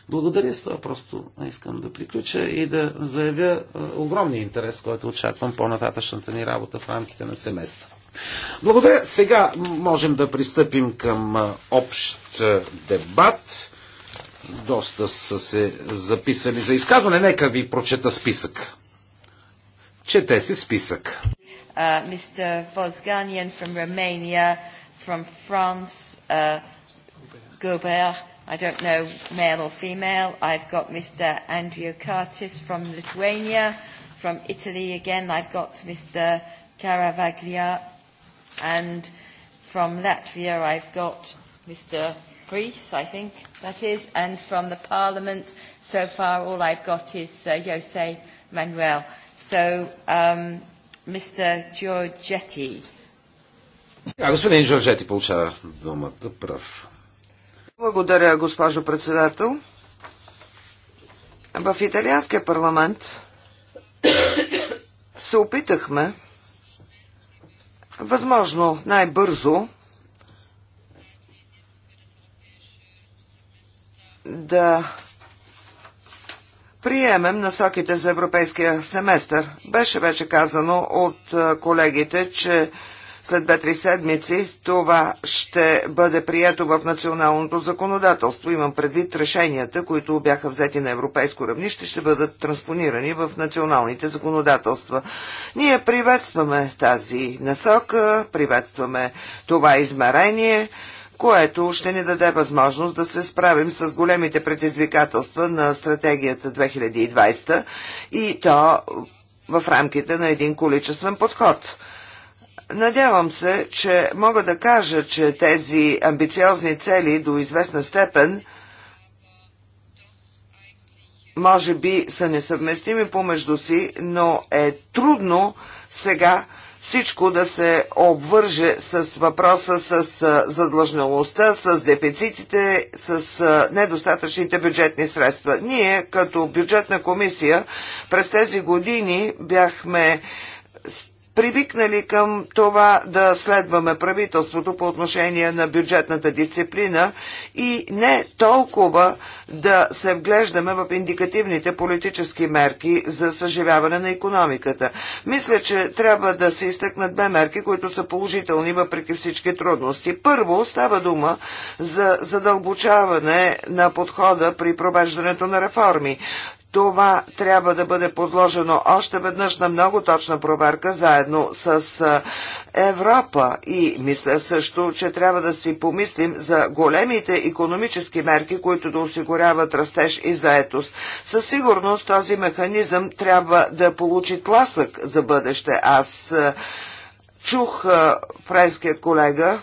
Благодаря с това, просто искам да приключа и да заявя е, огромния интерес, който очаквам по-нататъчната ни работа в рамките на семестър. Благодаря. Сега можем да пристъпим към общ дебат. Доста са се записали за изказване. Нека ви прочета списък. Чете си списък. Uh, Mr. Vosganian from Romania, from France, uh, Gobert, I don't know male or female. I've got Mr. Andrew Curtis from Lithuania, from Italy again. I've got Mr. Caravaglia And from Latvia, I've got Mr. Greece, I think that is, and from the Parliament, so far all I've got is uh, Jose Manuel. So, um, Mr. Giorgetti. А, господин Жоржети получава думата прав. Благодаря, госпожо председател. В италианския парламент се опитахме възможно най-бързо да приемем насоките за европейския семестър. Беше вече казано от колегите, че след 2-3 седмици това ще бъде прието в националното законодателство. Имам предвид решенията, които бяха взети на европейско равнище, ще бъдат транспонирани в националните законодателства. Ние приветстваме тази насока, приветстваме това измерение което ще ни даде възможност да се справим с големите предизвикателства на стратегията 2020 и то в рамките на един количествен подход. Надявам се, че мога да кажа, че тези амбициозни цели до известна степен може би са несъвместими помежду си, но е трудно сега всичко да се обвърже с въпроса с задлъжналостта, с дефицитите, с недостатъчните бюджетни средства. Ние, като бюджетна комисия, през тези години бяхме привикнали към това да следваме правителството по отношение на бюджетната дисциплина и не толкова да се вглеждаме в индикативните политически мерки за съживяване на економиката. Мисля, че трябва да се изтъкнат две мерки, които са положителни въпреки всички трудности. Първо става дума за задълбочаване на подхода при провеждането на реформи това трябва да бъде подложено още веднъж на много точна проверка заедно с Европа. И мисля също, че трябва да си помислим за големите економически мерки, които да осигуряват растеж и заетост. Със сигурност този механизъм трябва да получи тласък за бъдеще. Аз чух френският колега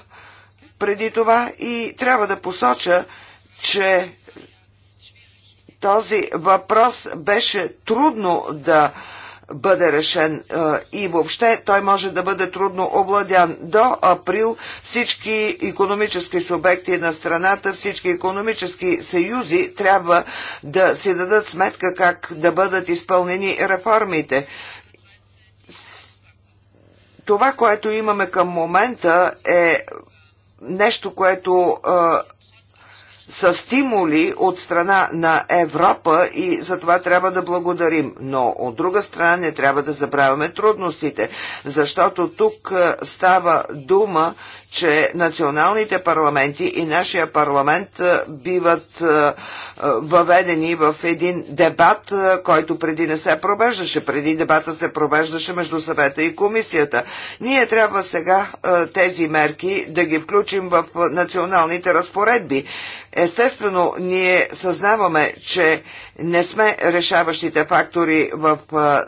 преди това и трябва да посоча, че този въпрос беше трудно да бъде решен е, и въобще той може да бъде трудно обладян. До април всички економически субекти на страната, всички економически съюзи трябва да си дадат сметка как да бъдат изпълнени реформите. Това, което имаме към момента е нещо, което е, са стимули от страна на Европа и за това трябва да благодарим. Но от друга страна не трябва да забравяме трудностите, защото тук е, става дума, че националните парламенти и нашия парламент е, биват е, въведени в един дебат, който преди не се провеждаше. Преди дебата се провеждаше между съвета и комисията. Ние трябва сега тези мерки да ги включим в националните разпоредби Естествено, ние съзнаваме, че не сме решаващите фактори в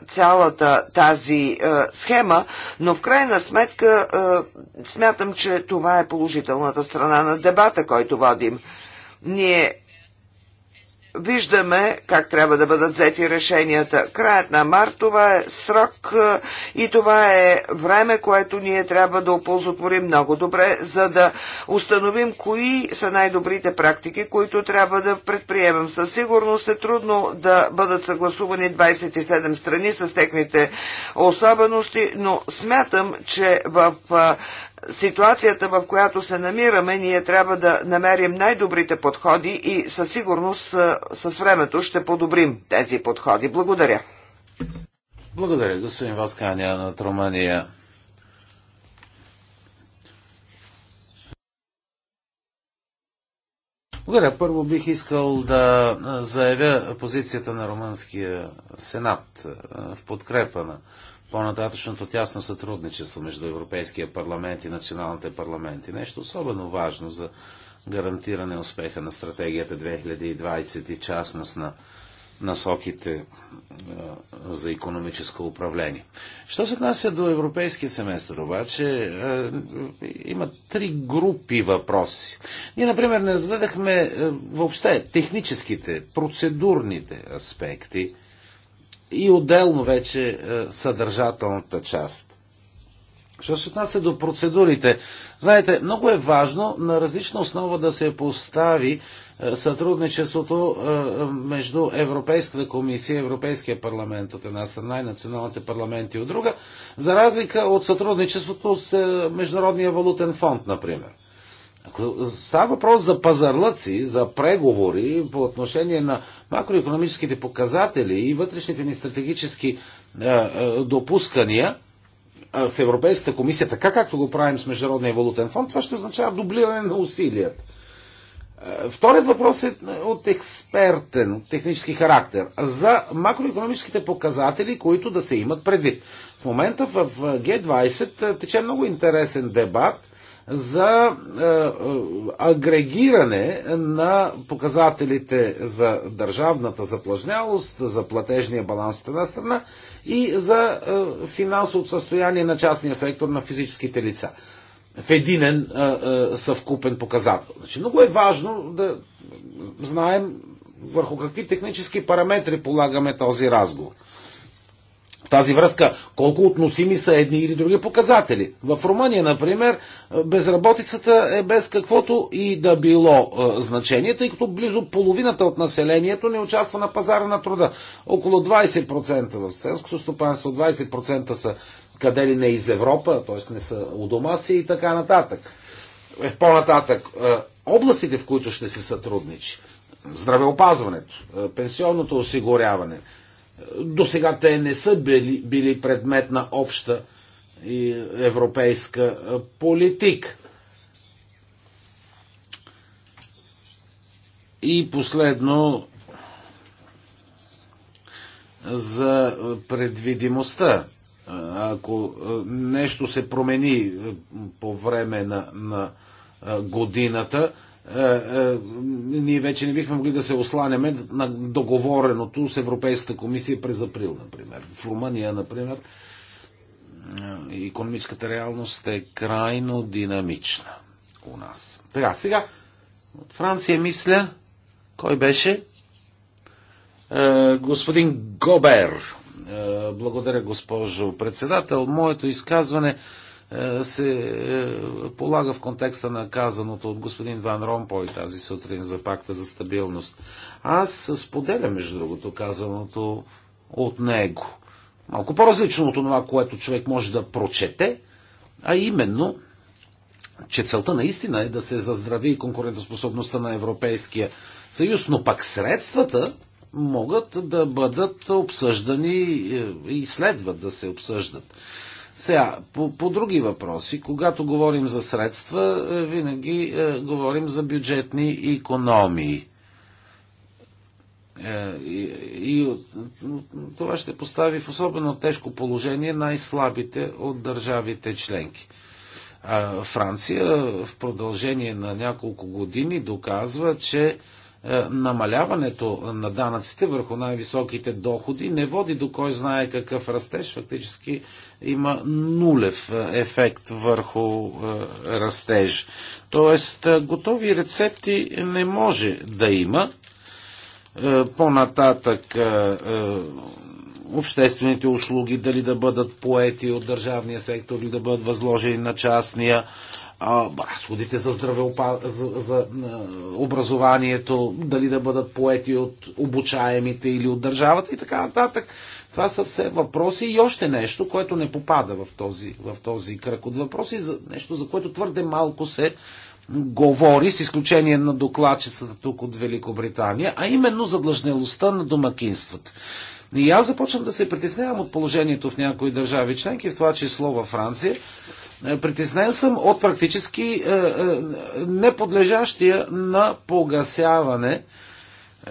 цялата тази схема, но в крайна сметка смятам, че това е положителната страна на дебата, който водим. Ние виждаме как трябва да бъдат взети решенията. Краят на март това е срок е, и това е време, което ние трябва да оползотворим много добре, за да установим кои са най-добрите практики, които трябва да предприемем. Със сигурност е трудно да бъдат съгласувани 27 страни с техните особености, но смятам, че в е, ситуацията, в която се намираме, ние трябва да намерим най-добрите подходи и със сигурност с времето ще подобрим тези подходи. Благодаря. Благодаря, господин Васканя на Румъния. Благодаря. Първо бих искал да заявя позицията на Румънския сенат в подкрепа на по-нататъчното тясно сътрудничество между Европейския парламент и националните парламенти. Нещо особено важно за гарантиране успеха на стратегията 2020 и частност на насоките е, за економическо управление. Що се отнася до европейския семестър, обаче, е, има три групи въпроси. Ние, например, не разгледахме е, въобще техническите, процедурните аспекти и отделно вече е, съдържателната част. Що се отнася до процедурите, знаете, много е важно на различна основа да се постави е, сътрудничеството е, между Европейската комисия и Европейския парламент от една страна и националните парламенти от друга, за разлика от сътрудничеството с Международния валутен фонд, например. Става въпрос за пазарлъци, за преговори по отношение на макроекономическите показатели и вътрешните ни стратегически е, е, допускания с Европейската комисия, така както го правим с Международния валутен фонд, това ще означава дублиране на усилията. Е, вторият въпрос е от експертен, от технически характер, за макроекономическите показатели, които да се имат предвид. В момента в Г20 тече много интересен дебат – за е, е, агрегиране на показателите за държавната заплъжнялост, за платежния баланс от една страна и за е, финансовото състояние на частния сектор на физическите лица в единен съвкупен показател. Значи, много е важно да знаем върху какви технически параметри полагаме този разговор тази връзка, колко относими са едни или други показатели. В Румъния, например, безработицата е без каквото и да било е, значение, тъй като близо половината от населението не участва на пазара на труда. Около 20% в селското стопанство, 20% са къде ли не из Европа, т.е. не са у дома си и така нататък. Е, по-нататък, е, областите, в които ще се сътрудничи, здравеопазването, пенсионното осигуряване, до сега те не са били, били предмет на обща европейска политика. И последно за предвидимостта. Ако нещо се промени по време на, на годината, е, е, ние вече не бихме могли да се осланяме на договореното с Европейската комисия през април, например. В Румъния, например, економическата реалност е крайно динамична у нас. Така, сега, от Франция мисля, кой беше? Е, господин Гобер. Е, благодаря, госпожо председател. Моето изказване е, се е, полага в контекста на казаното от господин Ван Ромпой тази сутрин за пакта за стабилност. Аз споделя, между другото, казаното от него. Малко по-различно от това, което човек може да прочете, а именно, че целта наистина е да се заздрави конкурентоспособността на Европейския съюз, но пак средствата могат да бъдат обсъждани е, и следват да се обсъждат. Сега, по, по други въпроси, когато говорим за средства, е, винаги е, говорим за бюджетни економии. Е, и, и от, това ще постави в особено тежко положение най-слабите от държавите членки. Франция в продължение на няколко години доказва, че е, намаляването на данъците върху най-високите доходи не води до кой знае какъв растеж. Фактически има нулев е, ефект върху е, растеж. Тоест, готови рецепти не може да има. По-нататък обществените услуги, дали да бъдат поети от държавния сектор или да бъдат възложени на частния разходите за, здравеопа... за, за е, образованието, дали да бъдат поети от обучаемите или от държавата и така нататък. Това са все въпроси и още нещо, което не попада в този, в този кръг от въпроси, за нещо, за което твърде малко се говори, с изключение на докладчицата тук от Великобритания, а именно задлъжнелостта на домакинствата. И аз започвам да се притеснявам от положението в някои държави членки, в това число във Франция, Притеснен съм от практически е, е, неподлежащия на погасяване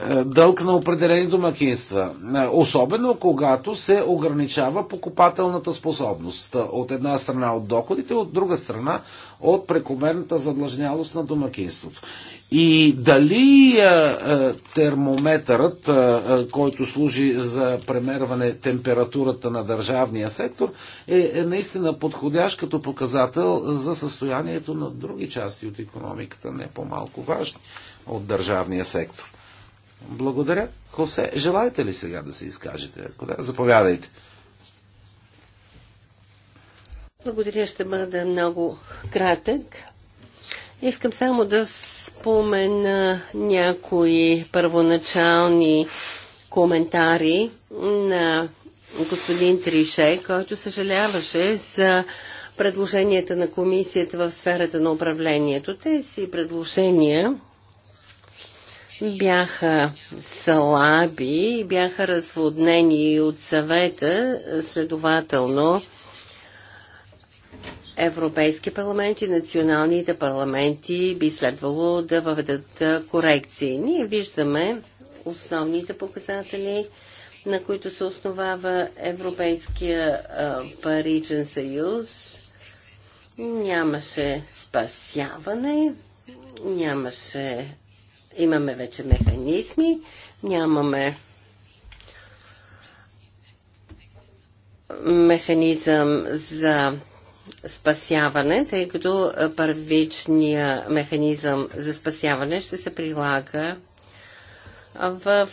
е, дълг на определени домакинства. Особено когато се ограничава покупателната способност от една страна от доходите, от друга страна от прекомерната задлъжнялост на домакинството. И дали термометърът, който служи за премерване температурата на държавния сектор, е, е наистина подходящ като показател за състоянието на други части от економиката, не по-малко важни от държавния сектор. Благодаря. Хосе, желаете ли сега да се изкажете? Ако да, заповядайте. Благодаря, ще бъда много кратък. Искам само да спомена някои първоначални коментари на господин Трише, който съжаляваше за предложенията на комисията в сферата на управлението. Тези предложения бяха слаби, бяха разводнени от съвета, следователно Европейски парламент и националните парламенти би следвало да въведат корекции. Ние виждаме основните показатели, на които се основава Европейския паричен съюз. Нямаше спасяване, нямаше. Имаме вече механизми, нямаме механизъм за спасяване, тъй като първичния механизъм за спасяване ще се прилага в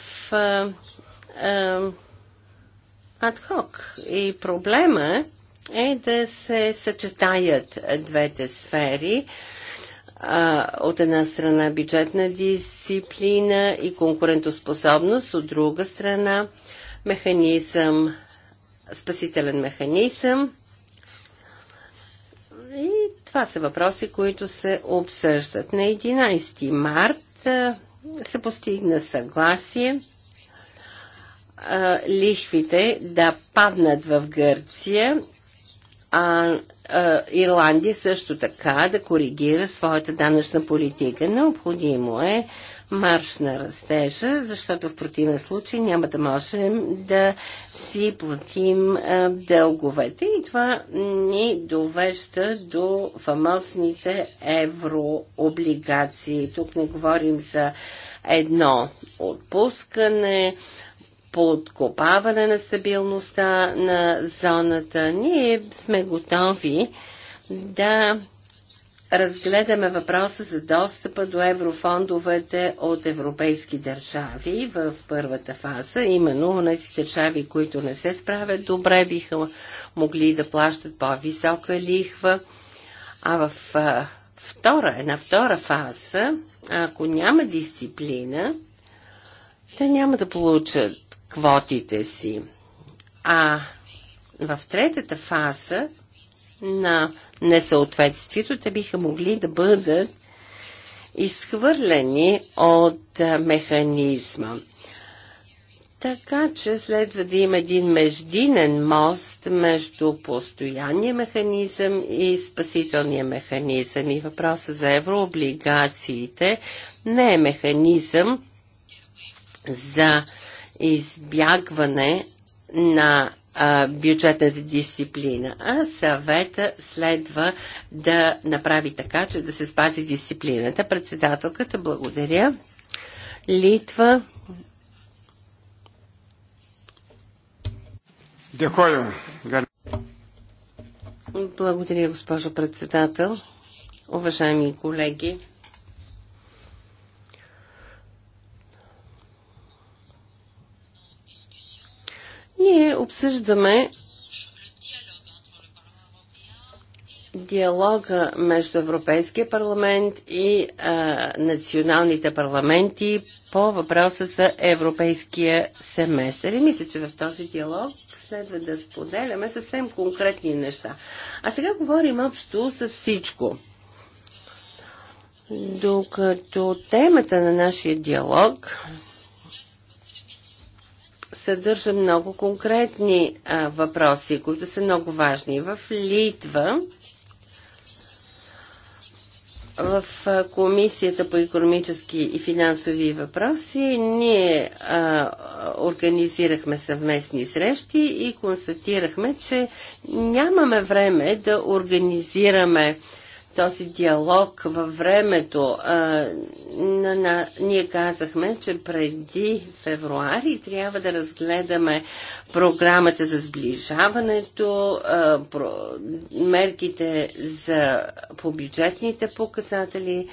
адхок. И проблема е да се съчетаят двете сфери. А, от една страна бюджетна дисциплина и конкурентоспособност, от друга страна механизъм, спасителен механизъм. И това са въпроси, които се обсъждат. На 11 март се постигна съгласие лихвите да паднат в Гърция, а Ирландия също така да коригира своята данъчна политика. Необходимо е марш на растежа, защото в противен случай няма да можем да си платим дълговете. И това ни довежда до фамосните еврооблигации. Тук не говорим за едно отпускане, подкопаване на стабилността на зоната. Ние сме готови да разгледаме въпроса за достъпа до еврофондовете от европейски държави в първата фаза. Именно тези държави, които не се справят добре, биха могли да плащат по-висока лихва. А в втора, една втора фаза, ако няма дисциплина, те няма да получат квотите си. А в третата фаза на несъответствието, те биха могли да бъдат изхвърлени от механизма. Така че следва да има един междинен мост между постоянния механизъм и спасителния механизъм. И въпросът за еврооблигациите не е механизъм за избягване на а, бюджетната дисциплина, а съвета следва да направи така, че да се спази дисциплината. Председателката, благодаря. Литва. Благодаря, госпожо председател. Уважаеми колеги, Ние обсъждаме диалога между Европейския парламент и а, националните парламенти по въпроса за европейския семестър. И мисля, че в този диалог следва да споделяме съвсем конкретни неща. А сега говорим общо за всичко. Докато темата на нашия диалог съдържа много конкретни а, въпроси, които са много важни. В Литва, в Комисията по економически и финансови въпроси, ние а, организирахме съвместни срещи и констатирахме, че нямаме време да организираме този диалог във времето. А, на, на, ние казахме, че преди февруари трябва да разгледаме програмата за сближаването, а, про, мерките за, по бюджетните показатели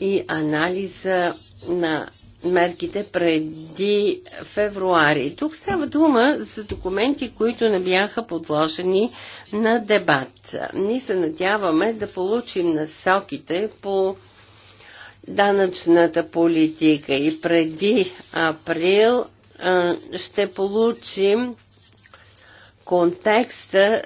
и анализа на мерките преди февруари. Тук става дума за документи, които не бяха подложени на дебат. Ние се надяваме да получим насоките по данъчната политика и преди април ще получим контекста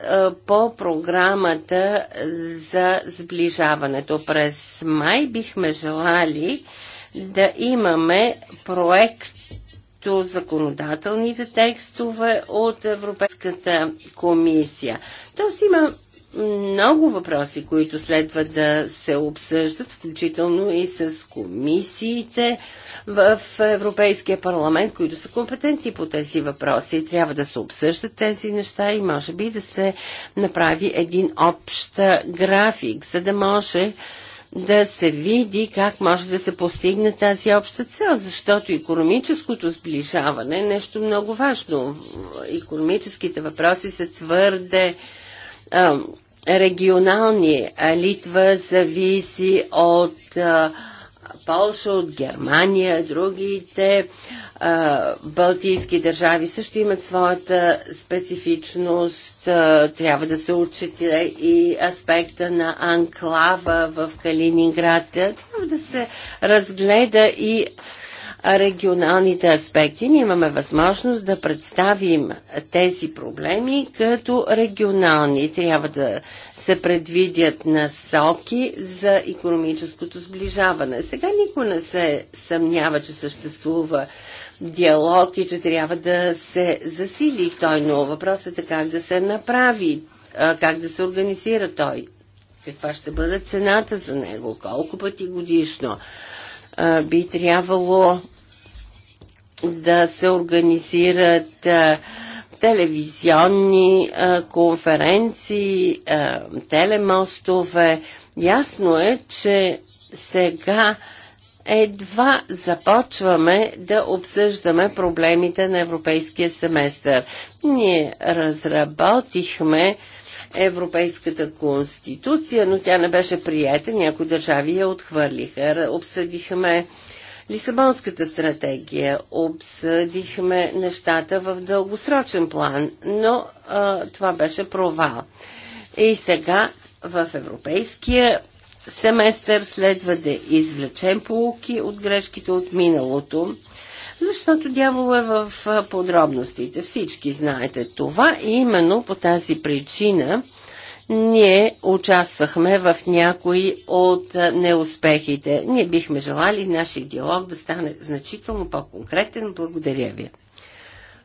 по програмата за сближаването. През май бихме желали да имаме проект законодателните текстове от Европейската комисия. Тоест има много въпроси, които следва да се обсъждат, включително и с комисиите в Европейския парламент, които са компетентни по тези въпроси. Трябва да се обсъждат тези неща и може би да се направи един общ график, за да може да се види как може да се постигне тази обща цел, защото економическото сближаване е нещо много важно. Економическите въпроси са твърде а, регионални. Литва зависи от а, Полша, от Германия, другите а, балтийски държави също имат своята специфичност. А, трябва да се учите и аспекта на анклава в Калининград. Трябва да се разгледа и регионалните аспекти. Ние имаме възможност да представим тези проблеми като регионални. Трябва да се предвидят насоки за економическото сближаване. Сега никой не се съмнява, че съществува диалог и че трябва да се засили той, но въпросът е как да се направи, как да се организира той. Каква ще бъде цената за него? Колко пъти годишно? би трябвало да се организират телевизионни конференции, телемостове. Ясно е, че сега едва започваме да обсъждаме проблемите на европейския семестър. Ние разработихме Европейската конституция, но тя не беше приета. Някои държави я отхвърлиха. Обсъдихме Лисабонската стратегия, обсъдихме нещата в дългосрочен план, но а, това беше провал. И сега в Европейския семестър следва да извлечем полуки от грешките от миналото защото дявол е в подробностите. Всички знаете това и именно по тази причина ние участвахме в някои от неуспехите. Ние бихме желали нашия диалог да стане значително по-конкретен. Благодаря ви.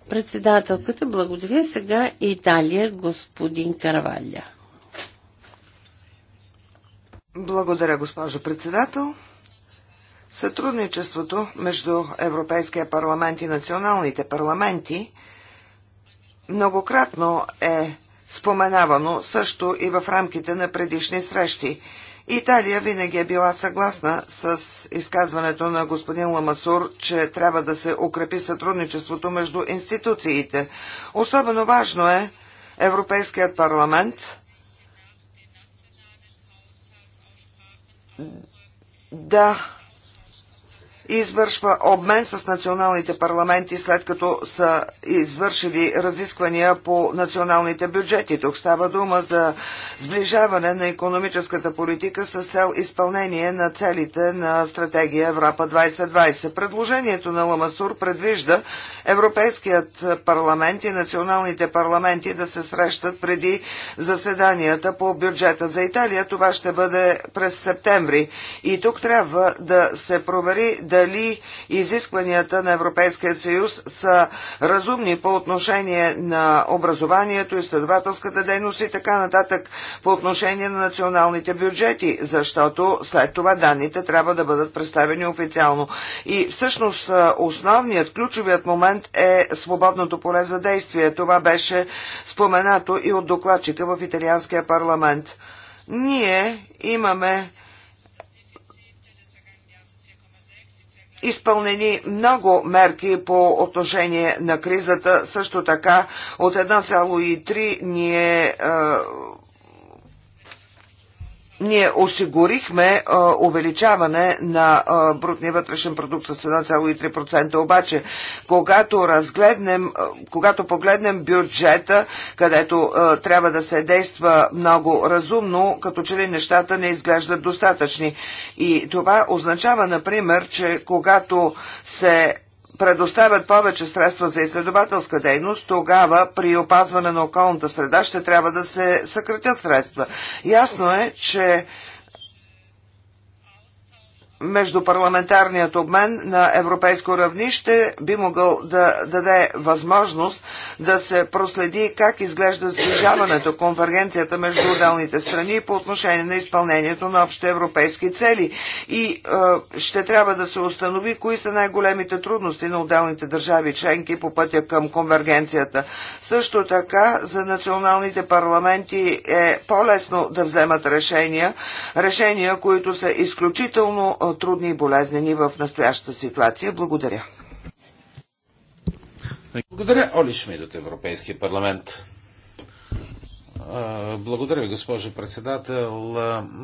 Председателката, благодаря сега Италия, господин Карваля. Благодаря, госпожо председател. Сътрудничеството между Европейския парламент и националните парламенти многократно е споменавано също и в рамките на предишни срещи. Италия винаги е била съгласна с изказването на господин Ламасур, че трябва да се укрепи сътрудничеството между институциите. Особено важно е Европейският парламент да извършва обмен с националните парламенти, след като са извършили разисквания по националните бюджети. Тук става дума за сближаване на економическата политика с цел изпълнение на целите на стратегия Европа 2020. Предложението на Ламасур предвижда Европейският парламент и националните парламенти да се срещат преди заседанията по бюджета за Италия. Това ще бъде през септември. И тук трябва да се провери да дали изискванията на Европейския съюз са разумни по отношение на образованието, изследователската дейност и така нататък по отношение на националните бюджети, защото след това данните трябва да бъдат представени официално. И всъщност основният, ключовият момент е свободното поле за действие. Това беше споменато и от докладчика в Италианския парламент. Ние имаме изпълнени много мерки по отношение на кризата. Също така от 1,3 ние ние осигурихме а, увеличаване на а, брутния вътрешен продукт с 1,3%. Обаче, когато разгледнем, а, когато погледнем бюджета, където а, трябва да се действа много разумно, като че ли нещата не изглеждат достатъчни. И това означава, например, че когато се предоставят повече средства за изследователска дейност, тогава при опазване на околната среда ще трябва да се съкратят средства. Ясно е, че междупарламентарният обмен на европейско равнище би могъл да даде възможност да се проследи как изглежда сближаването, конвергенцията между отделните страни по отношение на изпълнението на общо европейски цели и е, ще трябва да се установи кои са най-големите трудности на отделните държави членки по пътя към конвергенцията. Също така за националните парламенти е по-лесно да вземат решения, решения, които са изключително е, трудни и болезнени в настоящата ситуация. Благодаря. Благодаря, Оли Шмид от Европейския парламент. Благодаря ви, госпожо председател.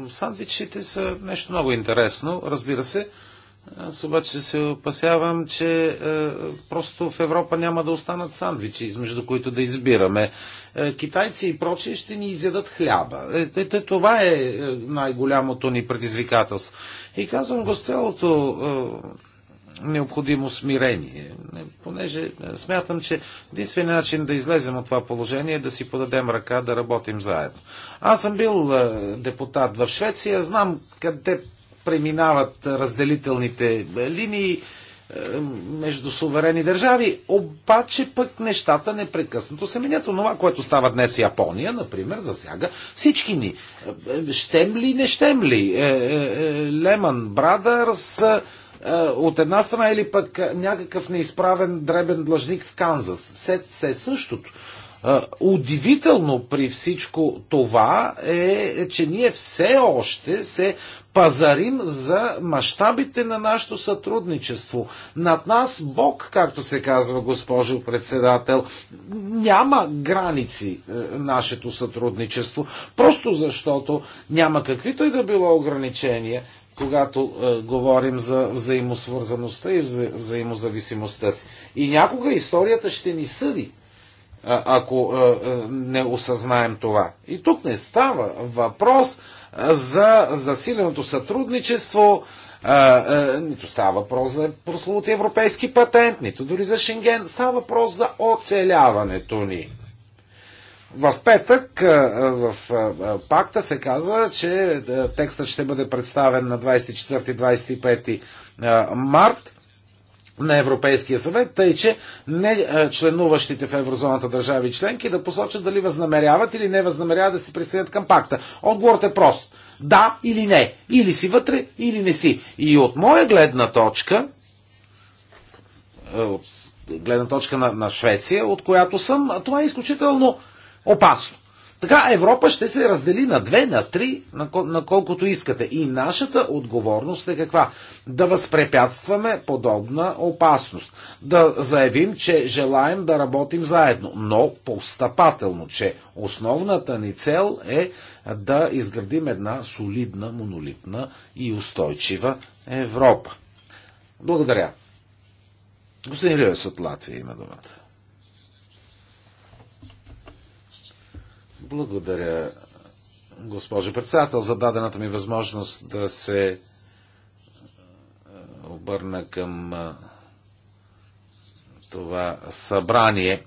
Сандвичите са нещо много интересно, разбира се. Аз обаче се опасявам, че е, просто в Европа няма да останат сандвичи, между които да избираме. Е, китайци и прочие ще ни изядат хляба. Е, е, е това е, е най-голямото ни предизвикателство. И казвам го с цялото е, необходимо смирение, е, понеже смятам, че единственият начин да излезем от това положение е да си подадем ръка, да работим заедно. Аз съм бил е, депутат в Швеция, знам къде преминават разделителните линии е, между суверени държави, обаче пък нещата непрекъснато се менят. Това, което става днес в Япония, например, засяга всички ни. Е, щем ли, не щем ли? Е, Леман Брадърс от една страна или пък някакъв неизправен дребен длъжник в Канзас. Все, все същото. Удивително при всичко това е, че ние все още се пазарим за мащабите на нашето сътрудничество. Над нас Бог, както се казва госпожо председател, няма граници е, нашето сътрудничество, просто защото няма каквито и да било ограничения, когато е, говорим за взаимосвързаността и вза, взаимозависимостта си. И някога историята ще ни съди, ако е, е, не осъзнаем това. И тук не става въпрос за засиленото сътрудничество. Нито става въпрос за прословути европейски патент, нито дори за Шенген. Става въпрос за оцеляването ни. В петък в пакта се казва, че текстът ще бъде представен на 24-25 март на Европейския съвет, тъй че не е, членуващите в еврозоната държави членки да посочат дали възнамеряват или не възнамеряват да се присъединят към пакта. Отговорът е прост. Да или не. Или си вътре, или не си. И от моя гледна точка, е, от гледна точка на, на Швеция, от която съм, това е изключително опасно. Така Европа ще се раздели на две, на три, на, на колкото искате. И нашата отговорност е каква? Да възпрепятстваме подобна опасност. Да заявим, че желаем да работим заедно, но постъпателно, че основната ни цел е да изградим една солидна, монолитна и устойчива Европа. Благодаря. Господин Левес от Латвия има думата. Благодаря, госпожо председател, за дадената ми възможност да се е, обърна към е, това събрание.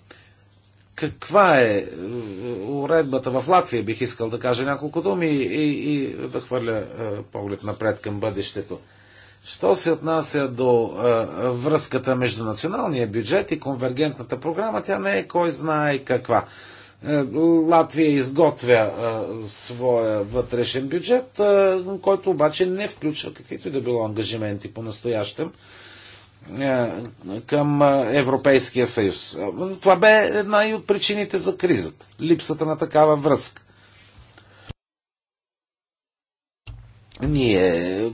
Каква е, е уредбата в Латвия, бих искал да кажа няколко думи и, и да хвърля поглед напред към бъдещето. Що се отнася до а, връзката между националния бюджет и конвергентната програма, тя не е кой знае каква. Е, Латвия изготвя е, своя вътрешен бюджет, е, който обаче не включва каквито и да било ангажименти по настоящем към Европейския съюз. Това бе една и от причините за кризата. Липсата на такава връзка. Ние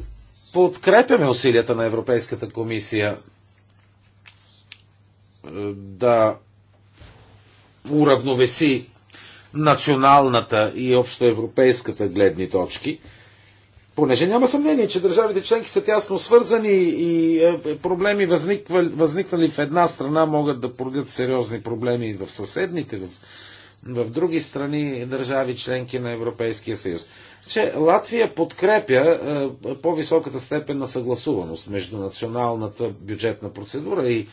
подкрепяме усилията на Европейската комисия да уравновеси националната и общоевропейската гледни точки. Понеже няма съмнение, че държавите членки са тясно свързани и е, е, проблеми възниквали, възникнали в една страна могат да породят сериозни проблеми в съседните, в, в други страни държави членки на Европейския съюз. Че Латвия подкрепя е, по-високата степен на съгласуваност между националната бюджетна процедура и е,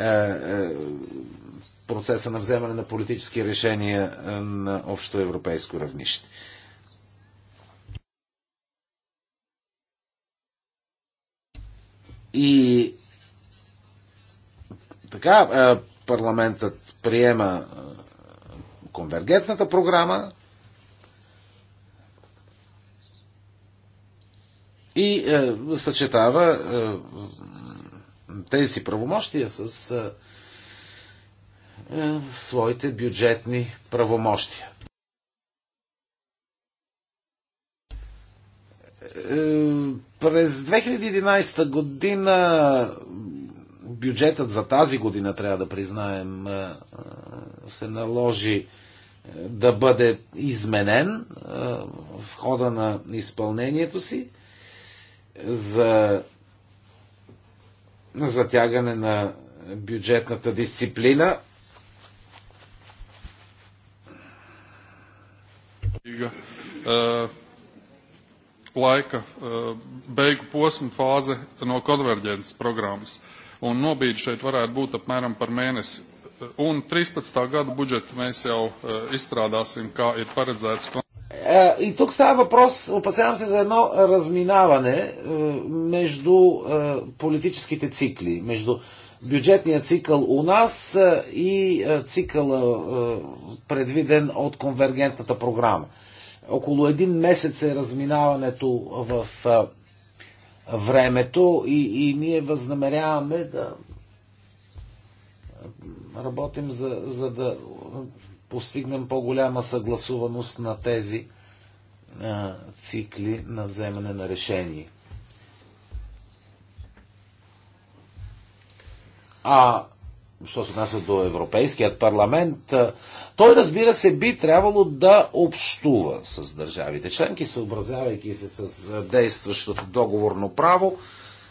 е, процеса на вземане на политически решения е, на общо европейско равнище. И така е, парламентът приема е, конвергентната програма и съчетава тези си правомощия с е, своите бюджетни правомощия. Е, през 2011 година бюджетът за тази година, трябва да признаем, е, се наложи да бъде изменен в хода на изпълнението си за затягане на бюджетната дисциплина. laika beigu posma fāze no konverģences programmas, un nobīdi šeit varētu būt apmēram par mēnesi. Un 13. gada budžetu mēs jau izstrādāsim, kā ir paredzēts. И тук става въпрос, опасявам се за едно разминаване между политическите цикли, между бюджетния цикъл у нас и цикъла предвиден от конвергентната програма. Около един месец е разминаването в времето и, и ние възнамеряваме да работим за, за да постигнем по-голяма съгласуваност на тези цикли на вземане на решение. А що се отнася до Европейският парламент, той разбира се би трябвало да общува с държавите членки, съобразявайки се с действащото договорно право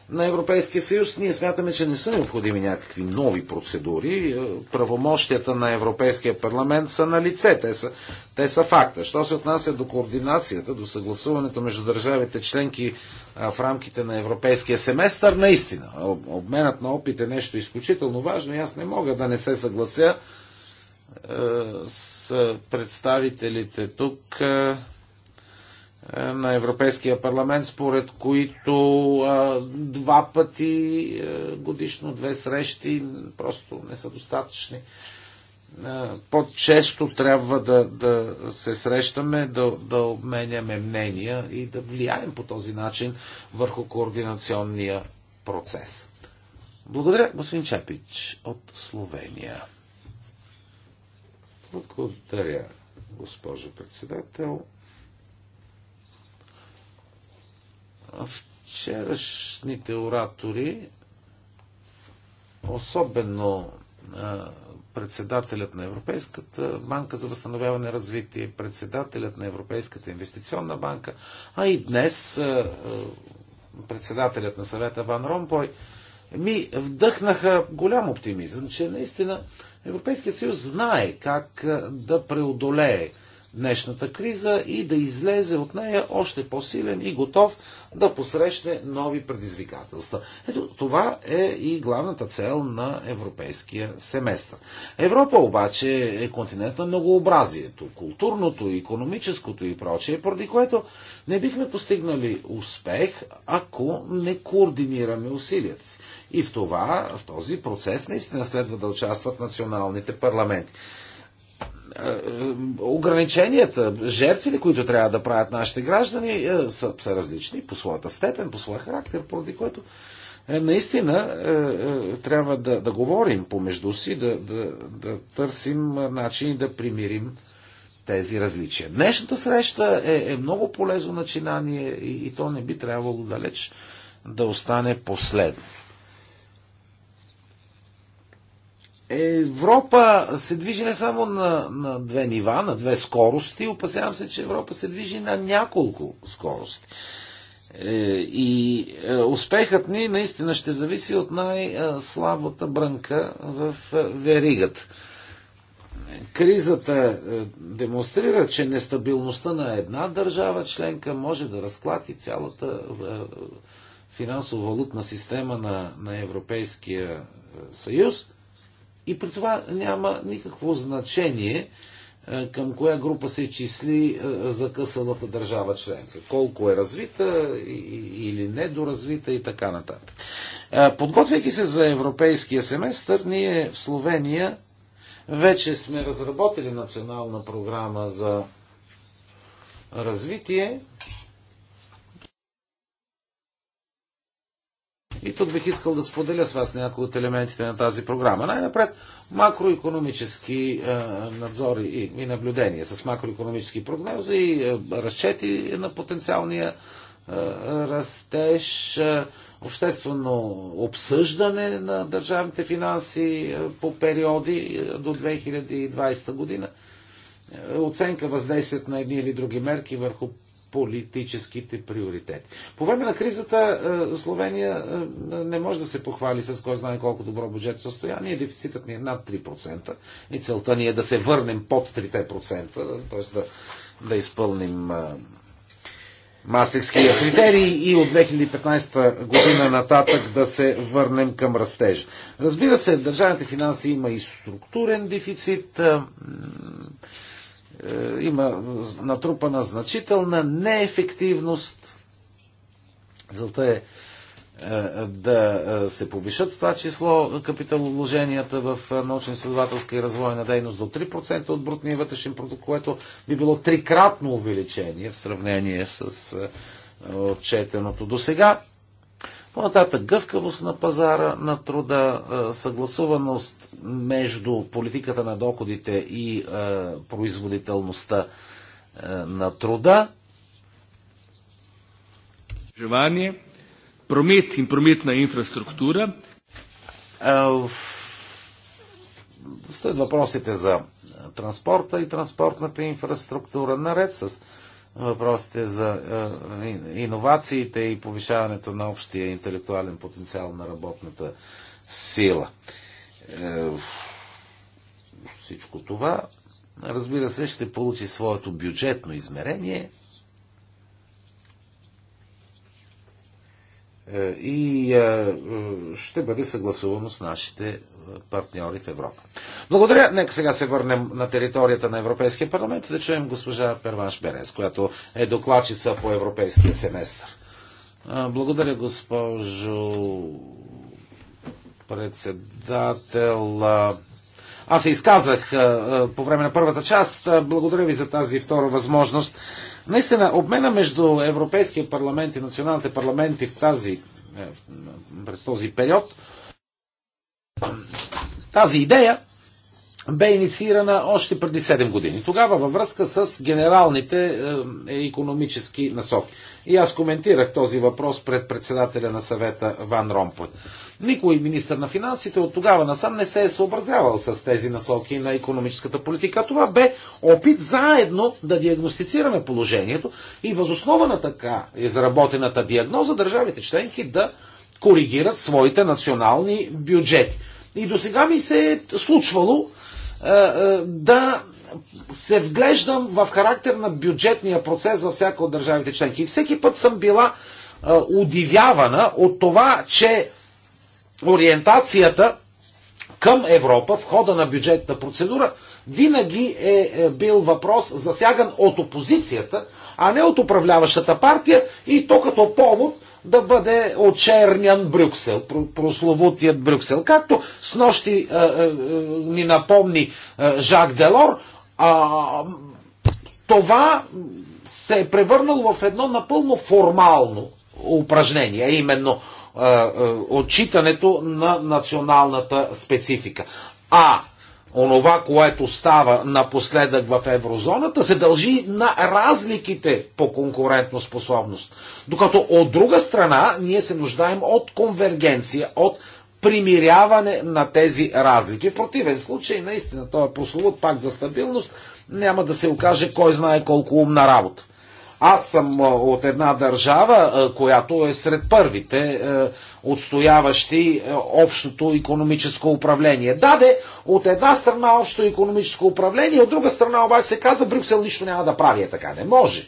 на Европейския съюз. Ние смятаме, че не са необходими някакви нови процедури. Правомощията на Европейския парламент са на лице, те са, те са факта. Що се отнася до координацията, до съгласуването между държавите членки в рамките на европейския семестър, наистина, обменът на опит е нещо изключително важно и аз не мога да не се съглася е, с представителите тук е, е, на Европейския парламент, според които два пъти годишно, две срещи просто не са достатъчни по-често трябва да, да се срещаме, да, да обменяме мнения и да влияем по този начин върху координационния процес. Благодаря, господин Чапич от Словения. Благодаря, госпожо председател. Вчерашните оратори особено а, председателят на Европейската банка за възстановяване и развитие, председателят на Европейската инвестиционна банка, а и днес председателят на съвета Ван Ромпой, ми вдъхнаха голям оптимизъм, че наистина Европейският съюз знае как да преодолее днешната криза и да излезе от нея още по-силен и готов да посрещне нови предизвикателства. Ето това е и главната цел на европейския семестър. Европа обаче е континент на многообразието, културното, економическото и прочее, поради което не бихме постигнали успех, ако не координираме усилията си. И в това, в този процес наистина следва да участват националните парламенти. Е, е, ограниченията, жертвите, които трябва да правят нашите граждани, е, са, са различни по своята степен, по своя характер, поради което наистина трябва да, да говорим помежду си, да, да, да търсим начини да примирим тези различия. Днешната среща е, е много полезно начинание и, и то не би трябвало далеч да остане последно. Европа се движи не само на, на две нива, на две скорости, опасявам се, че Европа се движи на няколко скорости. Е, и е, успехът ни наистина ще зависи от най-слабата брънка в е, веригата. Кризата демонстрира, че нестабилността на една държава членка може да разклати цялата финансово-валутна система на, на Европейския съюз и при това няма никакво значение е, към коя група се числи е, закъсалата държава членка. Колко е развита или недоразвита и така нататък. Е, подготвяйки се за европейския семестър, ние в Словения вече сме разработили национална програма за развитие, И тук бих искал да споделя с вас някои от елементите на тази програма. Най-напред макроекономически е, надзори и, наблюдения с макроекономически прогнози и е, разчети на потенциалния е, растеж, обществено обсъждане на държавните финанси по периоди до 2020 година, оценка въздействието на едни или други мерки върху политическите приоритети. По време на кризата е, Словения е, не може да се похвали с кой знае колко добро бюджет състояние. Дефицитът ни е над 3% и целта ни е да се върнем под 3%, т.е. Да, да изпълним е, Мастрихския критерий и от 2015 година нататък да се върнем към растежа. Разбира се, в държавните финанси има и структурен дефицит, е, има натрупана значителна неефективност. Целта е, е да е, се повишат в това число капиталовложенията в научно-изследователска и развойна дейност до 3% от брутния вътрешен продукт, което би било трикратно увеличение в сравнение с отчетеното до сега. По-нататък гъвкавост на пазара на труда, съгласуваност между политиката на доходите и производителността на труда. Желание, промит и промитна инфраструктура. Стоят въпросите за транспорта и транспортната инфраструктура, наред с въпросите за е, е, иновациите и повишаването на общия интелектуален потенциал на работната сила. Е, всичко това, разбира се, ще получи своето бюджетно измерение и ще бъде съгласувано с нашите партньори в Европа. Благодаря. Нека сега се върнем на територията на Европейския парламент и да чуем госпожа Перваш Берес, която е докладчица по Европейския семестър. Благодаря, госпожо председател. Аз се изказах по време на първата част. Благодаря ви за тази втора възможност. Наистина, обмена между Европейския парламент и националните парламенти в тази, е, през този период тази идея бе инициирана още преди 7 години. Тогава във връзка с генералните е, економически насоки. И аз коментирах този въпрос пред председателя на съвета Ван Ромпой. Никой министр на финансите от тогава насам не се е съобразявал с тези насоки на економическата политика. Това бе опит заедно да диагностицираме положението и възоснова на така изработената диагноза държавите членки да коригират своите национални бюджети. И до сега ми се е случвало е, е, да се вглеждам в характер на бюджетния процес във всяка от държавите членки. И всеки път съм била е, удивявана от това, че ориентацията към Европа в хода на бюджетна процедура винаги е бил въпрос засяган от опозицията, а не от управляващата партия и то като повод да бъде очернян Брюксел, прословутият Брюксел. Както с нощи е, е, е, ни напомни Жак Делор, а, това се е превърнало в едно напълно формално упражнение, именно отчитането на националната специфика. А онова, което става напоследък в еврозоната, се дължи на разликите по конкурентно способност. Докато от друга страна ние се нуждаем от конвергенция, от примиряване на тези разлики. В противен случай, наистина, този прословут пак за стабилност няма да се окаже кой знае колко умна работа. Аз съм от една държава, която е сред първите отстояващи общото економическо управление. Даде от една страна общо економическо управление, от друга страна обаче се каза Брюксел нищо няма да прави. Е така не може.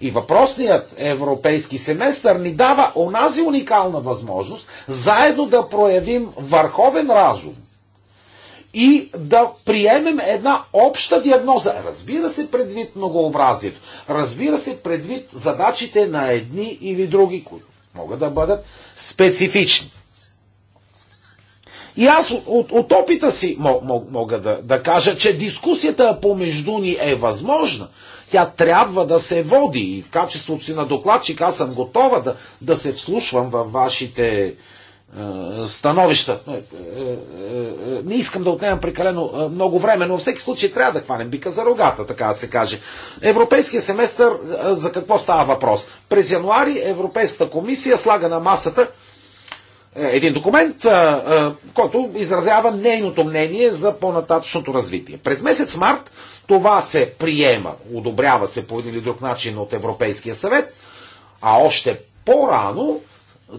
И въпросният европейски семестър ни дава онази уникална възможност заедно да проявим върховен разум – и да приемем една обща диагноза. Разбира се, предвид многообразието. Разбира се, предвид задачите на едни или други, които могат да бъдат специфични. И аз от, от опита си мога да, да кажа, че дискусията помежду ни е възможна. Тя трябва да се води и в качеството си на докладчик аз съм готова да, да се вслушвам във вашите становища. Е, е, е, не искам да отнемам прекалено много време, но във всеки случай трябва да хванем бика за рогата, така да се каже. Европейския семестър за какво става въпрос? През януари Европейската комисия слага на масата един документ, който изразява нейното мнение за по-нататъчното развитие. През месец март това се приема, одобрява се по един или друг начин от Европейския съвет, а още по-рано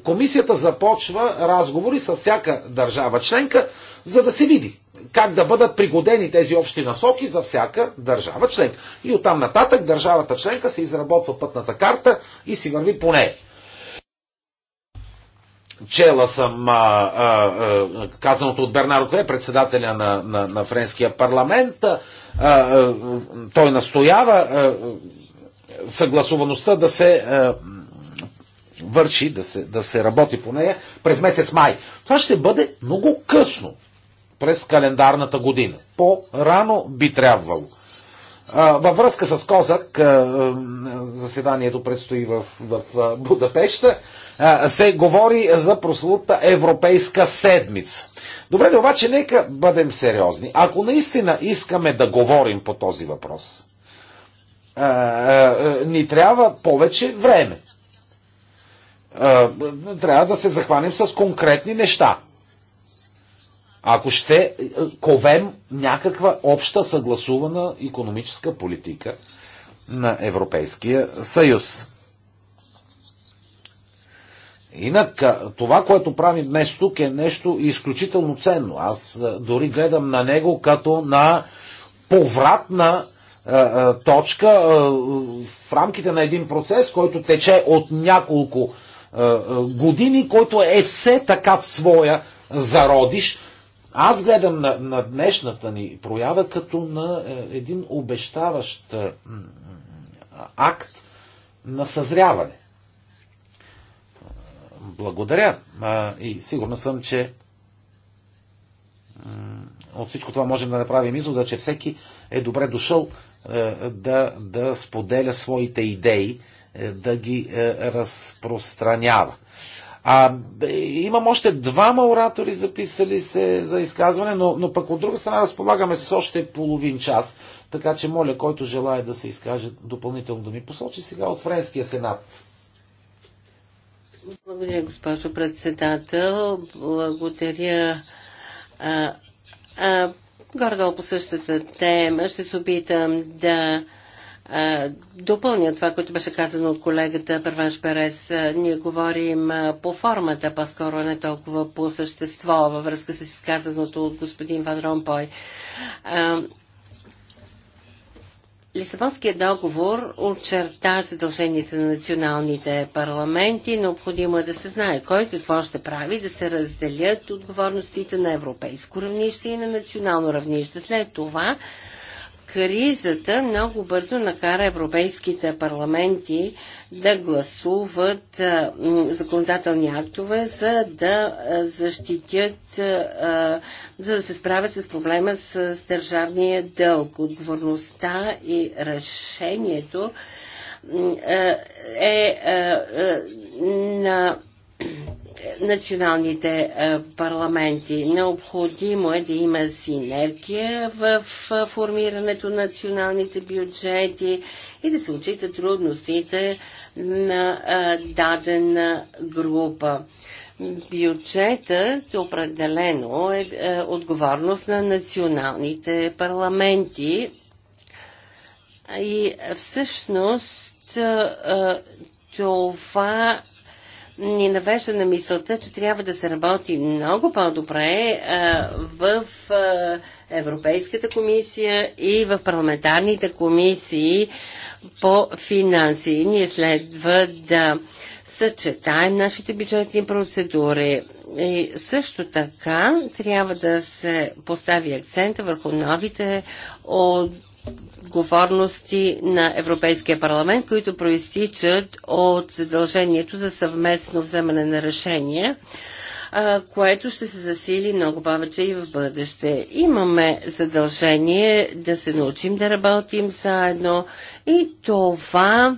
комисията започва разговори с всяка държава членка, за да се види как да бъдат пригодени тези общи насоки за всяка държава членка. И оттам нататък държавата членка се изработва пътната карта и си върви по нея. Чела съм а, а, а, казаното от Бернаро Кре, председателя на, на, на френския парламент. А, а, той настоява а, съгласуваността да се а, върши, да се, да се работи по нея през месец май. Това ще бъде много късно през календарната година. По-рано би трябвало. Във връзка с Козак, заседанието предстои в, в Будапешта, се говори за прослута Европейска седмица. Добре ли, обаче нека бъдем сериозни. Ако наистина искаме да говорим по този въпрос, ни трябва повече време трябва да се захванем с конкретни неща. Ако ще е, ковем някаква обща съгласувана економическа политика на Европейския съюз. Инак, това, което правим днес тук е нещо изключително ценно. Аз дори гледам на него като на повратна точка в рамките на един процес, който тече от няколко години, който е все така в своя зародиш. Аз гледам на, на днешната ни проява като на е, един обещаващ акт на съзряване. Благодаря и сигурна съм, че от всичко това можем да направим извода, че всеки е добре дошъл е, да, да споделя своите идеи е, да ги е, разпространява. А, имам още двама оратори записали се за изказване, но, но пък от друга страна разполагаме с още половин час, така че моля, който желая да се изкаже допълнително да ми посочи сега от Френския сенат. Благодаря, госпожо председател. Благодаря. А, а, по същата тема ще се опитам да допълня това, което беше казано от колегата Първанш Перес. Ние говорим по формата, по-скоро не толкова по същество, във връзка с изказаното от господин Ван Ромпой. Лисабонският договор очерта задълженията на националните парламенти. Необходимо е да се знае кой какво ще прави, да се разделят отговорностите на европейско равнище и на национално равнище. След това Кризата много бързо накара европейските парламенти да гласуват законодателни актове, за да защитят, за да се справят с проблема с държавния дълг. Отговорността и решението е на националните е, парламенти. Необходимо е да има синергия в е, формирането на националните бюджети и да се отчита трудностите на е, дадена група. Бюджетът определено е отговорност на националните парламенти и всъщност това ни навежда на мисълта, че трябва да се работи много по-добре в а, Европейската комисия и в парламентарните комисии по финанси. Ние следва да съчетаем нашите бюджетни процедури. И също така трябва да се постави акцента върху новите от отговорности на Европейския парламент, които проистичат от задължението за съвместно вземане на решения, което ще се засили много повече и в бъдеще. Имаме задължение да се научим да работим заедно и това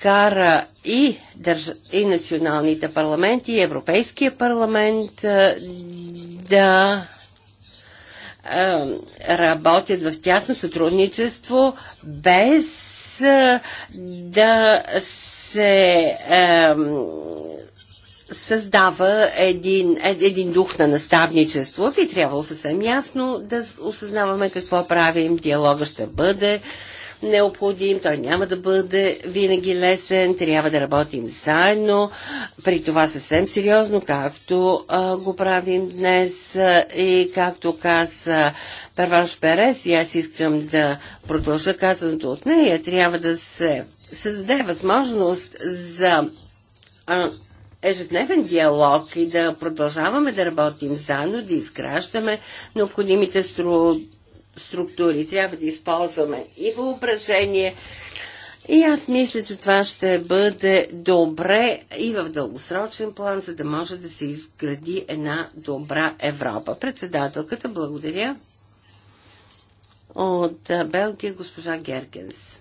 кара и, държ... и националните парламенти, и Европейския парламент да работят в тясно сътрудничество, без да се създава един, един дух на наставничество. Ви трябвало съвсем ясно да осъзнаваме какво правим, диалога ще бъде необходим, той няма да бъде винаги лесен, трябва да работим заедно, при това съвсем сериозно, както а, го правим днес а, и както каза Перванш Перес, и аз искам да продължа казаното от нея, трябва да се създаде възможност за а, ежедневен диалог и да продължаваме да работим заедно, да изграждаме необходимите струди структури. Трябва да използваме и въображение. И аз мисля, че това ще бъде добре и в дългосрочен план, за да може да се изгради една добра Европа. Председателката, благодаря. От Белгия госпожа Гергенс.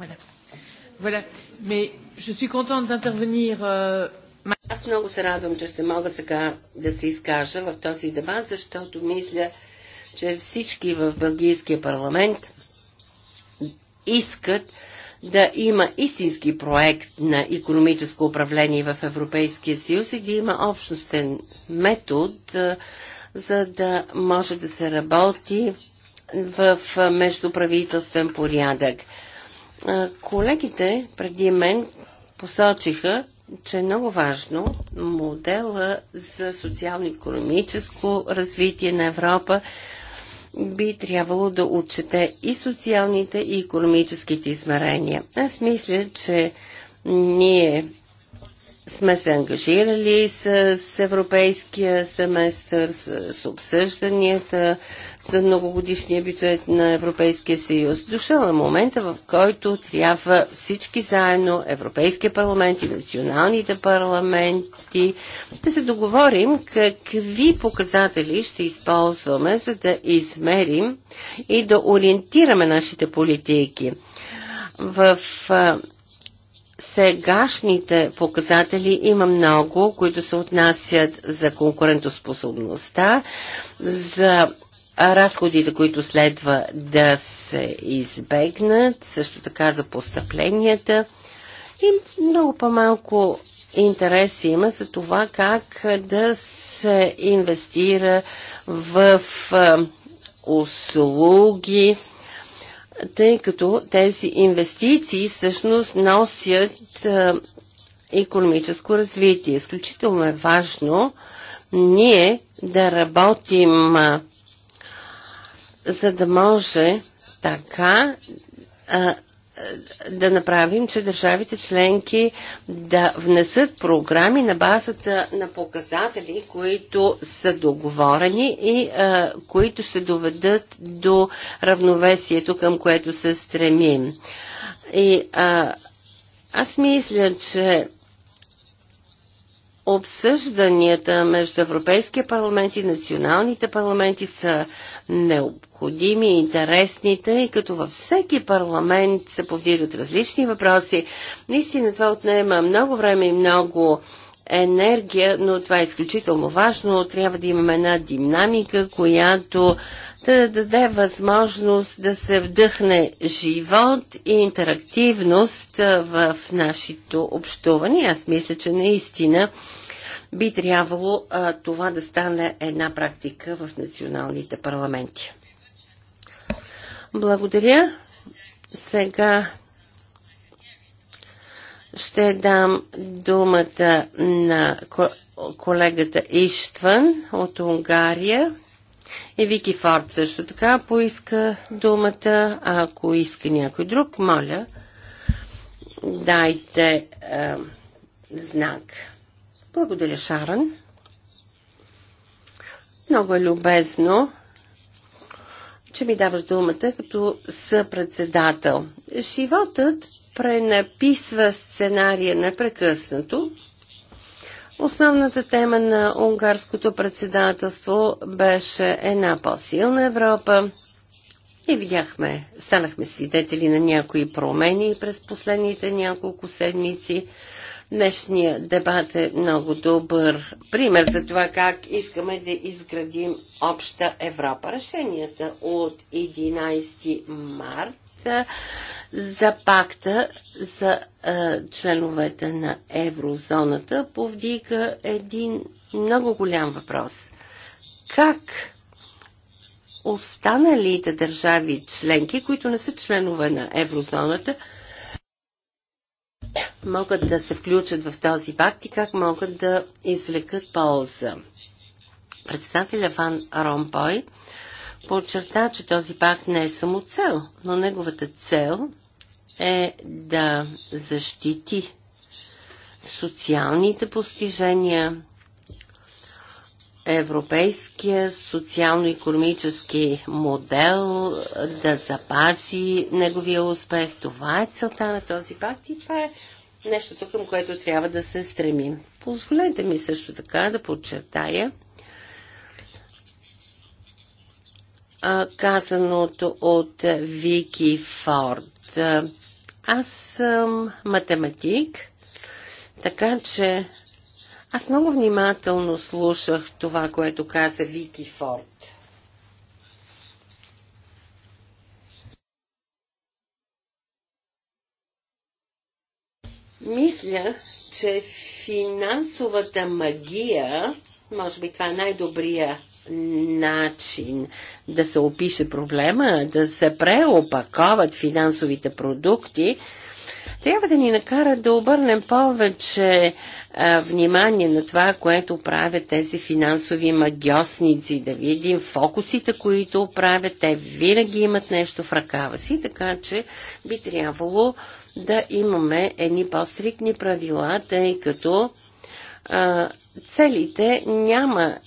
Voilà. Voilà. Mais je suis contente d'intervenir euh, аз много се радвам, че ще мога сега да се изкажа в този дебат, защото мисля, че всички в Бългийския парламент искат да има истински проект на економическо управление в Европейския съюз и да има общностен метод, за да може да се работи в междуправителствен порядък. Колегите преди мен посочиха, че е много важно модела за социално-економическо развитие на Европа би трябвало да отчете и социалните, и економическите измерения. Аз мисля, че ние сме се ангажирали с, с европейския семестър, с, с обсъжданията за многогодишния бюджет на Европейския съюз. Дошъл е момента, в който трябва всички заедно, Европейския парламент и националните парламенти, да се договорим какви показатели ще използваме, за да измерим и да ориентираме нашите политики. В сегашните показатели има много, които се отнасят за конкурентоспособността, за разходите, които следва да се избегнат, също така за постъпленията и много по-малко интерес има за това как да се инвестира в услуги, тъй като тези инвестиции всъщност носят економическо развитие. Изключително е важно ние да работим, за да може така да направим, че държавите членки да внесат програми на базата на показатели, които са договорени и а, които ще доведат до равновесието, към което се стремим. И а, аз мисля, че обсъжданията между Европейския парламент и националните парламенти са необходими и интересните, и като във всеки парламент се повдигат различни въпроси. Наистина това отнема много време и много енергия, но това е изключително важно. Трябва да имаме една динамика, която да даде възможност да се вдъхне живот и интерактивност в нашето общуване. Аз мисля, че наистина би трябвало а, това да стане една практика в националните парламенти. Благодаря. Сега ще дам думата на колегата Иштван от Унгария. И Вики Форд също така поиска думата. Ако иска някой друг, моля, дайте е, знак. Благодаря, Шаран. Много е любезно, че ми даваш думата като съпредседател. Животът пренаписва сценария непрекъснато. Основната тема на унгарското председателство беше една по-силна Европа и видяхме, станахме свидетели на някои промени през последните няколко седмици. Днешният дебат е много добър пример за това как искаме да изградим обща Европа. Решенията от 11 март за пакта за а, членовете на еврозоната повдига един много голям въпрос. Как останалите държави членки, които не са членове на еврозоната, могат да се включат в този пакт и как могат да извлекат полза. Председателя Ван Ромпой подчерта, че този пакт не е само цел, но неговата цел е да защити социалните постижения, европейския социално-економически модел, да запази неговия успех. Това е целта на този пакт и това е нещо, към което трябва да се стремим. Позволете ми също така да подчертая, казаното от Вики Форд. Аз съм математик, така че аз много внимателно слушах това, което каза Вики Форд. Мисля, че финансовата магия, може би това е най-добрия начин да се опише проблема, да се преопаковат финансовите продукти, трябва да ни накара да обърнем повече а, внимание на това, което правят тези финансови магиосници, да видим фокусите, които правят. Те винаги имат нещо в ръкава си, така че би трябвало да имаме едни по-стрикни правила, тъй като целите няма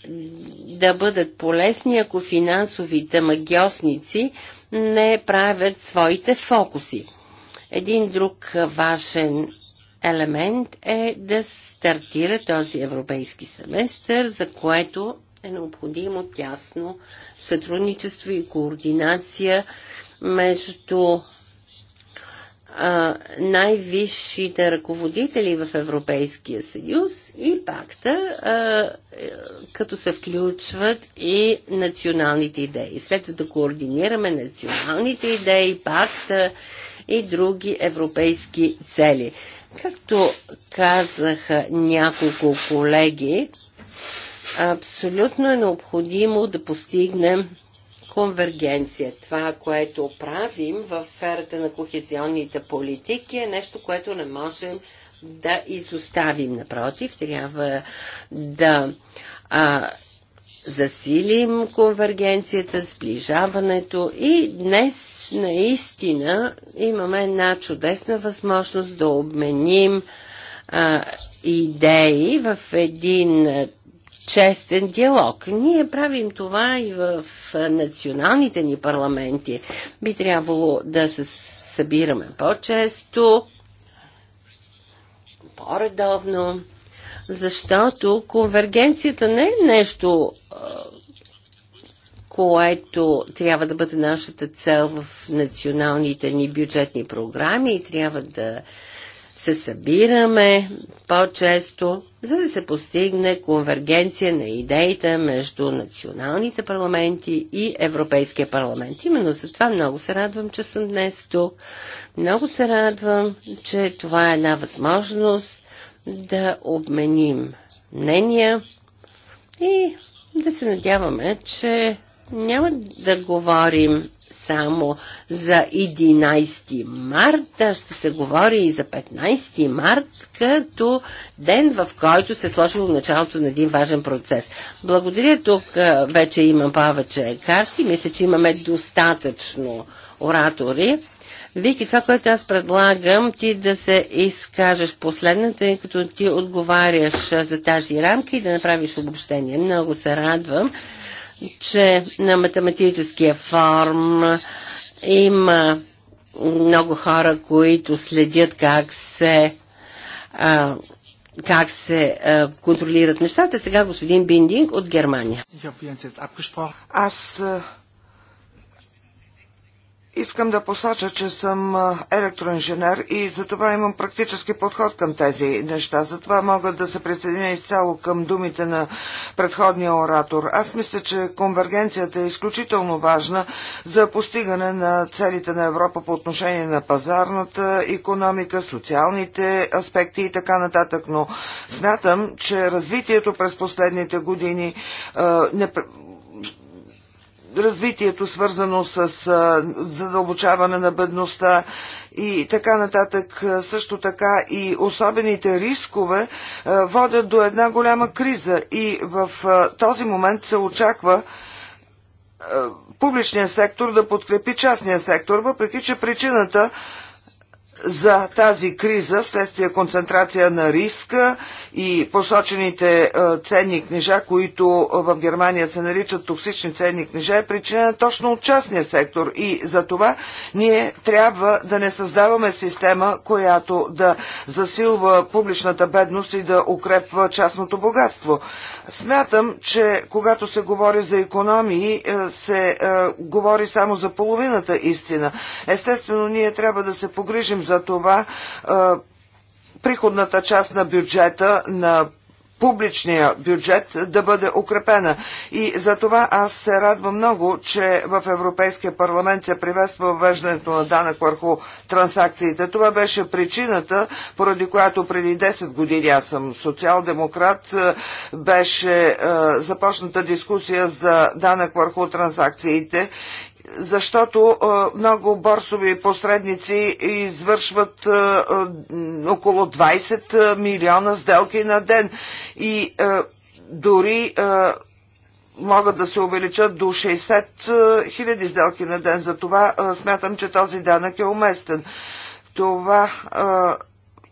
да бъдат полезни, ако финансовите магиосници не правят своите фокуси. Един друг важен елемент е да стартира този европейски семестър, за което е необходимо тясно сътрудничество и координация между най-висшите ръководители в Европейския съюз и пакта, а, е, като се включват и националните идеи. След да координираме националните идеи, пакта и други европейски цели. Както казаха няколко колеги, абсолютно е необходимо да постигнем конвергенция. Това, което правим в сферата на кохезионните политики е нещо, което не можем да изоставим. Напротив, трябва да а, засилим конвергенцията, сближаването и днес наистина имаме една чудесна възможност да обменим а, идеи в един честен диалог. Ние правим това и в националните ни парламенти. Би трябвало да се събираме по-често, по-редовно, защото конвергенцията не е нещо, което трябва да бъде нашата цел в националните ни бюджетни програми и трябва да се събираме по-често, за да се постигне конвергенция на идеите между националните парламенти и Европейския парламент. Именно за това много се радвам, че съм днес тук. Много се радвам, че това е една възможност да обменим мнения и да се надяваме, че няма да говорим само за 11 марта, ще се говори и за 15 март, като ден, в който се е сложило началото на един важен процес. Благодаря, тук вече имам повече карти, мисля, че имаме достатъчно оратори. Вики, това, което аз предлагам, ти да се изкажеш последната, тъй като ти отговаряш за тази рамка и да направиш обобщение. Много се радвам че на математическия форум има много хора, които следят как се а, как се а, контролират нещата. Сега господин Биндинг от Германия. Аз Искам да посоча, че съм електроинженер и затова имам практически подход към тези неща. Затова мога да се присъединя изцяло към думите на предходния оратор. Аз мисля, че конвергенцията е изключително важна за постигане на целите на Европа по отношение на пазарната економика, социалните аспекти и така нататък. Но смятам, че развитието през последните години е, не развитието свързано с задълбочаване на бедността и така нататък, също така и особените рискове водят до една голяма криза и в този момент се очаква публичния сектор да подкрепи частния сектор, въпреки че причината за тази криза вследствие концентрация на риска и посочените е, ценни книжа, които в Германия се наричат токсични ценни книжа, е причинена точно от частния сектор. И за това ние трябва да не създаваме система, която да засилва публичната бедност и да укрепва частното богатство. Смятам, че когато се говори за економии, е, се е, говори само за половината истина. Естествено, ние трябва да се погрижим за за това приходната част на бюджета на публичния бюджет да бъде укрепена. И за това аз се радвам много, че в Европейския парламент се приветства въвеждането на данък върху транзакциите. Това беше причината, поради която преди 10 години аз съм социал-демократ, беше е, започната дискусия за данък върху транзакциите защото много борсови посредници извършват около 20 милиона сделки на ден и дори могат да се увеличат до 60 хиляди сделки на ден. Затова смятам, че този данък е уместен. Това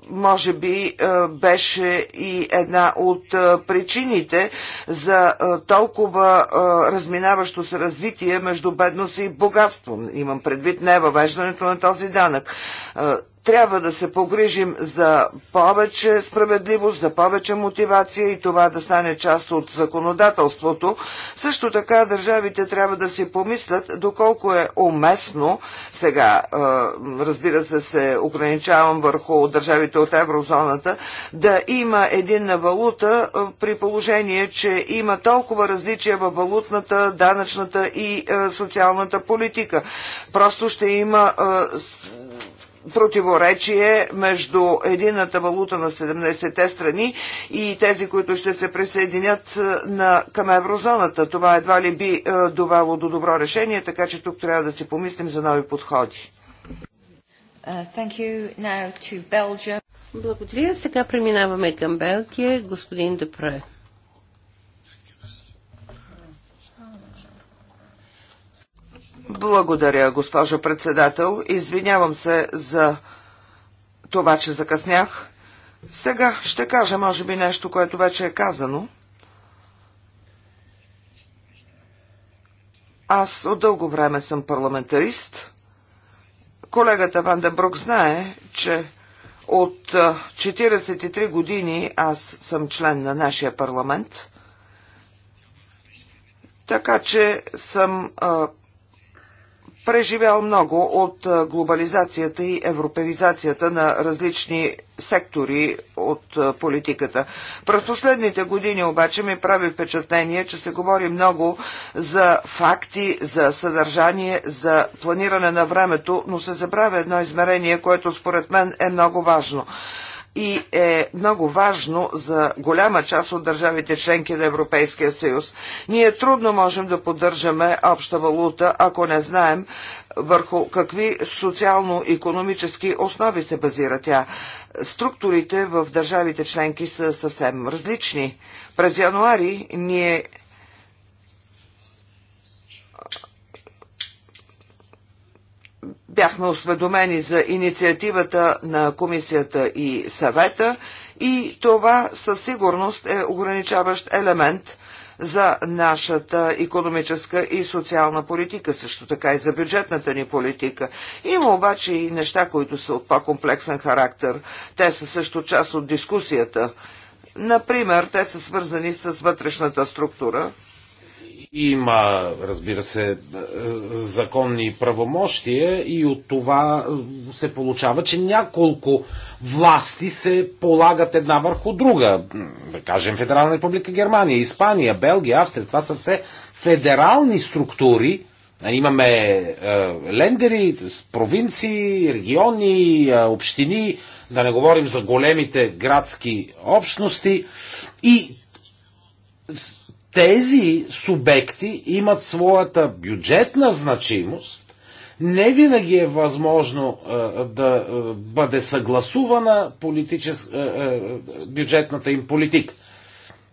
може би е, беше и една от е, причините за е, толкова разминаващо се развитие между бедност и богатство. Имам предвид не въвеждането на този данък трябва да се погрижим за повече справедливост, за повече мотивация и това да стане част от законодателството. Също така държавите трябва да си помислят доколко е уместно, сега разбира се се ограничавам върху държавите от еврозоната, да има единна валута при положение, че има толкова различия във валутната, данъчната и социалната политика. Просто ще има противоречие между едината валута на 70-те страни и тези, които ще се присъединят е, на, към еврозоната. Това едва ли би е, довело до добро решение, така че тук трябва да си помислим за нови подходи. Uh, Благодаря. Сега преминаваме към Белгия. Господин Депре. Благодаря, госпожо председател. Извинявам се за това, че закъснях. Сега ще кажа, може би, нещо, което вече е казано. Аз от дълго време съм парламентарист. Колегата Ванденбрук знае, че от 43 години аз съм член на нашия парламент, така че съм а, преживял много от глобализацията и европеизацията на различни сектори от политиката. През последните години обаче ми прави впечатление, че се говори много за факти, за съдържание, за планиране на времето, но се забравя едно измерение, което според мен е много важно – и е много важно за голяма част от държавите членки на Европейския съюз. Ние трудно можем да поддържаме обща валута, ако не знаем върху какви социално-економически основи се базира тя. Структурите в държавите членки са съвсем различни. През януари ние бяхме осведомени за инициативата на комисията и съвета и това със сигурност е ограничаващ елемент за нашата економическа и социална политика, също така и за бюджетната ни политика. Има обаче и неща, които са от по-комплексен характер. Те са също част от дискусията. Например, те са свързани с вътрешната структура, има, разбира се, е, законни правомощия и от това се получава, че няколко власти се полагат една върху друга. Да кажем Федерална република Германия, Испания, Белгия, Австрия, това са все федерални структури. Имаме е, лендери, провинции, региони, е, общини, да не говорим за големите градски общности и тези субекти имат своята бюджетна значимост, не винаги е възможно а, да бъде съгласувана политичес, а, а, бюджетната им политика.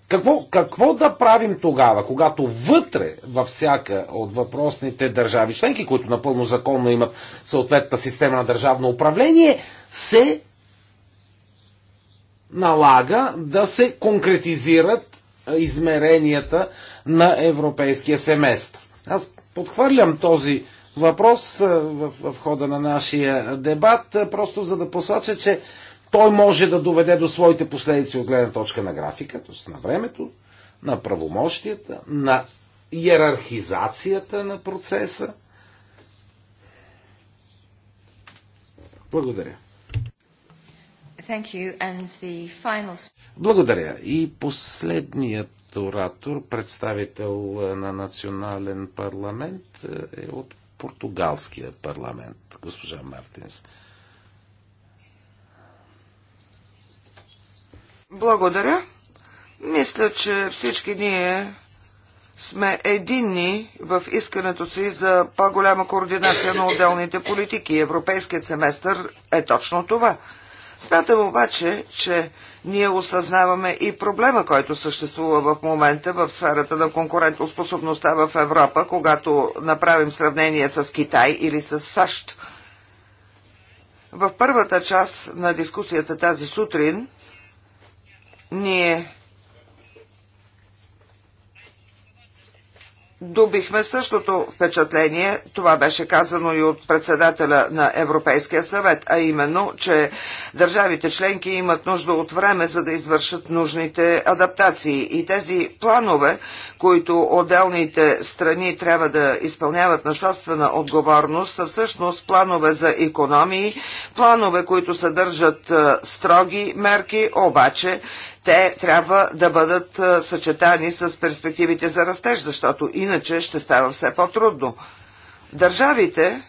Какво, какво да правим тогава, когато вътре във всяка от въпросните държави членки, които напълно законно имат съответната система на държавно управление, се налага да се конкретизират измеренията на европейския семестър. Аз подхвърлям този въпрос в, в хода на нашия дебат, просто за да посоча, че той може да доведе до своите последици от гледна точка на графика, т.е. на времето, на правомощията, на иерархизацията на процеса. Благодаря. Final... Благодаря. И последният оратор, представител на национален парламент, е от португалския парламент, госпожа Мартинс. Благодаря. Мисля, че всички ние сме единни в искането си за по-голяма координация на отделните политики. Европейският семестър е точно това – Смятам обаче, че ние осъзнаваме и проблема, който съществува в момента в сферата на конкурентоспособността в Европа, когато направим сравнение с Китай или с САЩ. В първата част на дискусията тази сутрин ние Добихме същото впечатление, това беше казано и от председателя на Европейския съвет, а именно, че държавите членки имат нужда от време, за да извършат нужните адаптации. И тези планове, които отделните страни трябва да изпълняват на собствена отговорност, са всъщност планове за економии, планове, които съдържат строги мерки, обаче те трябва да бъдат съчетани с перспективите за растеж, защото иначе ще става все по-трудно. Държавите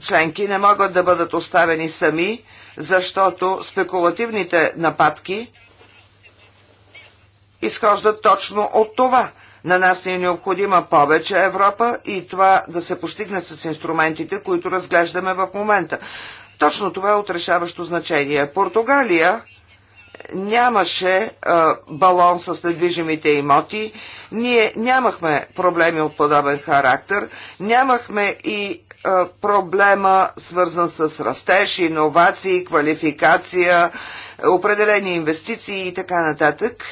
членки не могат да бъдат оставени сами, защото спекулативните нападки изхождат точно от това. На нас ни е необходима повече Европа и това да се постигне с инструментите, които разглеждаме в момента. Точно това е отрешаващо значение. Португалия нямаше а, е, балон с недвижимите имоти, ние нямахме проблеми от подобен характер, нямахме и а, е, проблема свързан с растеж, иновации, квалификация, определени инвестиции и така нататък,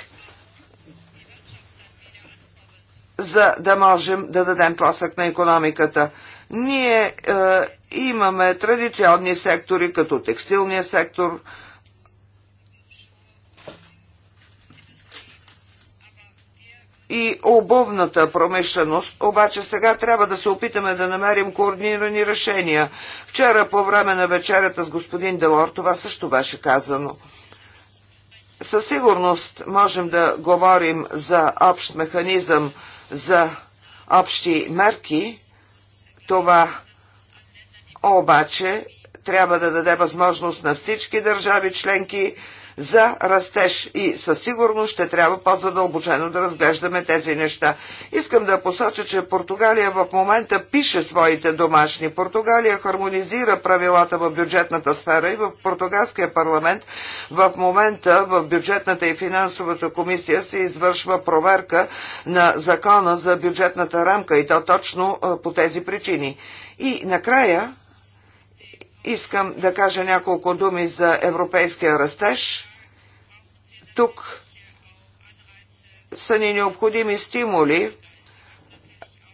за да можем да дадем тласък на економиката. Ние е, имаме традиционни сектори, като текстилния сектор, и обувната промишленост, обаче сега трябва да се опитаме да намерим координирани решения. Вчера по време на вечерята с господин Делор това също беше казано. Със сигурност можем да говорим за общ механизъм, за общи мерки, това обаче трябва да даде възможност на всички държави членки за растеж и със сигурност ще трябва по-задълбочено да разглеждаме тези неща. Искам да посоча, че Португалия в момента пише своите домашни. Португалия хармонизира правилата в бюджетната сфера и в португалския парламент в момента в бюджетната и финансовата комисия се извършва проверка на закона за бюджетната рамка и то точно по тези причини. И накрая Искам да кажа няколко думи за европейския растеж. Тук са ни необходими стимули,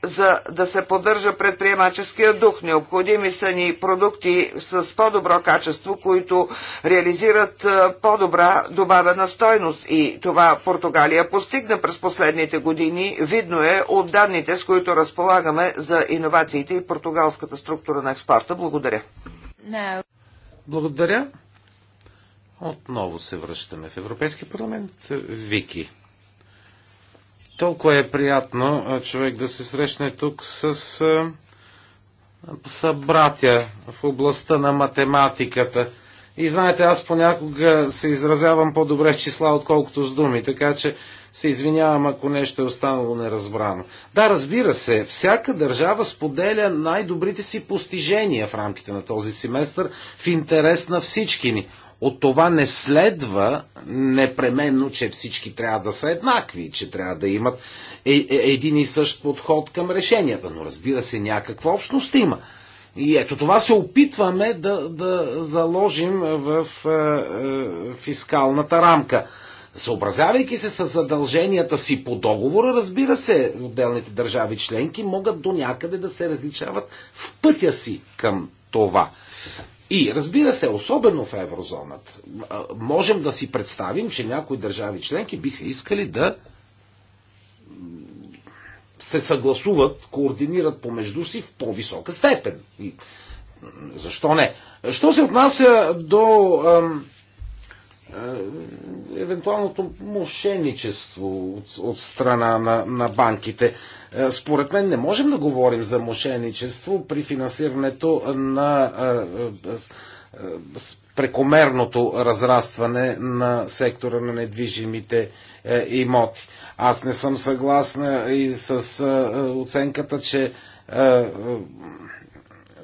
за да се поддържа предприемаческия дух. Необходими са ни продукти с по-добро качество, които реализират по-добра добавена стойност. И това Португалия постигна през последните години. Видно е от данните, с които разполагаме за иновациите и португалската структура на експорта. Благодаря. No. Благодаря. Отново се връщаме в Европейския парламент. Вики. Толкова е приятно човек да се срещне тук с събратя в областта на математиката. И знаете, аз понякога се изразявам по-добре с числа, отколкото с думи, така че се извинявам, ако нещо е останало неразбрано. Да, разбира се, всяка държава споделя най-добрите си постижения в рамките на този семестър в интерес на всички ни. От това не следва непременно, че всички трябва да са еднакви, че трябва да имат е, е, един и същ подход към решенията. Но разбира се, някаква общност има. И ето това се опитваме да, да заложим в е, е, фискалната рамка. Съобразявайки се с задълженията си по договора, разбира се, отделните държави членки могат до някъде да се различават в пътя си към това. И разбира се, особено в еврозоната, можем да си представим, че някои държави членки биха искали да се съгласуват, координират помежду си в по-висока степен. И, защо не? Що се отнася до ам, евентуалното мошенничество от, от страна на, на банките. Е, според мен не можем да говорим за мошенничество при финансирането на е, е, прекомерното разрастване на сектора на недвижимите имоти. Аз не съм съгласна и с оценката, че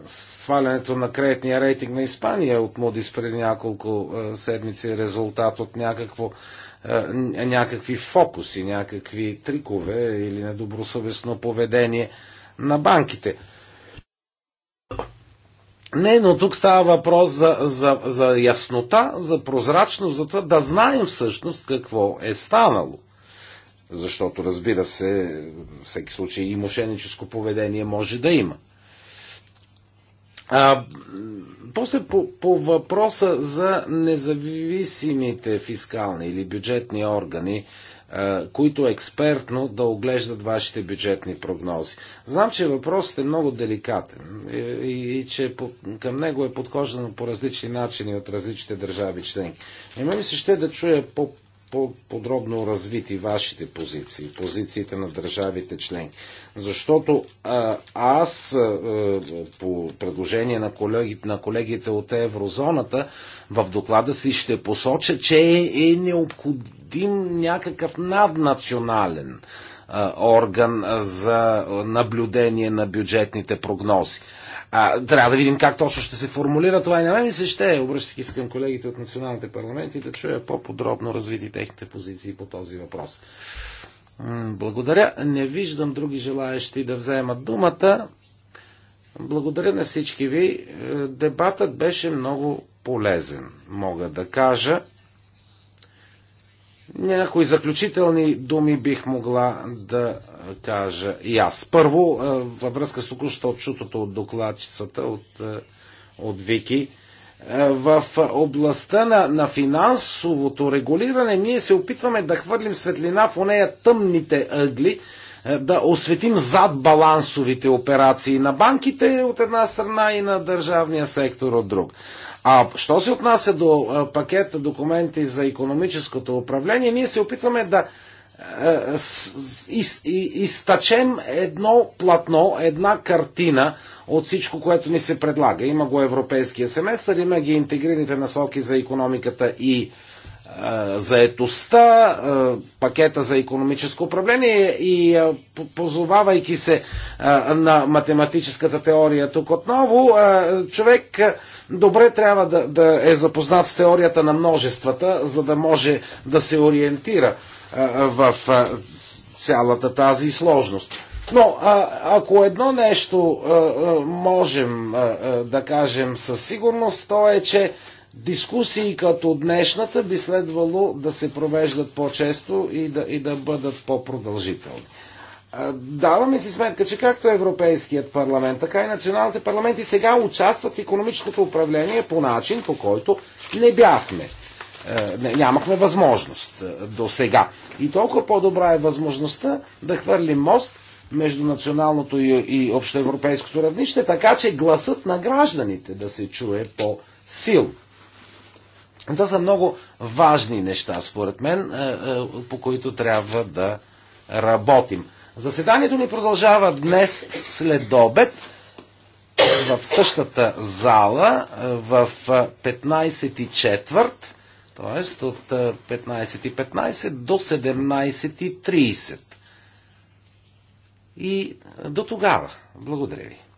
свалянето на кредитния рейтинг на Испания от Мудис преди няколко седмици е резултат от някакво някакви фокуси, някакви трикове или недобросъвестно поведение на банките. Не, но тук става въпрос за, за, за яснота, за прозрачност, за това да знаем всъщност какво е станало. Защото, разбира се, всеки случай и мошенническо поведение може да има. А, после по, по въпроса за независимите фискални или бюджетни органи, а, които експертно да оглеждат вашите бюджетни прогнози. Знам, че въпросът е много деликатен и, и, и че по, към него е подхождано по различни начини от различните държави членки. Има ми се ще да чуя по по-подробно развити вашите позиции, позициите на държавите членки. Защото а, аз а, по предложение на, колеги, на колегите от еврозоната в доклада си ще посоча, че е, е необходим някакъв наднационален а, орган за наблюдение на бюджетните прогнози. А, трябва да видим как точно ще се формулира това и на мен ми се ще, обръщайки се към колегите от националните парламенти, да чуя по-подробно развити техните позиции по този въпрос. Благодаря. Не виждам други желаящи да вземат думата. Благодаря на всички ви. Е, дебатът беше много полезен, мога да кажа. Някои заключителни думи бих могла да кажа и аз. Първо, е, във връзка с току-що чутото от докладчицата, от, е, от Вики, е, в областта на, на финансовото регулиране ние се опитваме да хвърлим светлина в нея тъмните ъгли, да осветим зад балансовите операции на банките от една страна и на държавния сектор от друг. А що се отнася до пакета документи за економическото управление, ние се опитваме да изтачем едно платно, една картина от всичко, което ни се предлага. Има го европейския семестър, има ги интегрираните насоки за економиката и заетостта, пакета за економическо управление и позовавайки се на математическата теория тук отново, човек добре трябва да, да е запознат с теорията на множествата, за да може да се ориентира в цялата тази сложност. Но а, ако едно нещо а, можем а, а, да кажем със сигурност, то е, че дискусии като днешната би следвало да се провеждат по-често и да, и да бъдат по-продължителни. Даваме си сметка, че както Европейският парламент, така и националните парламенти сега участват в економическото управление по начин, по който не бяхме. Е, не, нямахме възможност е, до сега. И толкова по-добра е възможността да хвърлим мост между националното и, и общоевропейското равнище, така че гласът на гражданите да се чуе по-силно. Това са много важни неща, според мен, е, по които трябва да работим. Заседанието ни продължава днес след обед в същата зала в 15 четвърт, т.е. от 15.15 .15 до 17.30. И до тогава. Благодаря ви.